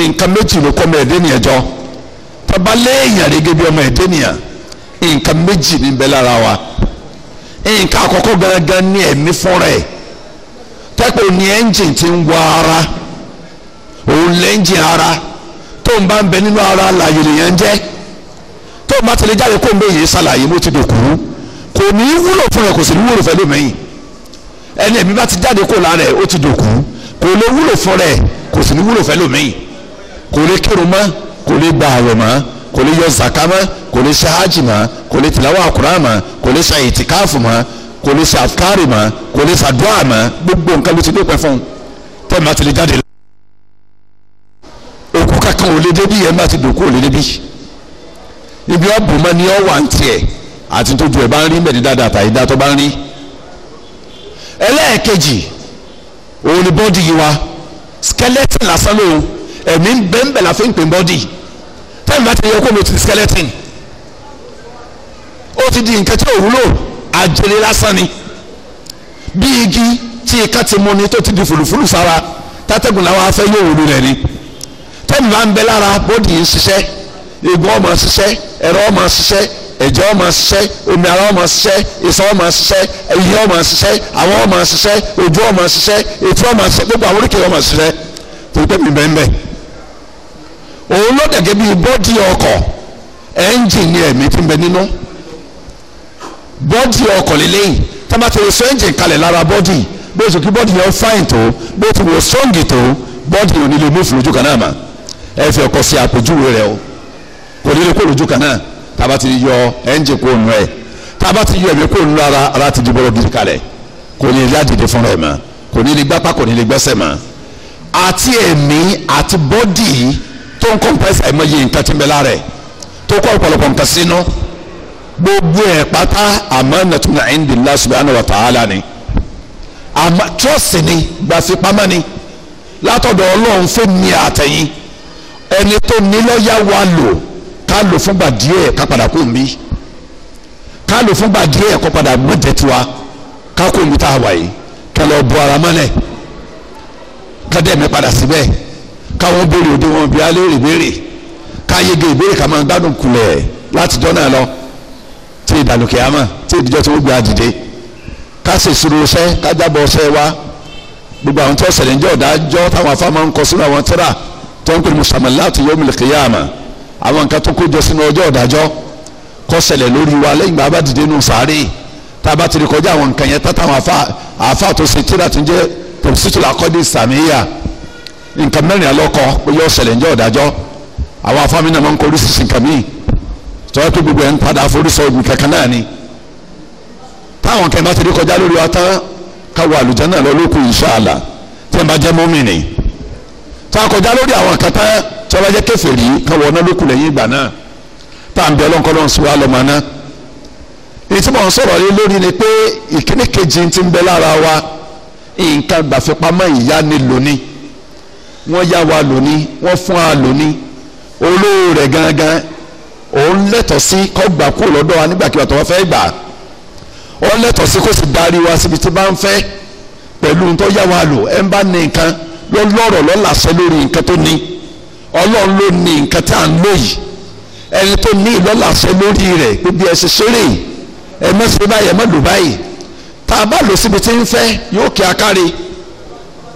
nǹkan méjì ló kọ́ ọmọ ẹ̀dẹ́ nìyẹn jọ tọba léèyàn gẹ́gẹ́ bí ọmọ ẹ̀dẹ́ nìyẹn nǹkan méjì ní bẹ lára wa nǹkan àkọ́kọ́ gangan ní ẹ̀mí fúnra ẹ̀ tẹ́pọ̀ ní ẹ́ńjìn ti ń wọ ara òun lẹ́ńjìn ara tó ń bá ń bẹ nínú ara làyè lèyàn jẹ́ tó o bá tẹ̀lé jáde kó o bẹ yìí ṣàlàyé mo ti dòkú kò ní í wúlò fún rẹ kò sì ní wúlò fẹ́ lómi ẹni ẹ̀mí bá ti jáde kó lára ẹ̀ ó ti dòkú kò lè wúlò fún rẹ kò sì ní wúlò fẹ́ lómi kò lè kírun mọ́ kò lè gba àwẹ̀ mọ́ kò lè yọ zaka mọ́ kò lè ṣe hajj mọ́ kò lè tìlawa àkùrá mọ́ kò lè ṣe ìtìkáàfù mọ́ kò lè ṣe àfikárì mọ́ kò lè ṣàdúrà mọ́ gbogbo nǹkan ló ti dópin fún un tẹ́ẹ̀ má ti lè jáde lọ òkú kankan ò lè débi ẹ̀ má ti dòkú ò lè débi ibi ọ̀bùn mọ́ ni ọ̀ wà ń tiẹ̀ àti tójú ẹ̀ bá ń rí mẹ́rin dáadáa tàyí dáa tó bá ń rí ẹlẹ́ẹ̀kejì òun ni bọ́dì yìí wa skeleton lásán lòun ẹ̀mí ń la fi ń pè bọ́dì táyì bá ti yẹ kó mi ti skeleton ó ti di nǹkan tí ò wúlò àjèrè lásán ni bí igi tí ika ti mu ni tó ti di fùlùfùlù sára tátẹ́gùn làwọn afẹ́ yóò wúlò rẹ̀ ni tẹ́mi bá ń bẹ lára bọ́dì yìí ń ṣiṣẹ́ egun ọmọ ṣiṣẹ́ ẹ̀rọ ọmọ ṣiṣẹ́ ẹ̀jẹ̀ ọmọ ṣiṣẹ́ omi ara ọmọ ṣiṣẹ́ iṣan ọmọ ṣiṣẹ́ ẹyẹ ọmọ ṣiṣẹ́ àwọn ọmọ ṣiṣẹ́ ojú ọmọ ṣiṣẹ́ etí ọmọ ṣiṣẹ́ gbogbo àwọn oríkèé ọmọ ṣiṣẹ́ tó pẹ́ mi bẹ́ẹ̀ òun ló dẹ̀gẹ́ bíi bọ́dì ọkọ̀ ẹ́ńjìnì ẹ̀mí ti ń bẹ nínú bọ́dì ọkọ̀ lélẹ́yìn tá a bá ti wo sọ ẹ́ńjìn kalẹ̀ lára bọ́dì bó ti kí bọ́dì yẹn fáìn tó bó ti wo sọ́ǹgì tó bọ́dì yẹn ò ní lè mú fìlójú kan náà mà ẹ fi ọkọ̀ sí àpèjúwe rẹ o kò ní lè kó lójú kan náà tá a bá ti yọ ẹ́ńjì kó nù ẹ̀ tá a bá ti yọ ẹ̀mí kó nù ara ara ti di bọ́lọ́ gidi kalẹ̀ kò ní lè adìde fúnra ẹ̀ mọ́ kò ní lè gbápá kò ní lè gbẹ́sẹ̀ mọ́ àti ẹ̀mí àti bọ́dì tó ń kọ́ńpẹ́sì àìmọye nǹkan ti ń bẹ lára ẹ̀ tó kọ́ ọ̀pọ̀lọpọ̀ nǹkan sínú gbogbo ẹ̀ pátá amanatun indillah subhanahu wa ta'ala ni àmọ́ trọ́ọ̀sì ni gbàsípamọ́ ni látọ̀dọ̀ ọlọ́run fún mi àtẹ̀yìn ẹni tó ní yá wa lò ká lò fúngbà díẹ̀ ká padà kó mi ká lò fúngbà díẹ̀ kó padà mọ́ jẹ́ tiwa ká kó mi tá a wà yìí ká lọ bọ ara mọ́lẹ̀ ká dẹ̀ mi padà síbẹ̀ káwọn béèrè òde wọn bí alẹ́ béèrè ká yege ìbéèrè ká máa gbádùn kulẹ̀ látijọ́ náà lọ tí ìdàlùkẹ́ àmọ́ tí ìdíjọ́ tí wọ́n gbé àdìde ká sì sùrù ọṣẹ́ ká jábọ̀ ọṣẹ́ wa gbogbo àwọn tí wọ́n ṣẹlẹ̀ ń jẹ́ ọ̀dájọ́ táwọn afá máa ń kọ sínú àwọn tírà tí wọ́n ń pè ní musamman láti yawmil qiyamah àwọn nǹkan tó kójọ sínú ọjọ́ ìdájọ́ kó ṣẹlẹ̀ lórí wa lẹ́yìn bá a bá dìde nù sáré tá a bá ti rí kọjá àwọn nǹkan yẹn tá táwọn àfa àfa tó ṣe tíra tó ń jẹ́ tòṣìṣìlá kọ́dé sàmìyà nǹkan mẹ́rin alọ́kọ pé yóò ṣẹlẹ̀ ńjọ́ ìdájọ́ àwọn afámi náà máa ń kọrí sísìn nǹkan míì tọ́wọ́ pé gbogbo ẹ̀ ń padà forísọ ogun kankan náà ni táwọn kan bá ti rí kọjá lórí wa tán káwọ àlùjánnà lọ lókun insha Allah tí wọ́n bá jẹ́ kèfèrí kan wọ̀ ọ́nà lókun lẹ́yìn ìgbà náà tá à ń bẹ ọlọ́nkọ́lọ́n sí wa lọ́mọ náà èyí tí mò ń sọ̀rọ̀ lé lórí ni pé ìkíní kejì ti ń bẹ lára wa nǹkan gbàfipamọ́ ìyá ni lóní wọ́n yá wa lóní wọ́n fún wa lóní olówó rẹ̀ gangan òun lẹ́tọ̀ọ́ sí kó gbà kú lọ́dọ̀ wa nígbàkigbà tó wọ́n fẹ́ gbà òun lẹ́tọ̀ọ́ sí kó sì darí wa síbi tí bá ń fẹ́ pẹ̀lú tó yá wa lò ẹ̀ ń bá ní nǹkan lọ́lọ́rọ̀ lọ́làṣẹ lórí nǹkan tó ní. ọlọ́run ló ní nǹkan tá à ń lò yìí ẹni tó ní ìlọ́làṣẹ lórí rẹ̀ gbogbo ẹ̀ ṣe ṣeré ẹ mẹ́sẹ̀ báyìí ẹ má lò báyìí tá a bá lò síbi tí ń fẹ́ yóò kí akáre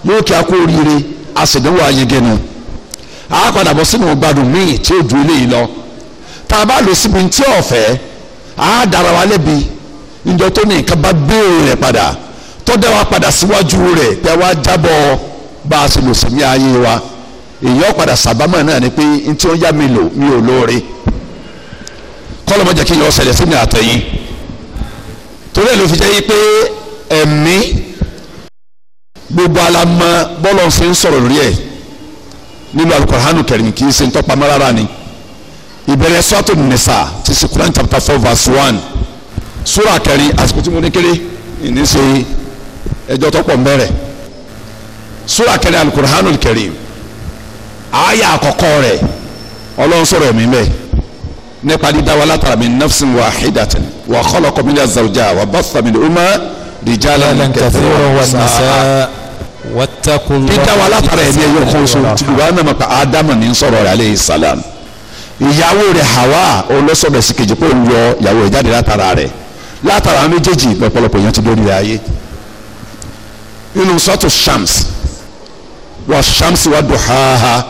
yóò kí akó oríire a sì dánwò ayege nu a padà bọ̀ sínú míì tí ó ju eléyìí lọ tá a bá lò síbi tí ọ̀fẹ́ a dára wa lẹ́bi ìjọ tó ní nǹkan bá béèrè rẹ̀ padà tó dá wa padà síwájú rẹ̀ wá jábọ̀ bá a lò sí ní ayé wa. èyàn padà sàbámọ̀ náà ni pé n tí wọ́n yá mi lò mi ò lóore kọ́lọ́mọ́jẹ́ kí yọ ṣẹlẹ̀ sínú àtẹ̀yìn torí ẹ̀ ló fi jẹ́ yí pé ẹ̀mí gbogbo alamọ bọ́lọ̀ fi ń sọ̀rọ̀ lórí ẹ̀ nínú alukoranu kẹrin kì í ṣe ntọ́pamọ́ rárá ni ìbẹ̀rẹ̀ sọ́tò nìsa ti ṣe Quran chapter four verse one sura kẹrin àsìkò tí mo ní kéré ìní ṣe ẹjọ́ tọ́pọ̀ mbẹ́rẹ̀ sura kẹrin alukoranu kẹrin àáyà àkọ́kọ́ rẹ̀ ọlọ́run sọ̀rọ̀ ẹ̀mí bẹ́ẹ̀ nípa dídá wa látara min nafsin wahidatin wa khalaqa minha zawjaha wa batha minhuma rijalan kathiran wa nisaa wattaqullah. dídá wa látara ẹ̀mí ẹ̀yọ kan so tìlúwa náà mọ̀ká ádámù ní sọ̀rọ̀ rẹ̀ aleyhi salam ìyàwó rẹ̀ hawa olóṣọ̀rọ̀ sí kejì pé òun yọ ìyàwó rẹ̀ jáde látara rẹ̀ látara méjèèjì pọ̀pọ̀lọpọ̀ yẹn ti dórí ayé nínú sọ́tù shams wà Shamsi wa dùhàhà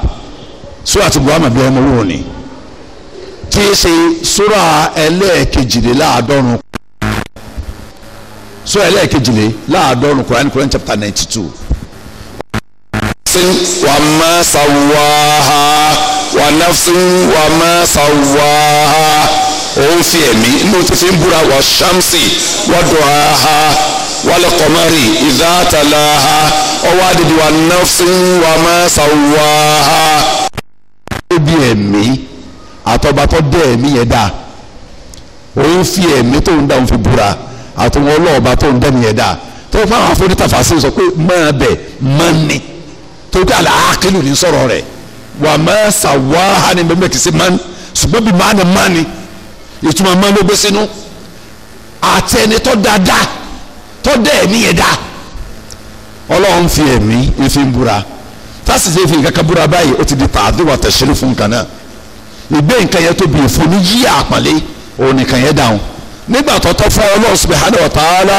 sura ti buhama bí ọmọ wúrò ni tí í ṣe sura ẹlẹ́ẹ̀kejìléláàádọ́rùn sura ẹlẹ́ẹ̀kejìléláàádọ́rùn Quran Quran chapter ninety two. وما سواها ونفس وما سواها òun fi ẹ̀mí inú ti fi ń búra wà sàmsì wà dùhàhà wal qamari idha talaha ọwọ́ adìdí wa nafsin wa ma sawaha. ó bí ẹ̀mí àtọ́ba tó dẹ́ ẹ̀mí yẹn dáa òun fi ẹ̀mí tó ń dá òun fi búra àtọwọ́ ọlọ́ọ̀ba tó ń dẹ́mi yẹn dáa tó fáwọn afọ́nítàfà sí sọ pé máa bẹ̀ máa ní torí pé àlàákìlù ní sọ̀rọ̀ rẹ̀ wà máa sàwáhà ní bẹ́ẹ̀ kìí ṣe máa ní ṣùgbọ́n bí máa ní máa ní ìtumọ̀ máa ló gbé sínú àtẹnitọ́ dáadáa tọ́dẹ̀ ẹ̀mí yẹn dá ọlọ́run fi ẹ̀mí efi ń búra tásìsì efi nǹkan kan búra báyìí ó ti di tààdé wà tẹ̀sírí fún nǹkan náà ìgbé nǹkan yẹn tóbi ìfoni yí àpàlẹ́ òun nìkan yẹn dáhùn nígbà tó tọ́ fún ọlọ́run subhanahu wa ta'ala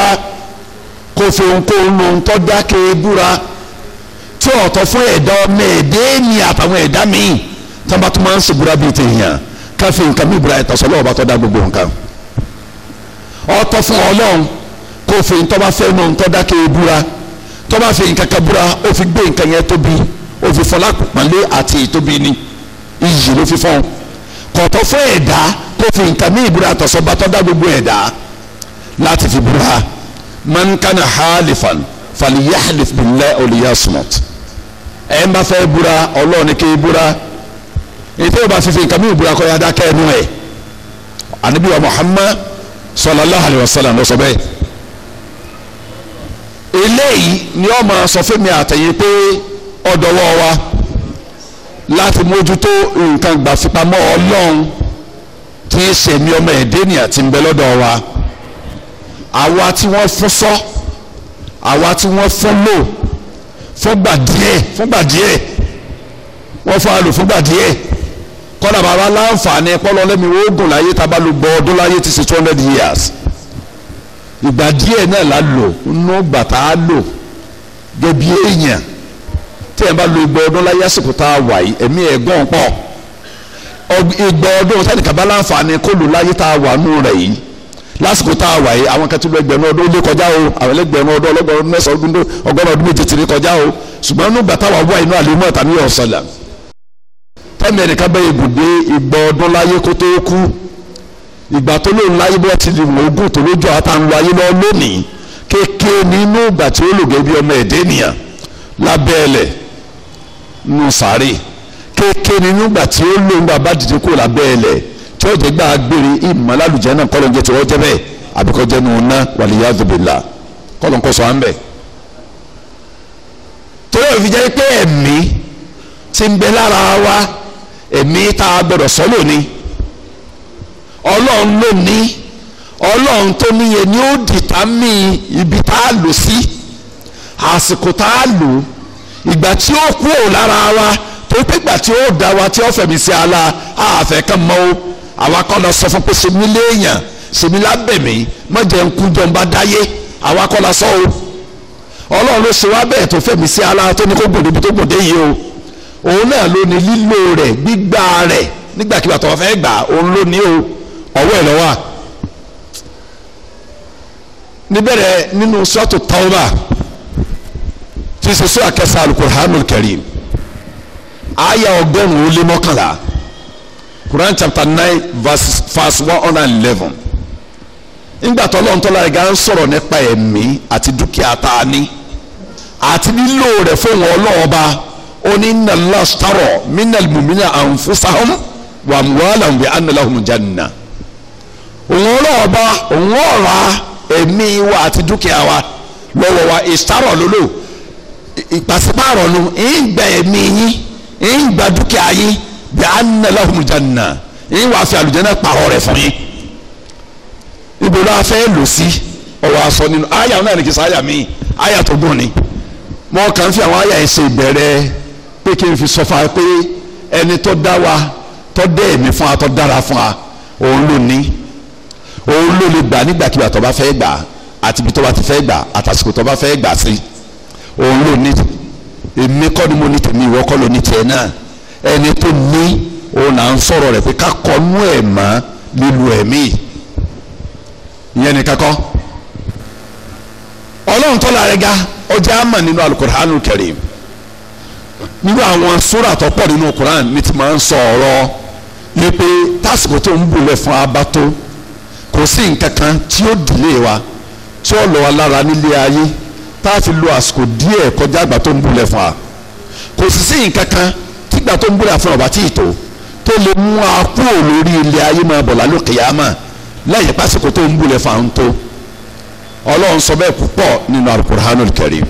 kó fi ohunkóhun ohun tó dákẹ́ búra tí ọ̀tọ̀ fún ẹ̀dá ọmọ ẹ̀dẹ́ ni àtàwọn ẹ̀dá míì tí wọ́n máa ń ṣèbúra bíi tèèyàn káfíńkà mí búra ẹ̀tọ́ sọ́lọ́ọ̀ bá tọ́ da gbogbo nǹkan ọ̀tọ̀ fún ọlọ́run kó o fi ntọ́ bá fẹ́ mọ̀ ntọ́ dákẹ́ ebúra tọ́ bá fi nǹkan kan búra ó fi gbé nǹkan yẹn tóbi ó fi fọlá pàlẹ́ àti ìtóbi ni iyì ló fi fọ́n kọ̀tọ́ fún ẹ̀dá kó fi nǹkan ní ìbúra àtọ̀sọ́ba tọ́ dá gbogbo ẹ̀dá láti fi búra man kana halifan faliyahlif billahi olùyàsùmọ̀t ẹ̀ ń bá fẹ́ búra ọlọ́ọ̀ni kì í búra ètò ìbá fífi nǹkan mi ìbúra kọ́ dákẹ́ ẹnu ẹ̀ ànábì Muhammad sallallahu alayhi wa sallam ló eléyìí ni ọmọ sọ fún mi àtẹ̀yìn pé ọ̀dọ̀wọ́ wa láti mójútó nǹkan gbàfipamọ́ ọlọ́run tí í ṣe mi ọmọ ẹ̀dẹ́ni àti ń bẹ lọ́dọ̀ wa àwa tí wọ́n fún sọ àwa tí wọ́n fún lò fúngbà díẹ̀ fúngbà díẹ̀ wọ́n fún alò fúngbà díẹ̀ kọ́nà bàbá láǹfààní pọ́lọ́lẹ́mi oògùn láyé tábàlùgbọ́ ọdún láyé ti ṣe two hundred years. ìgbà díẹ̀ náà la lò nínú bàtà á lò gẹ̀bí èèyàn tí ẹ̀ bá lo ìgbà ọdún láyé àsìkò tá a wà yìí ẹ̀mí ẹ̀ gàn pọ̀ ìgbà ọdún sani kaba kó láyé tá wà nù rẹ̀ yìí o àwọn ẹlẹgbẹ̀rún ọdún ọlọ́gbọ̀n mẹ́sàn-án ọdún ọgọ́rùn ọdún méje ti rí kọjá o ṣùgbọ́n nù bàtà wà inú ìgbà tó lóun láyé bọ́ ti di ògùn tó lójú àwọn táwọn wáyé lọ lónìí kékeré nínú ìgbà tí ó lò gẹ́gẹ́ bí ọmọ ẹ̀dẹ́ nìyà lábẹ́ẹ̀lẹ̀ nù sáré kékeré nínú ìgbà tí ó lò ńgbà bá dìde kó lábẹ́ẹ̀lẹ̀ tí ó jẹ́ gbà gbére ìmọ̀ lálùjẹ́ náà kọ́ ló ń jẹ́ tí wọ́n jẹ́ bẹ́ẹ̀ àbíkọ́ jẹ́ nu ná wàlíyá dùbìlà kọ́ ló ń kọ́ sọ à torí òfin ọlọ́run ló ní ọlọ́run tó níye ni ó dìtámì ibi tá a lò sí àsìkò tá a lò ìgbà tí ó kú ò lára wa tó pé ìgbà tí ó da wa tí ó fẹ̀mí sí ala àfẹ́ kan mọ́ o àwa kọ́ lọ sọ fún pé ṣèmi léèyàn ṣèmi lábẹ̀mí mọ̀jẹ̀ ń kú jọba dáyé àwa kọ́ lọ sọ o ọlọ́run ló ṣe wá bẹ́ẹ̀ tó fẹ̀mí sí ala tó ní kó gbòdè ibi tó gbòdè yìí o òun náà ló ní lílo rẹ̀ gbígbà rẹ̀ nígbàkigbà tó wọ́n fẹ́ gbà òun ló ní o ọwọ́ ẹ̀ lọ́wọ́ à níbẹ̀rẹ̀ nínú sọ́ọ̀tù tọ́wọ́bà tí sísọ àkẹsà alukur'anul karim àyà ọgọ́rùn-ún ó lé mọ́kànlá Quran chapter nine verse verse one hundred and eleven nígbà tó lọ́n tọ́lá ẹ̀gá ń sọ̀rọ̀ nípa ẹ̀mí àti dúkìá tá a àti nílò rẹ̀ fóun ọlọ́ọba onínàlá sọ̀rọ̀ mínàlmùmínà anfusahum wàmúwàlà ń bẹ ànàlá hùmùjánná òun rọ̀ ọba òun ọ̀ra ẹ̀mí wa àti dúkìá wa lọ́wọ́ wa ìsárọ̀ lólò ìpàsípàrọ̀ nu ń gba ẹ̀mí yín ń gba dúkìá yín bí a ń nà lọ́hùn jàǹnà ń wàá fi àlùjànnà pààrọ̀ rẹ̀ fún yín ibo la fẹ́ lò sí ọ̀rọ̀ àsọ nínú àyà náà ní kìí sáyà mí àyà tó gùn ni mo kàn fi àwọn àyà ẹ̀ ṣe ìbẹ̀rẹ̀ pé kí n fi sọ fún wa pé ẹni tó dá wa tó dé èmi fún wa tó dára fún wa òun ló ní. òun ló lè gbà nígbàkigbà tó bá fẹ́ gbà àti ibi tó bá ti fẹ́ gbà àtàsìkò tó bá fẹ́ gbà sí òun ló ní èmi kọ́ ni mo ní tèmi ìwọ kọ́ ló ní tiẹ̀ náà ẹni tó ní òun ń sọ̀rọ̀ rẹ̀ pé ẹ̀ mọ́ ẹ̀mí ìyẹn ni kakọ́ ọlọ́run tọ́lá rẹ̀ ga ọjà àmà nínú alukur'anu karim nínú àwọn sóra tó pọ̀ nínú kuran ní ti máa ń sọ ọ̀rọ̀ yẹ pé tásìkò tó ń bulẹ̀ fún abató kò sí nǹkan kan tí ó dìlé wa tí ó lọ wa lára nílé ayé tá a fi lo àsìkò díẹ̀ kọjá àgbà tó ń búlẹ̀ fún wa kò sì sí nǹkan kan tígbà tó ń búlẹ̀ fún ọ̀bà tí ì tó tó lè mú a kúrò lórí ilé ayé máa bọ̀ lálùkè yá mà lẹ́yìn pásìkò tó ń búlẹ̀ fún àwọn tó ọlọ́run sọ bẹ́ẹ̀ púpọ̀ nínú alukur'anul karim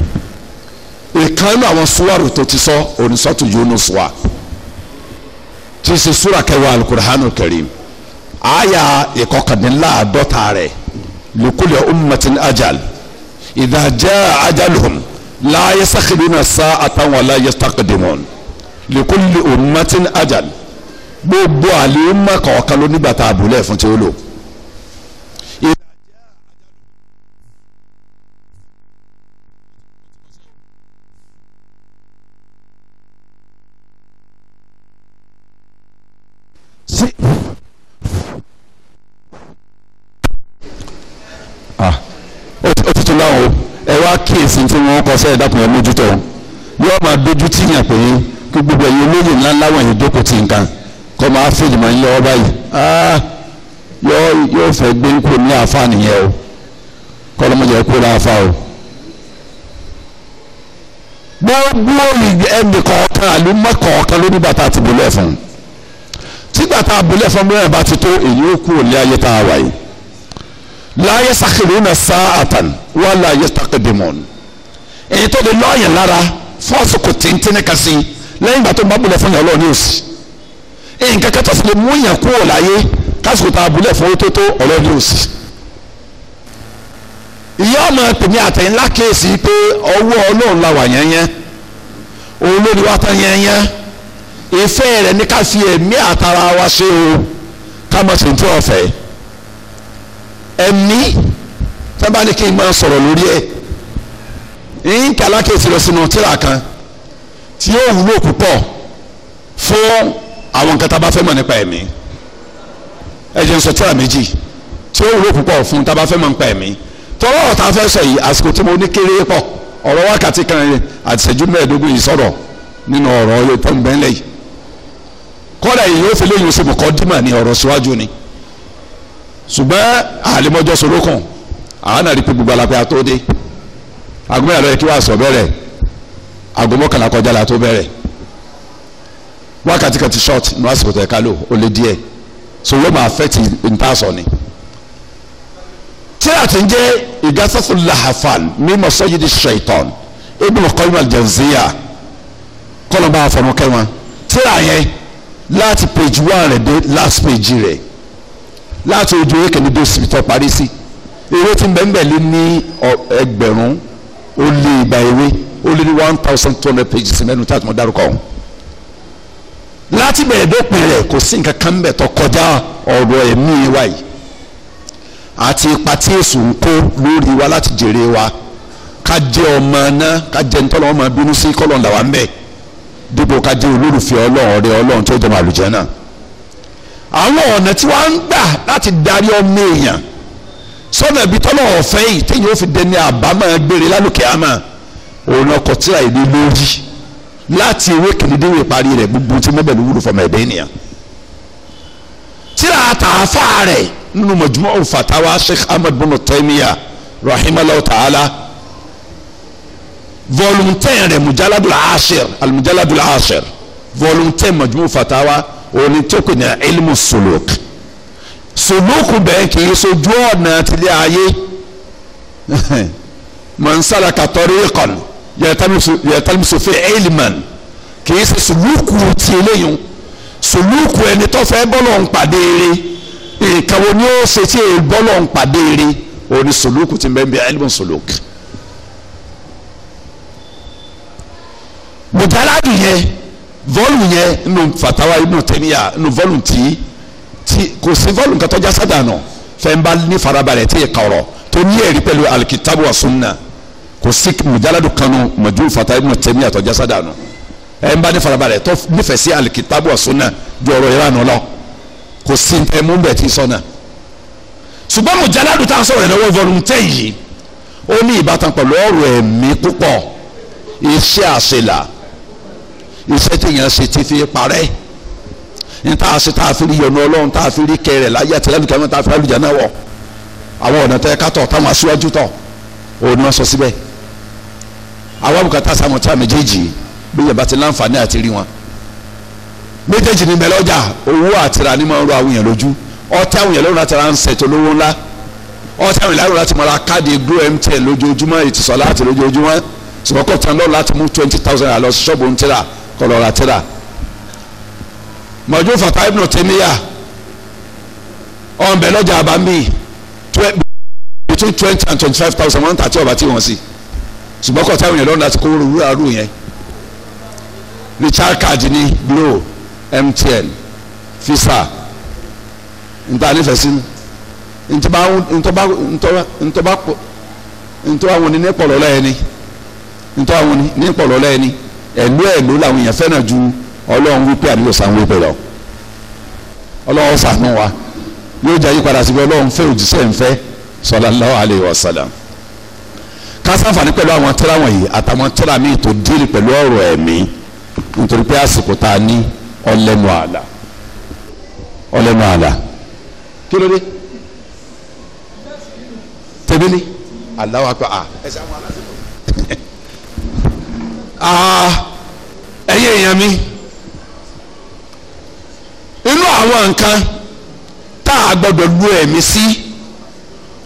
ìkànnì àwọn suwaru tó ti sọ onísọ́tù Yunus wa tí ì ṣe súra kẹwàá alukur'anul karim àyà ìkọkàndínláàdọ́ta rẹ̀ lukule ummatin ajal ìdájẹ́ ajaluhum láyé sàkìdínà sá àtàwọn láyé sàkìdínmọ́n lukule ummatin ajal gbogbo àlè ń mọ̀ kọ̀ọ̀kan lónígbàtà àbúlẹ̀ fún tí lò. sí tí wọ́n kọ sẹ́yìn dákun ẹ̀ mójútó yóò máa dojú tí yàn pé kí gbogbo ẹ̀yin olóyè ńlá ńlá wọ̀nyí jókòó ti nǹkan kọ́ máa fèjì máa ń lọ́wọ́ báyìí ah, yóò fẹ́ gbé ń kú ní àfa nìyẹn o kọ́ ló mọ̀ jẹ́ kó láfa o. gbogbo ẹnì kọ̀ọ̀kan àlùmọ́ kọ̀ọ̀kan lórí bàtà àti bùlẹ̀ fún un tí bàtà àbúlẹ̀ fún mìíràn bá ti tó èyí ó kú òní ayé tá a wáyé láyé sàkèrè náà sáà àtàn wọ́n láyé sàkèrè mọ́ni èyí tó lè lọ́ọ̀yàn lára fún àsìkò tìǹtìǹ kan sí lẹ́yìn ìgbà tó bá bulẹ̀ fún yàrá ọlọ́ọ̀ni òsì nǹkan kẹta sì lè mú yàn kúrò láyé kásìkò tá a bulẹ̀ fún tó tó ọlọ́ọ̀ni òsì. ìyá ọmọ tèmi àtẹ̀yìn lákèésí pé ọwọ́ ọlọ́run la wà yẹnyẹn òun ló ní wá tán yẹnyẹn ìfẹ́ rẹ̀ ní ká ẹ̀mí àtara wa ṣe o ká mọ̀ sí ní tí wọ́n fẹ́ ẹ̀mí tábà kí n máa sọ̀rọ̀ lórí ẹ̀ ń kesi rẹ̀ sínú tíra kan tí yóò wúlò púpọ̀ fún àwọn nǹkan tá a bá fẹ́ mọ̀ nípa ẹ̀mí ẹ jẹ́ n sọ tíra méjì tí yóò wúlò púpọ̀ fún tá a bá fẹ́ mọ̀ nípa ẹ̀mí tọ́wọ́ ọ̀tá fẹ́ sọ yìí àsìkò tí mo ní kéré pọ̀ ọ̀rọ̀ wákàtí kan àtìṣẹ́jú mẹ́ẹ̀ẹ́dógún yìí sọ̀rọ̀ nínú ọ̀rọ̀ yóò pọ̀ nbẹ́ńlẹ̀ yìí yóò fi léyìn aago mẹ́rin lọ́yẹ̀ kí wàá sọ bẹ̀rẹ̀ aago mọ́kànlá kọjá la tó bẹ̀rẹ̀ wákàtí kan ti short ní àsìkò tẹ̀ ká lò ó lé díẹ̀ so yóò máa fẹ́ ti ntaasọ̀ ni tíra ti ń jẹ́ ìdásásù làhàfàn mímọ sọ́yìn di ṣèitán Ibn Qayyim al-Jawziyya kọ́nà bá fọmọ kẹwọn tíra yẹn láti page one rẹ̀ dé last page rẹ̀ láti ojú orí kẹ́ni dé síbi tó parí sí eré tí mbẹ́mbẹ́ lé ní ẹgbẹ̀rún ó lé ìgbà ìwé ó lé ní one thousand two hundred pages mẹ́nu tí a tún dárúkọ ọ̀hún láti bẹ̀rẹ̀ dópin rẹ̀ kò sí nǹkan kan bẹ̀ tó kọjá ọ̀rọ̀ ẹ̀mí wa yìí àti ipa tí èsù ń kó lórí wa láti jèrè wa ká jẹ́ ọmọ náà ká jẹ́ ntọ́lọ́ ọmọ bínú sí kọ́lọ̀ ńlá wa ń bẹ̀ dípò ká jẹ́ olólùfẹ́ ọlọ́run ọ̀rẹ́ ọlọ́run tó jẹ́ màlúù jẹ́ náà àwọn ọ̀nà tí wọ́n ń gbà láti darí ọmọ èèyàn sọ́nà ibi tọ́lọ̀ ọ̀fẹ́ yìí téèyàn ó fi dẹni àbámọ̀ gbére lálùkẹ́ àmà òun ọkọ̀ tí a ìlú lórí láti ewé kìnìdé wò parí rẹ̀ gbogbo tí mo bẹ̀rù wúlò fọmọ ẹ̀dẹ́ ènìyàn tíra àtàáfà rẹ̀ nínú majmu'u fatawa Sheikh Ahmad bin Taymiyyah rahimahullah ta'ala volume ten rẹ̀ mujaladul ashir al-mujaladul ashir volume ten òun ni tó ní ilmu suluk sùlùkù bẹ́ẹ̀ kì í sojú ọ̀nà tilé ayé mọ̀nsálà kàtọ́rí ìkọ̀n yẹtàlùmùsù fi ẹ̀lìmọ̀n kì í ṣe sùlùkù ti eléyìí sùlùkù ẹni tó fẹ́ bọ́lọ̀ ń pàdé eré nǹkan wo ni ó ṣe tí èyí bọ́lọ̀ ń pàdé eré òun ni sùlùkù ti bẹ́ẹ̀ bí ẹ̀lìmọ̀ sùlùkù. mùtáládù yẹn vọ́ọ̀lù yẹn nù fàtàwá inú tẹ́níyà nù vọ́ọ̀lù tì í tí kò sí fọlù nǹkan tó já sádànù fẹ́ńbà ní farabalẹ̀ tí ì kọ̀rọ̀ tó ní ẹ̀rí pẹ̀lú alikitabu wa sunna kò sí mùjáládù kanu mọ̀jú fata ibùn tẹ̀mí àtọ̀já sádànù ẹ̀ńbà ní farabalẹ̀ tó nífẹ̀ẹ́ sí alikitabu wa sunna ju ọ̀rọ̀ ìranù lọ kò sí ẹ̀mú bẹ̀ tí sọ́nà ṣùgbọ́n mùjáládù tá a sọ̀rọ̀ ẹ̀ lọ́wọ́ volunteer yìí ó ní ìbátan pẹ̀lú ọ̀rọ̀ ẹ̀mí púpọ̀ iṣẹ́ àṣelà iṣẹ́ tí èèyàn ṣe ti fi parẹ́ ní tá a ṣe tá a fi rí yọ́nú Ọlọ́run tá a fi rí kẹrẹ láyé àti lálùkẹ́ mọ́ tá a fi lálùjẹ́ náà wọ̀ àwọn ọ̀nà tẹ kátọ̀ táwọn aṣíwájú tọ̀ òun náà sọ síbẹ̀ àwọn àbùkátà sàmùtà méjèèjì bí yẹn láǹfààní àti rí wọn méjèèjì ní bẹ̀rẹ̀ ọjà owó àtìrà ni máa ń ro àwọn èèyàn lójú ọtí àwọn èèyàn lọ́rùn láti ra ń ṣètò lówó ńlá ọtí àwọn èèyàn lọ́rùn láti mọ̀ra káàdì glo mtn lójoojúmọ́ ìtìsọ̀ láti lójoojúmọ́ sọ̀rọ̀ kọ̀ọ̀tàn lọ́rùn láti mú twenty thousand naira lọ sí ṣọ́ọ̀bù ń tẹ́ra kọ́ tẹ́ra mọ̀jú fàtà ibùnà tẹ́míyà ọ̀nbẹ lọ́jà àbámí between twenty and twenty five thousand one thirty ọba tí wọ́n sí ṣùgbọ́n kọ́ táwọn yẹn lọ́nà láti kó wúrú àrú yẹn richard card ní glo mtn visa nta nífẹ̀ẹ́ sí ntọ́ba ntọ́ba ntọ́ba ntọ́ba wọn ni ní pọ̀lọ́lá ẹni ntọ́ba wọn ni ní pọ̀lọ́lá ẹni ẹ̀lú ẹ̀lú làwọn yẹn fẹ́ràn ju ọlọ́run wípé àbí òsàn wípé lọ ọlọ́run sànú wa yóò jẹ́ àyípadà síbi ọlọ́run fẹ́ òjíṣẹ́ ń fẹ́ sallallahu alayhi wa sallam kásáfàní pẹ̀lú àwọn tírà wọ̀nyí àtàwọn tírà míì tó díìlì pẹ̀lú ọ̀rọ̀ ẹ̀mí nítorí pé àsìkò tá a ní ọlẹ́nu àlà ọlẹ́nu àlà kí ló dé tẹ́bílì aláwa pé a ẹ̀sẹ̀ àwọn alásìkò ẹ̀yẹ èèyàn mi inú àwọn nǹkan tá a gbọdọ̀ lu ẹ̀mí sí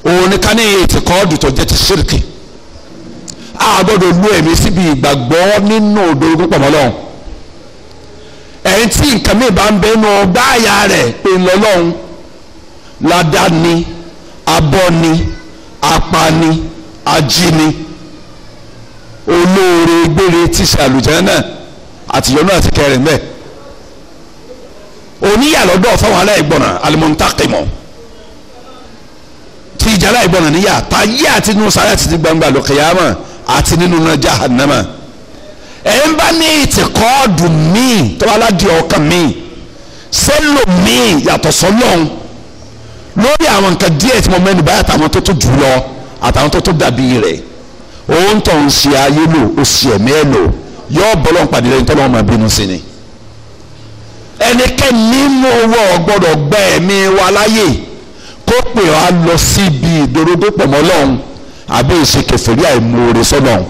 òun ni ká ní ìtìkọ́ọ̀dù tó jẹ́ ti ṣírìkì a gbọdọ̀ lu ẹ̀mí síbi ìgbàgbọ́ nínú òdòdó pọ̀ mọ́lọ́run ẹ̀yìn tí nǹkan mi bá ń bẹ nù báyà rẹ̀ ìlọ́lọ́run ládàáni abọ́ni apani ajíni olóore gbére tíṣà àlùjẹ́ náà àtìyọ́nù àti kẹrin bẹ́ẹ̀ oníyàlọ́dọ̀ fáwọn aláìgbọràn alimọ̀ntàkìmọ̀ tí ìjà aláìgbọràn níyà táyé àti nínú sáré àti gbangba lọ́kẹ́yàmà àti nínú náà jahannama ẹ̀ ń bá ní ìtìkọ́ọ̀dù míì tọ́ba aládìí ọkàn míì sẹ́lò míì yàtọ̀ sọ́lọ́hún lórí àwọn nǹkan díẹ̀ tí mo mẹ́nu báyà àtàwọn tó tó jù lọ àtàwọn tó tó dàbí rẹ̀ òun tó ń ṣe ayé lò yọ ọ́ bọ́lọ́ ń pàdé lẹ́yìn tọ́lọ́ ọmọ bínú sí ni ẹnikẹ́ni nínú owó ọ̀gbọ́dọ̀ gba ẹ̀mí wa láyè kó pè á lọ síbi ìdorodópọ̀ mọ́ lọ́hùn àbí ìṣekèfèrí àìmoore sọ́lọ́hùn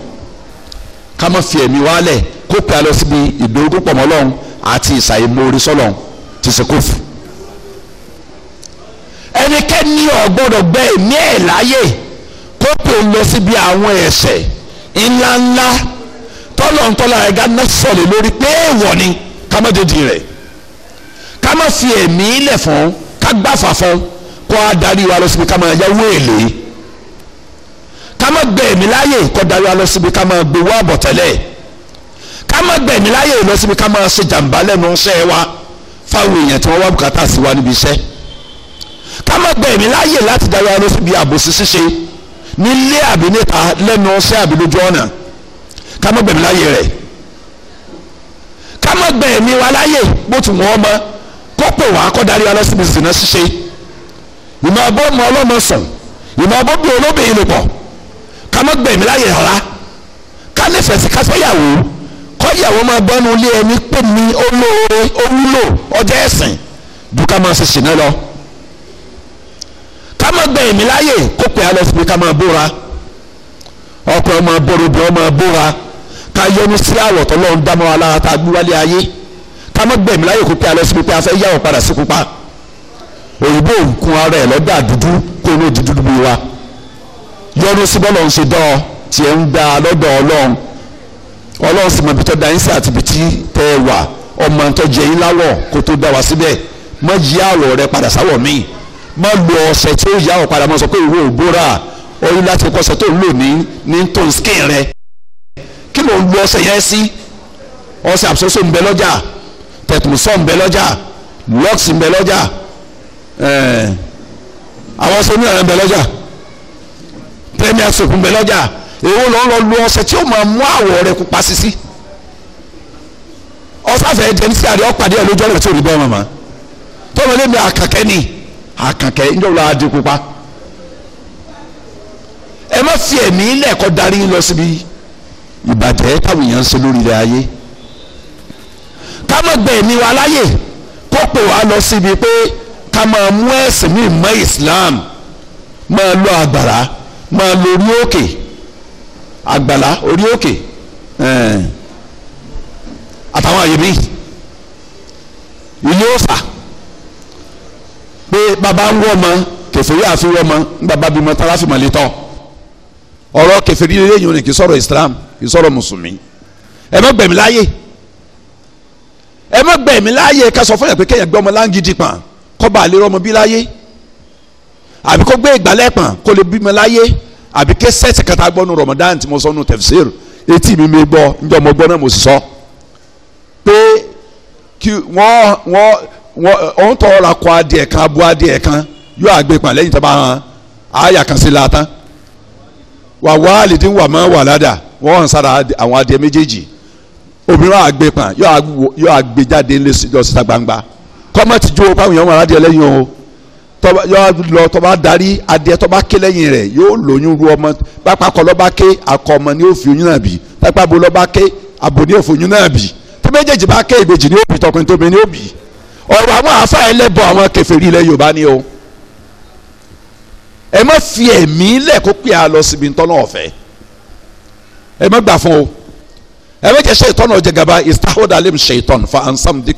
ká má fi ẹ̀mí wa lẹ̀ kó pè á lọ síbi ìdorodópọ̀ mọ́ lọ́hùn àti ìṣàìmoore sọ́lọ́hùn ti ṣe kófù. ẹnikẹ́ni ọ̀gbọ́dọ̀ gba ẹ̀mí ẹ̀ láyè kó pè á lọ síbi àwọn ẹ̀ṣẹ̀ ńláńlá tọ́lọ̀ ń ẹ̀gá náà sọ̀lẹ̀ lórí pé èèwọ̀ ni ká má dédìí rẹ̀ ká má fi ẹ̀mí lẹ̀ fún ká gbàfà fún kó a darí wa lọ síbi ká máa yáwó èlé ká má gbẹ ẹ̀mí láàyè kó darí wa lọ síbi ká máa gbowó àbọ̀tẹ́lẹ̀ ká má gbẹ ẹ̀mí láàyè lọ síbi ká máa ṣe jàǹbá lẹ́nu iṣẹ́ wa fáwọn èèyàn tí wọ́n wá bùkátà sí wa níbi iṣẹ́ ká má gbẹ ẹ̀mí láàyè láti darí wa lọ síbi àbòsí ṣíṣe nílé àbí níta lẹ́nu iṣẹ́ àbí lójú ọ̀nà ká má gbẹ̀mí láàyè rẹ̀ ká má gbẹ̀mí wa láàyè bó ti wọ́n mọ́ kọ́pẹ̀ wá kọ́ darí wa lọ ìmọ̀ abọ́ ọmọ ọlọ́mọ sùn ìmọ̀ abọ́ bí olóbìnrin lò pọ̀ gbẹ̀mí láyè rárá ká nífẹ̀ẹ́ sí ká kọ́yàwó máa bọ́nu ilé ẹni pè ní olóore owúlò ọjọ́ ẹ̀sìn ju máa ṣe ṣìnà lọ ká gbẹ̀mí láyè kó pè á lọ ọkọ̀ ọmọ abọ́robì ọmọ abóra ká sí àwọ̀ tọ́lọ́run a gbúwálé ká mọ́ gbẹ̀mí láyè kó pé alọ́ síbi pé a fẹ́ yàwó padà sí pupa òyìnbó òkun ara ẹ̀ lọ́dà dúdú kó inú di dúdú bí wa yọnu sí bọ́lọ̀ ń ṣe dán ọ tiẹ̀ ń gba lọ́dọ̀ ọlọ́run ọlọ́run sì mọ̀ ibi tó da yín sí àti ibi tí tẹ́ ẹ wà ọmọ ń tọ́jú ẹyin láwọ̀ kó tó dá wa síbẹ̀ mọ yí àwọ̀ rẹ padà sáwọ̀ míì mọ lu ọ̀sẹ̀ tí ó yá ọ̀ padà mọ sọ pé ìwé òbóra ọyún láti kọsẹ̀ tó ń lò ní ní tó ń skin rẹ kí ló ń lu ọ̀sẹ̀ yẹn sí ọ̀sẹ̀ àbùsọ̀sọ̀ ń bẹ lọ́jà tẹ̀tùmùsọ̀ ń bẹ lọ́jà lux ń bẹ lọ́jà eh, àwọn aṣọ oníyàrá ń bẹ lọ́jà premier soap ń bẹ lọ́jà èwo ló ń lọ lu ọṣẹ tí ó máa mú àwọ̀ rẹ̀ pupa sí sí ọ̀sáfẹ́ jẹun sí àdé ọ̀pàdé ẹ̀ lójú ọ̀rẹ́ tí ò rí bẹ́ẹ̀ màmá tọ́lọ́ lé mi àkànkẹ́ ni àkànkẹ́ níjọ́ la di pupa ẹ má fi ẹ̀mí lẹ́ẹ̀kọ́ darí lọ síbi ìbàjẹ́ táwọn èèyàn ń ṣe lórí ilẹ̀ ayé ká má gbẹ ẹ̀mí wa láyè kó pè wá lọ síbi pé ká máa mú ẹ̀sìn mi mọ́ Islam máa lọ àgbàrá máa lọ orí òkè àgbàlá orí òkè àtàwọn àyè míì ilé ọ̀sà pé bàbá ń wọ́ ọmọ kẹfẹ́rí àfi wọ́ ọmọ ń bàbá bímọ tara fi màlẹ́ tọ́ ọ̀rọ̀ kẹfẹ́rí lẹ́yìn òní kì í sọ̀rọ̀ Islam kì í sọ̀rọ̀ mùsùlùmí ẹ má gbẹ̀mí láyè ẹ má gbẹ mí láàyè ká sọ fún yàn pé kéèyàn gbé ọmọ láǹgídì pọ̀n kó bá lè rọmọ bí láyé àbí kó gbé ìgbálẹ̀ pọ̀n kó lè bímọ láyé àbí ké sẹ́ẹ̀tì kata gbọ́nu Ramadan tí mo sọ nu tafsir etí mi mi gbọ́ njẹ́ ọmọ gbọ́ náà mo sì sọ pé kí wọ́n wọ́n wọ́n òun tọ́ ọ̀rọ̀ akọ adìẹ kan abo adìẹ kan yóò àgbẹ̀ pọ̀n lẹ́yìn tó bá hàn áyà kan sí la tán wà wá àlìdí wà wà ládà wọ́n hàn sára àwọn adìẹ méjèèjì obìnrin wa gbé pan yóò àgbé jáde ńlẹ síjọ síta gbangba kọ́mọ̀tì ju pàmò yẹn wọn adìẹ lẹ́yìn o yóò lọ tọ́ba darí adìẹ tọ́ba ké lẹ́yìn rẹ̀ yóò lóyún ru ọmọ pápá kọ́ lọ́ba ké akọ ọmọ ni ó fi oyún náà bì pápá bo lọ́ba ké abo ni ó fi oyún náà bì tí méjèèjì bá ké ìbejì ni ó bì tọkùnrin tóbi ni ó bì ọ̀rọ̀ àwọn afa ẹlẹ́bọ̀ àwọn kèfèrí ilẹ̀ Yorùbá ni o ẹ má fi ẹ̀mí lẹ̀ kó pè á lọ síbi ntọ́nà ọ̀fẹ́ ẹ má gbà fún o ẹ bẹ jẹ ṣètọ́nù ọ̀jẹ̀ gaba ìstáhódà lè ṣètọ́nù fa ansam dik